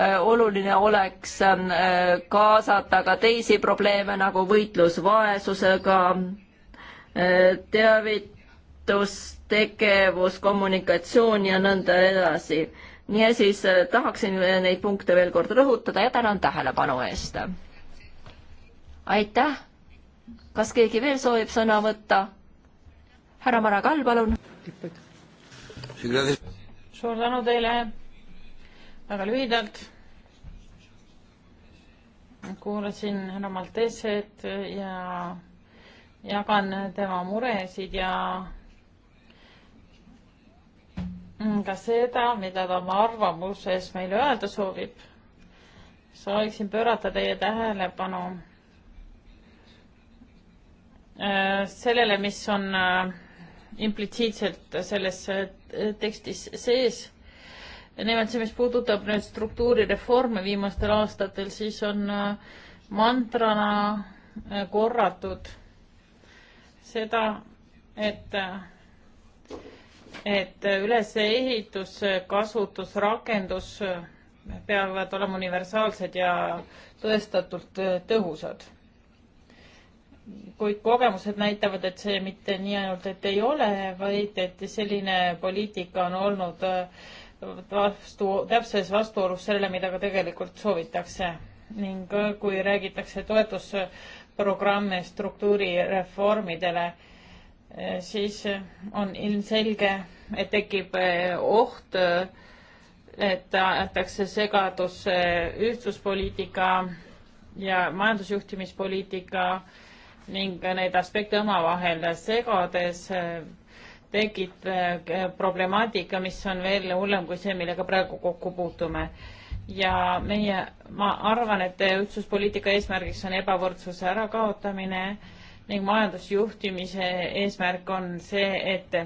Äh, oluline oleks ähm, äh, kaasata ka teisi probleeme nagu võitlus vaesusega, äh, teavitustegevus, kommunikatsioon ja nõnda edasi. niisiis tahaksin neid punkte veel kord rõhutada ja tänan tähelepanu eest. aitäh. kas keegi veel soovib sõna võtta? härra Maragall, palun. suur tänu teile väga lühidalt kuulasin härra Malteset ja jagan tema muresid ja ka seda, mida ta oma arvamuses meile öelda soovib. sooviksin pöörata teie tähelepanu äh, sellele, mis on äh, implitsiitselt selles äh, tekstis sees nimelt see, mis puudutab nüüd struktuurireforme viimastel aastatel, siis on äh, mantrana äh, korratud seda, et, äh, et ülesehitus, kasutus, rakendus peavad olema universaalsed ja tõestatult tõhusad. kuid kogemused näitavad, et see mitte nii ainult, et ei ole, vaid et selline poliitika on olnud äh, vastu, täpses vastuolus sellele, mida ka tegelikult soovitakse ning äh, kui räägitakse toetusprogramme struktuurireformidele, äh, siis äh, on ilmselge, et tekib oht, et aetakse segadusse ühtsuspoliitika ja majandusjuhtimispoliitika ning neid aspekte omavahel segades tekib äh, problemaatika, mis on veel hullem kui see, millega praegu kokku puutume. ja meie, ma arvan, et ühtsuspoliitika eesmärgiks on ebavõrdsuse ärakaotamine ning majandusjuhtimise eesmärk on see, et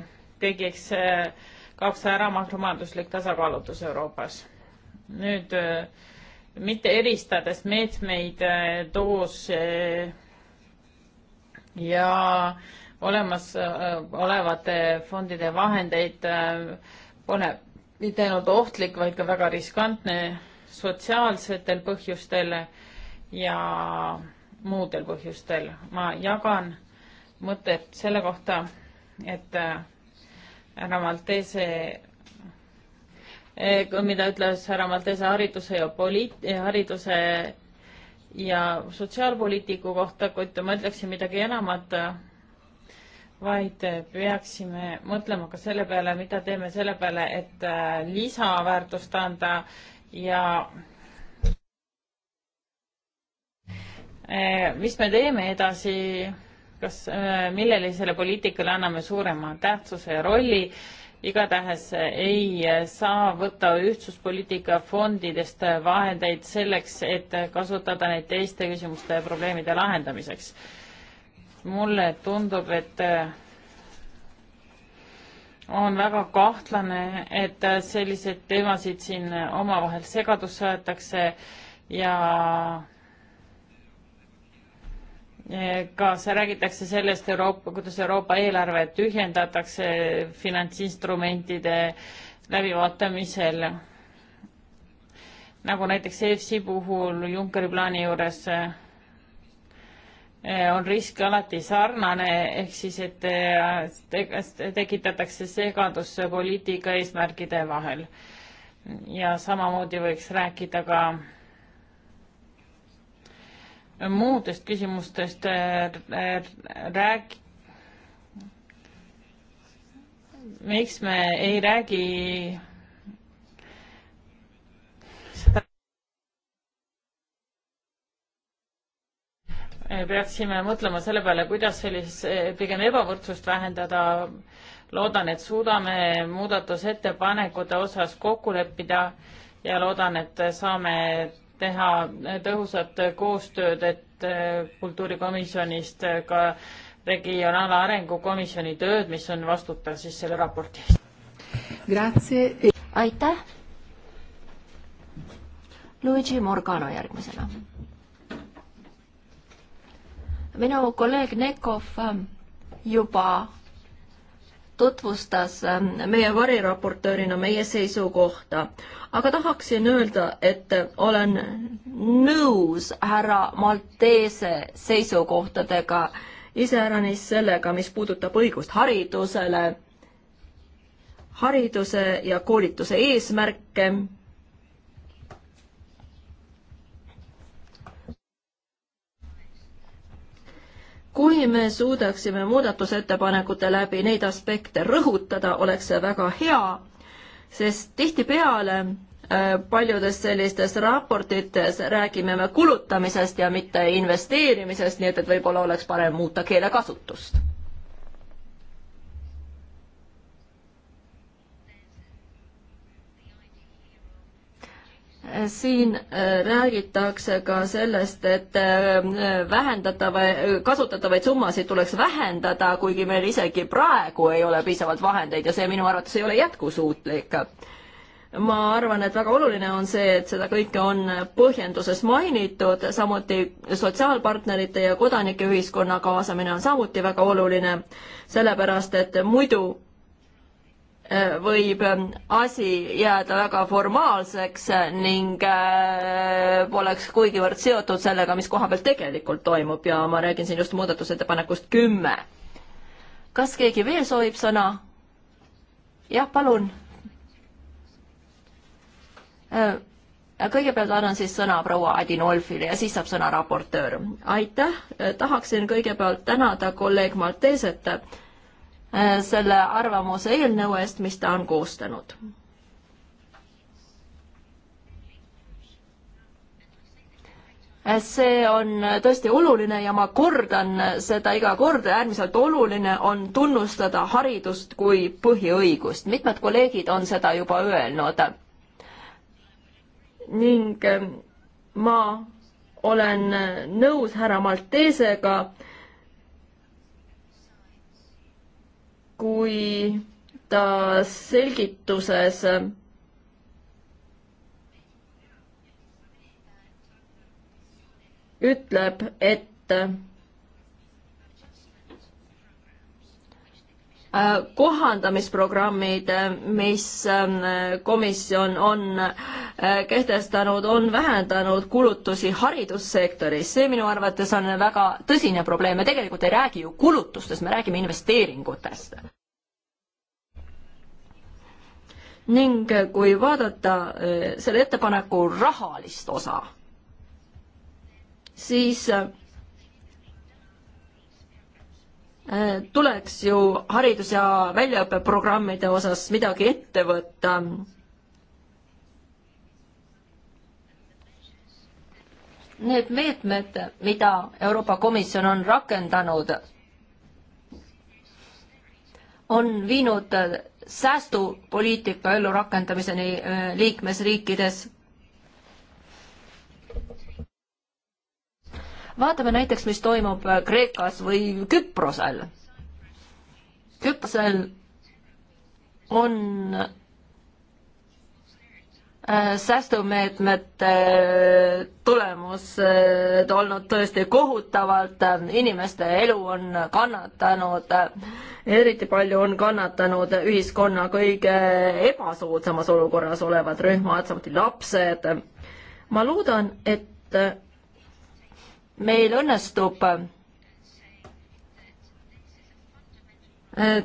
kõigiks äh, kaoks ära makromajanduslik tasakaalutus Euroopas. nüüd äh, mitte eristades meetmeid doos ja äh, olemasolevate äh, fondide vahendeid äh, pole mitte ainult ohtlik, vaid ka väga riskantne sotsiaalsetel põhjustel ja muudel põhjustel. ma jagan mõtet selle kohta, et äh, härra Maltese, mida ütles härra Maltese hariduse ja poliit-, hariduse ja sotsiaalpoliitiku kohta, kuid ma ütleksin midagi enamat vaid peaksime mõtlema ka selle peale, mida teeme selle peale, et äh, lisaväärtust anda ja äh, mis me teeme edasi, kas, äh, millelisele poliitikale anname suurema tähtsuse ja rolli, igatahes ei saa võtta ühtsuspoliitika fondidest vahendeid selleks, et kasutada neid teiste küsimuste ja probleemide lahendamiseks mulle tundub, et äh, on väga kahtlane, et äh, selliseid teemasid siin omavahel segadusse aetakse ja kas räägitakse sellest Euroopa, kuidas Euroopa eelarve tühjendatakse finantsinstrumentide läbivaatamisel, nagu näiteks EFSi puhul Junckeri plaani juures äh, Eh, on risk alati sarnane, ehk siis, et eh, tekitatakse segadus poliitika eesmärgide vahel. ja samamoodi võiks rääkida ka muudest küsimustest eh, rääk-, miks me ei räägi peaksime mõtlema selle peale, kuidas sellist eh, pigem ebavõrdsust vähendada. loodan, et suudame muudatusettepanekute osas kokku leppida ja loodan, et saame teha tõhusat koostööd, et eh, kultuurikomisjonist eh, ka regionaalarengu komisjoni tööd, mis on vastutav siis selle raporti eest. aitäh. Luigi Morgano järgmisena minu kolleeg Nekov ähm, juba tutvustas ähm, meie variraportöörina meie seisukohta, aga tahaksin öelda, et olen nõus härra Maltese seisukohtadega, iseäranis sellega, mis puudutab õigust haridusele, hariduse ja koolituse eesmärke kui me suudaksime muudatusettepanekute läbi neid aspekte rõhutada, oleks see väga hea, sest tihtipeale äh, paljudes sellistes raportites räägime me kulutamisest ja mitte investeerimisest, nii et, et võib-olla oleks parem muuta keelekasutust siin äh, räägitakse ka sellest, et äh, vähendatava, äh, kasutatavaid summasid tuleks vähendada, kuigi meil isegi praegu ei ole piisavalt vahendeid ja see minu arvates ei ole jätkusuutlik. ma arvan, et väga oluline on see, et seda kõike on põhjenduses mainitud, samuti sotsiaalpartnerite ja kodanikeühiskonna kaasamine on samuti väga oluline, sellepärast et muidu võib asi jääda väga formaalseks ning äh, poleks kuigivõrd seotud sellega, mis koha peal tegelikult toimub ja ma räägin siin just muudatusettepanekust kümme. kas keegi veel soovib sõna? jah, palun. Äh, kõigepealt annan siis sõna proua Adinolfile ja siis saab sõna raportöör. aitäh, äh, tahaksin kõigepealt tänada kolleeg Malteset Äh, selle arvamuse eelnõu eest, mis ta on koostanud. see on tõesti oluline ja ma kordan seda iga kord, äärmiselt oluline on tunnustada haridust kui põhiõigust, mitmed kolleegid on seda juba öelnud. ning ähm, ma olen nõus härra Maltesega, kui ta selgituses ütleb, et Äh, kohandamisprogrammid, äh, mis ähm, komisjon on äh, kehtestanud, on vähendanud kulutusi haridussektoris, see minu arvates on väga tõsine probleem, me tegelikult ei räägi ju kulutustest, me räägime investeeringutest ning kui vaadata selle ettepaneku rahalist osa, siis Äh, tuleks ju haridus- ja väljaõppeprogrammide osas midagi ette võtta. Need meetmed, mida Euroopa Komisjon on rakendanud, on viinud säästupoliitika ellurakendamiseni äh, liikmesriikides vaatame näiteks, mis toimub äh, Kreekas või Küprosel. Küprosel on äh, säästumeetmete äh, tulemused olnud tõesti kohutavalt, inimeste elu on kannatanud, eriti palju on kannatanud ühiskonna kõige ebasoodsamas olukorras olevad rühmad, samuti lapsed. ma loodan, et meil õnnestub äh,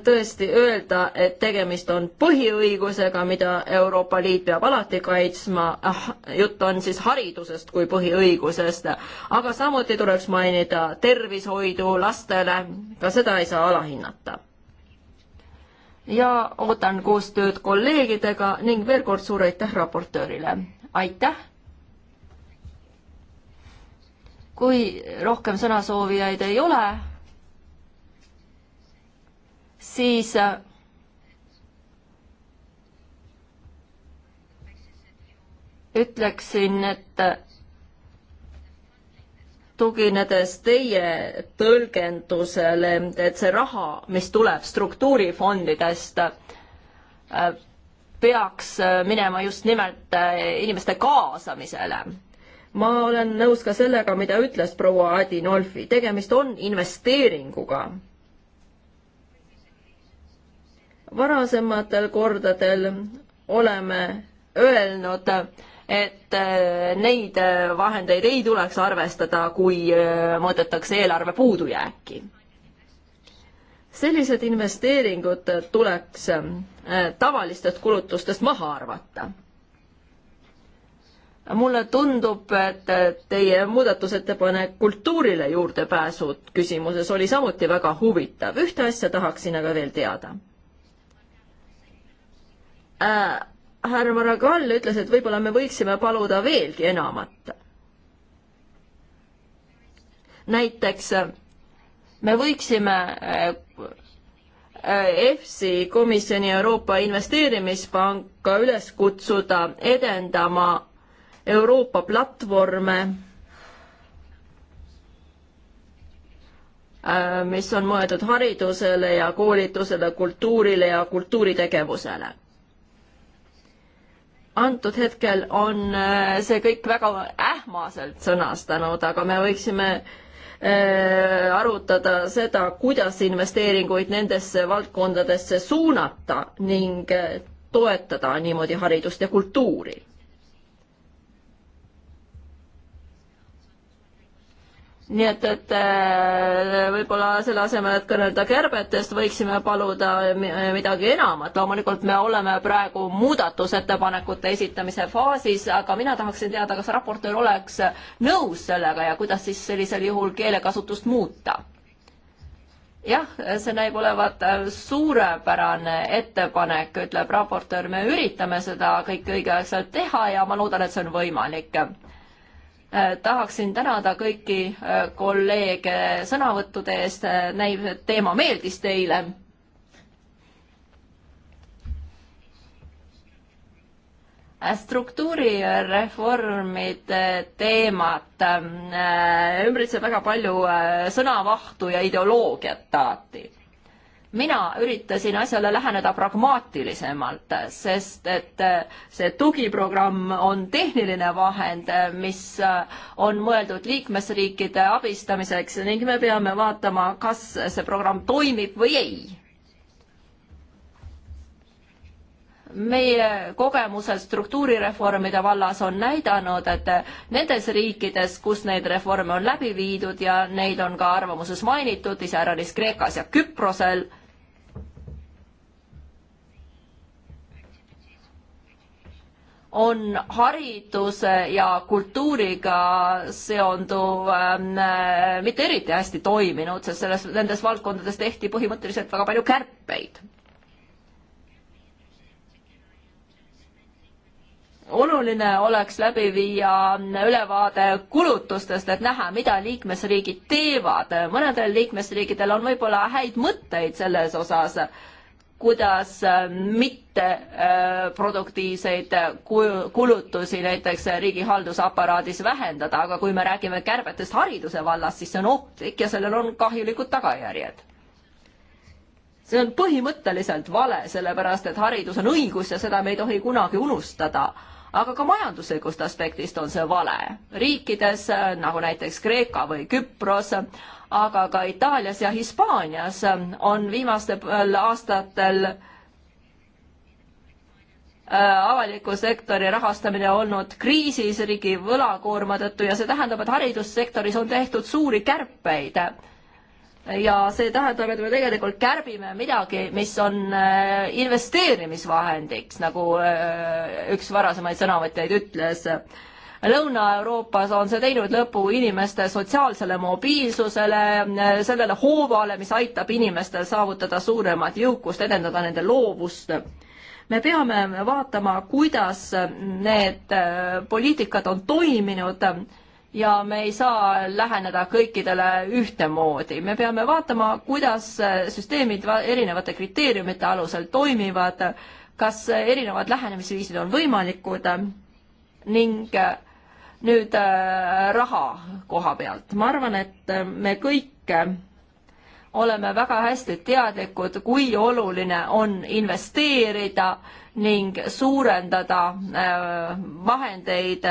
tõesti öelda, et tegemist on põhiõigusega, mida Euroopa Liit peab alati kaitsma, ah, jutt on siis haridusest kui põhiõigusest, aga samuti tuleks mainida tervishoidu lastele, ka seda ei saa alahinnata. ja ootan koostööd kolleegidega ning veel kord suur aitäh raportöörile, aitäh! kui rohkem sõnasoovijaid ei ole, siis äh, ütleksin, et tuginedes teie tõlgendusele, et see raha, mis tuleb struktuurifondidest, äh, peaks äh, minema just nimelt inimeste kaasamisele ma olen nõus ka sellega, mida ütles proua Adinolfi, tegemist on investeeringuga. varasematel kordadel oleme öelnud, et äh, neid äh, vahendeid ei tuleks arvestada, kui äh, mõõdetakse eelarve puudujääki. sellised investeeringud tuleks tavalistest kulutustest maha arvata mulle tundub, et teie muudatusettepanek kultuurile juurdepääsu küsimuses oli samuti väga huvitav. ühte asja tahaksin aga veel teada äh,. härra Maragall ütles, et võib-olla me võiksime paluda veelgi enamat. näiteks me võiksime äh, EFSI komisjoni Euroopa Investeerimispanka üles kutsuda edendama Euroopa platvorme, äh, mis on mõeldud haridusele ja koolitusele, kultuurile ja kultuuritegevusele antud hetkel on äh, see kõik väga ähmaselt sõnastanud, aga me võiksime äh, arutada seda, kuidas investeeringuid nendesse valdkondadesse suunata ning toetada niimoodi haridust ja kultuuri. nii et, et äh, võib-olla selle asemel, et kõnelda kärbetest, võiksime paluda midagi enamat. loomulikult me oleme praegu muudatusettepanekute esitamise faasis, aga mina tahaksin teada, kas raportöör oleks nõus sellega ja kuidas siis sellisel juhul keelekasutust muuta? jah, see näib olevat äh, suurepärane ettepanek, ütleb raportöör, me üritame seda kõik õigeaegselt teha ja ma loodan, et see on võimalik Äh, tahaksin tänada kõiki äh, kolleege sõnavõttude eest, äh, näib, et teema meeldis teile. struktuurireformide teemat ümbritseb väga palju sõnavahtu ja ideoloogiat alati mina üritasin asjale läheneda pragmaatilisemalt, sest et äh, see tugiprogramm on tehniline vahend, äh, mis äh, on mõeldud liikmesriikide abistamiseks ning me peame vaatama, kas see programm toimib või ei. meie kogemused struktuurireformide vallas on näidanud, et nendes riikides, kus neid reforme on läbi viidud ja neid on ka arvamuses mainitud, iseäranis Kreekas ja Küprosel on hariduse ja kultuuriga seonduv ähm, äh, mitte eriti hästi toiminud, sest selles, nendes valdkondades tehti põhimõtteliselt väga palju kärpeid. oluline oleks läbi viia ülevaade kulutustest, et näha, mida liikmesriigid teevad. mõnedel liikmesriikidel on võib-olla häid mõtteid selles osas äh,, kuidas äh, mitte äh, produktiivseid äh, kulutusi näiteks riigi haldusaparaadis vähendada, aga kui me räägime kärbetest hariduse vallas, siis see on ohtlik ja sellel on kahjulikud tagajärjed. see on põhimõtteliselt vale, sellepärast et haridus on õigus ja seda me ei tohi kunagi unustada aga ka majanduslikust aspektist on see vale. riikides nagu näiteks Kreeka või Küpros aga ka Itaalias ja Hispaanias ähm, on viimastel aastatel äh, avaliku sektori rahastamine olnud kriisis riigi võlakoorma tõttu ja see tähendab, et haridussektoris on tehtud suuri kärpeid. ja see tähendab, et me tegelikult kärbime midagi, mis on äh, investeerimisvahendiks, nagu äh, üks varasemaid sõnavõtjaid ütles Lõuna-Euroopas on see teinud lõpu inimeste sotsiaalsele mobiilsusele, sellele hoovale, mis aitab inimestel saavutada suuremat jõukust, edendada nende loovust me peame vaatama, kuidas need äh, poliitikad on toiminud ja me ei saa läheneda kõikidele ühtemoodi. me peame vaatama, kuidas süsteemid erinevate kriteeriumite alusel toimivad, kas erinevad lähenemisviisid on võimalikud ning äh, nüüd äh, raha koha pealt, ma arvan, et äh, me kõik äh, oleme väga hästi teadlikud, kui oluline on investeerida ning suurendada vahendeid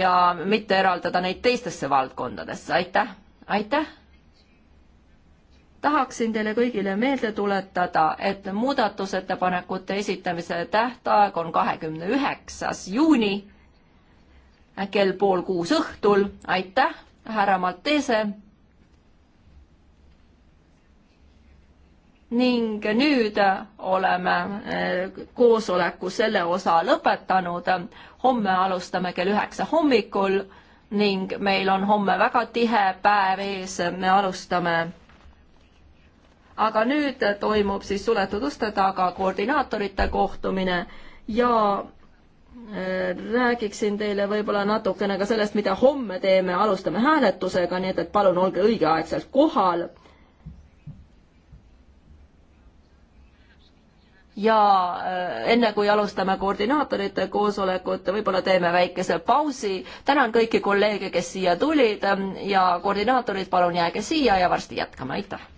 ja mitte eraldada neid teistesse valdkondadesse, aitäh, aitäh! tahaksin teile kõigile meelde tuletada, et muudatusettepanekute esitamise tähtaeg on kahekümne üheksas juuni kell pool kuus õhtul. aitäh, härra Maltese. ning nüüd oleme eh, koosoleku selle osa lõpetanud. homme alustame kell üheksa hommikul ning meil on homme väga tihe päev ees, me alustame aga nüüd toimub siis suletud uste taga koordinaatorite kohtumine ja Äh, räägiksin teile võib-olla natukene ka sellest, mida homme teeme, alustame hääletusega, nii et, et palun olge õigeaegselt kohal. ja äh, enne kui alustame koordinaatorite koosolekut, võib-olla teeme väikese pausi. tänan kõiki kolleege, kes siia tulid ja koordinaatorid, palun jääge siia ja varsti jätkame, aitäh!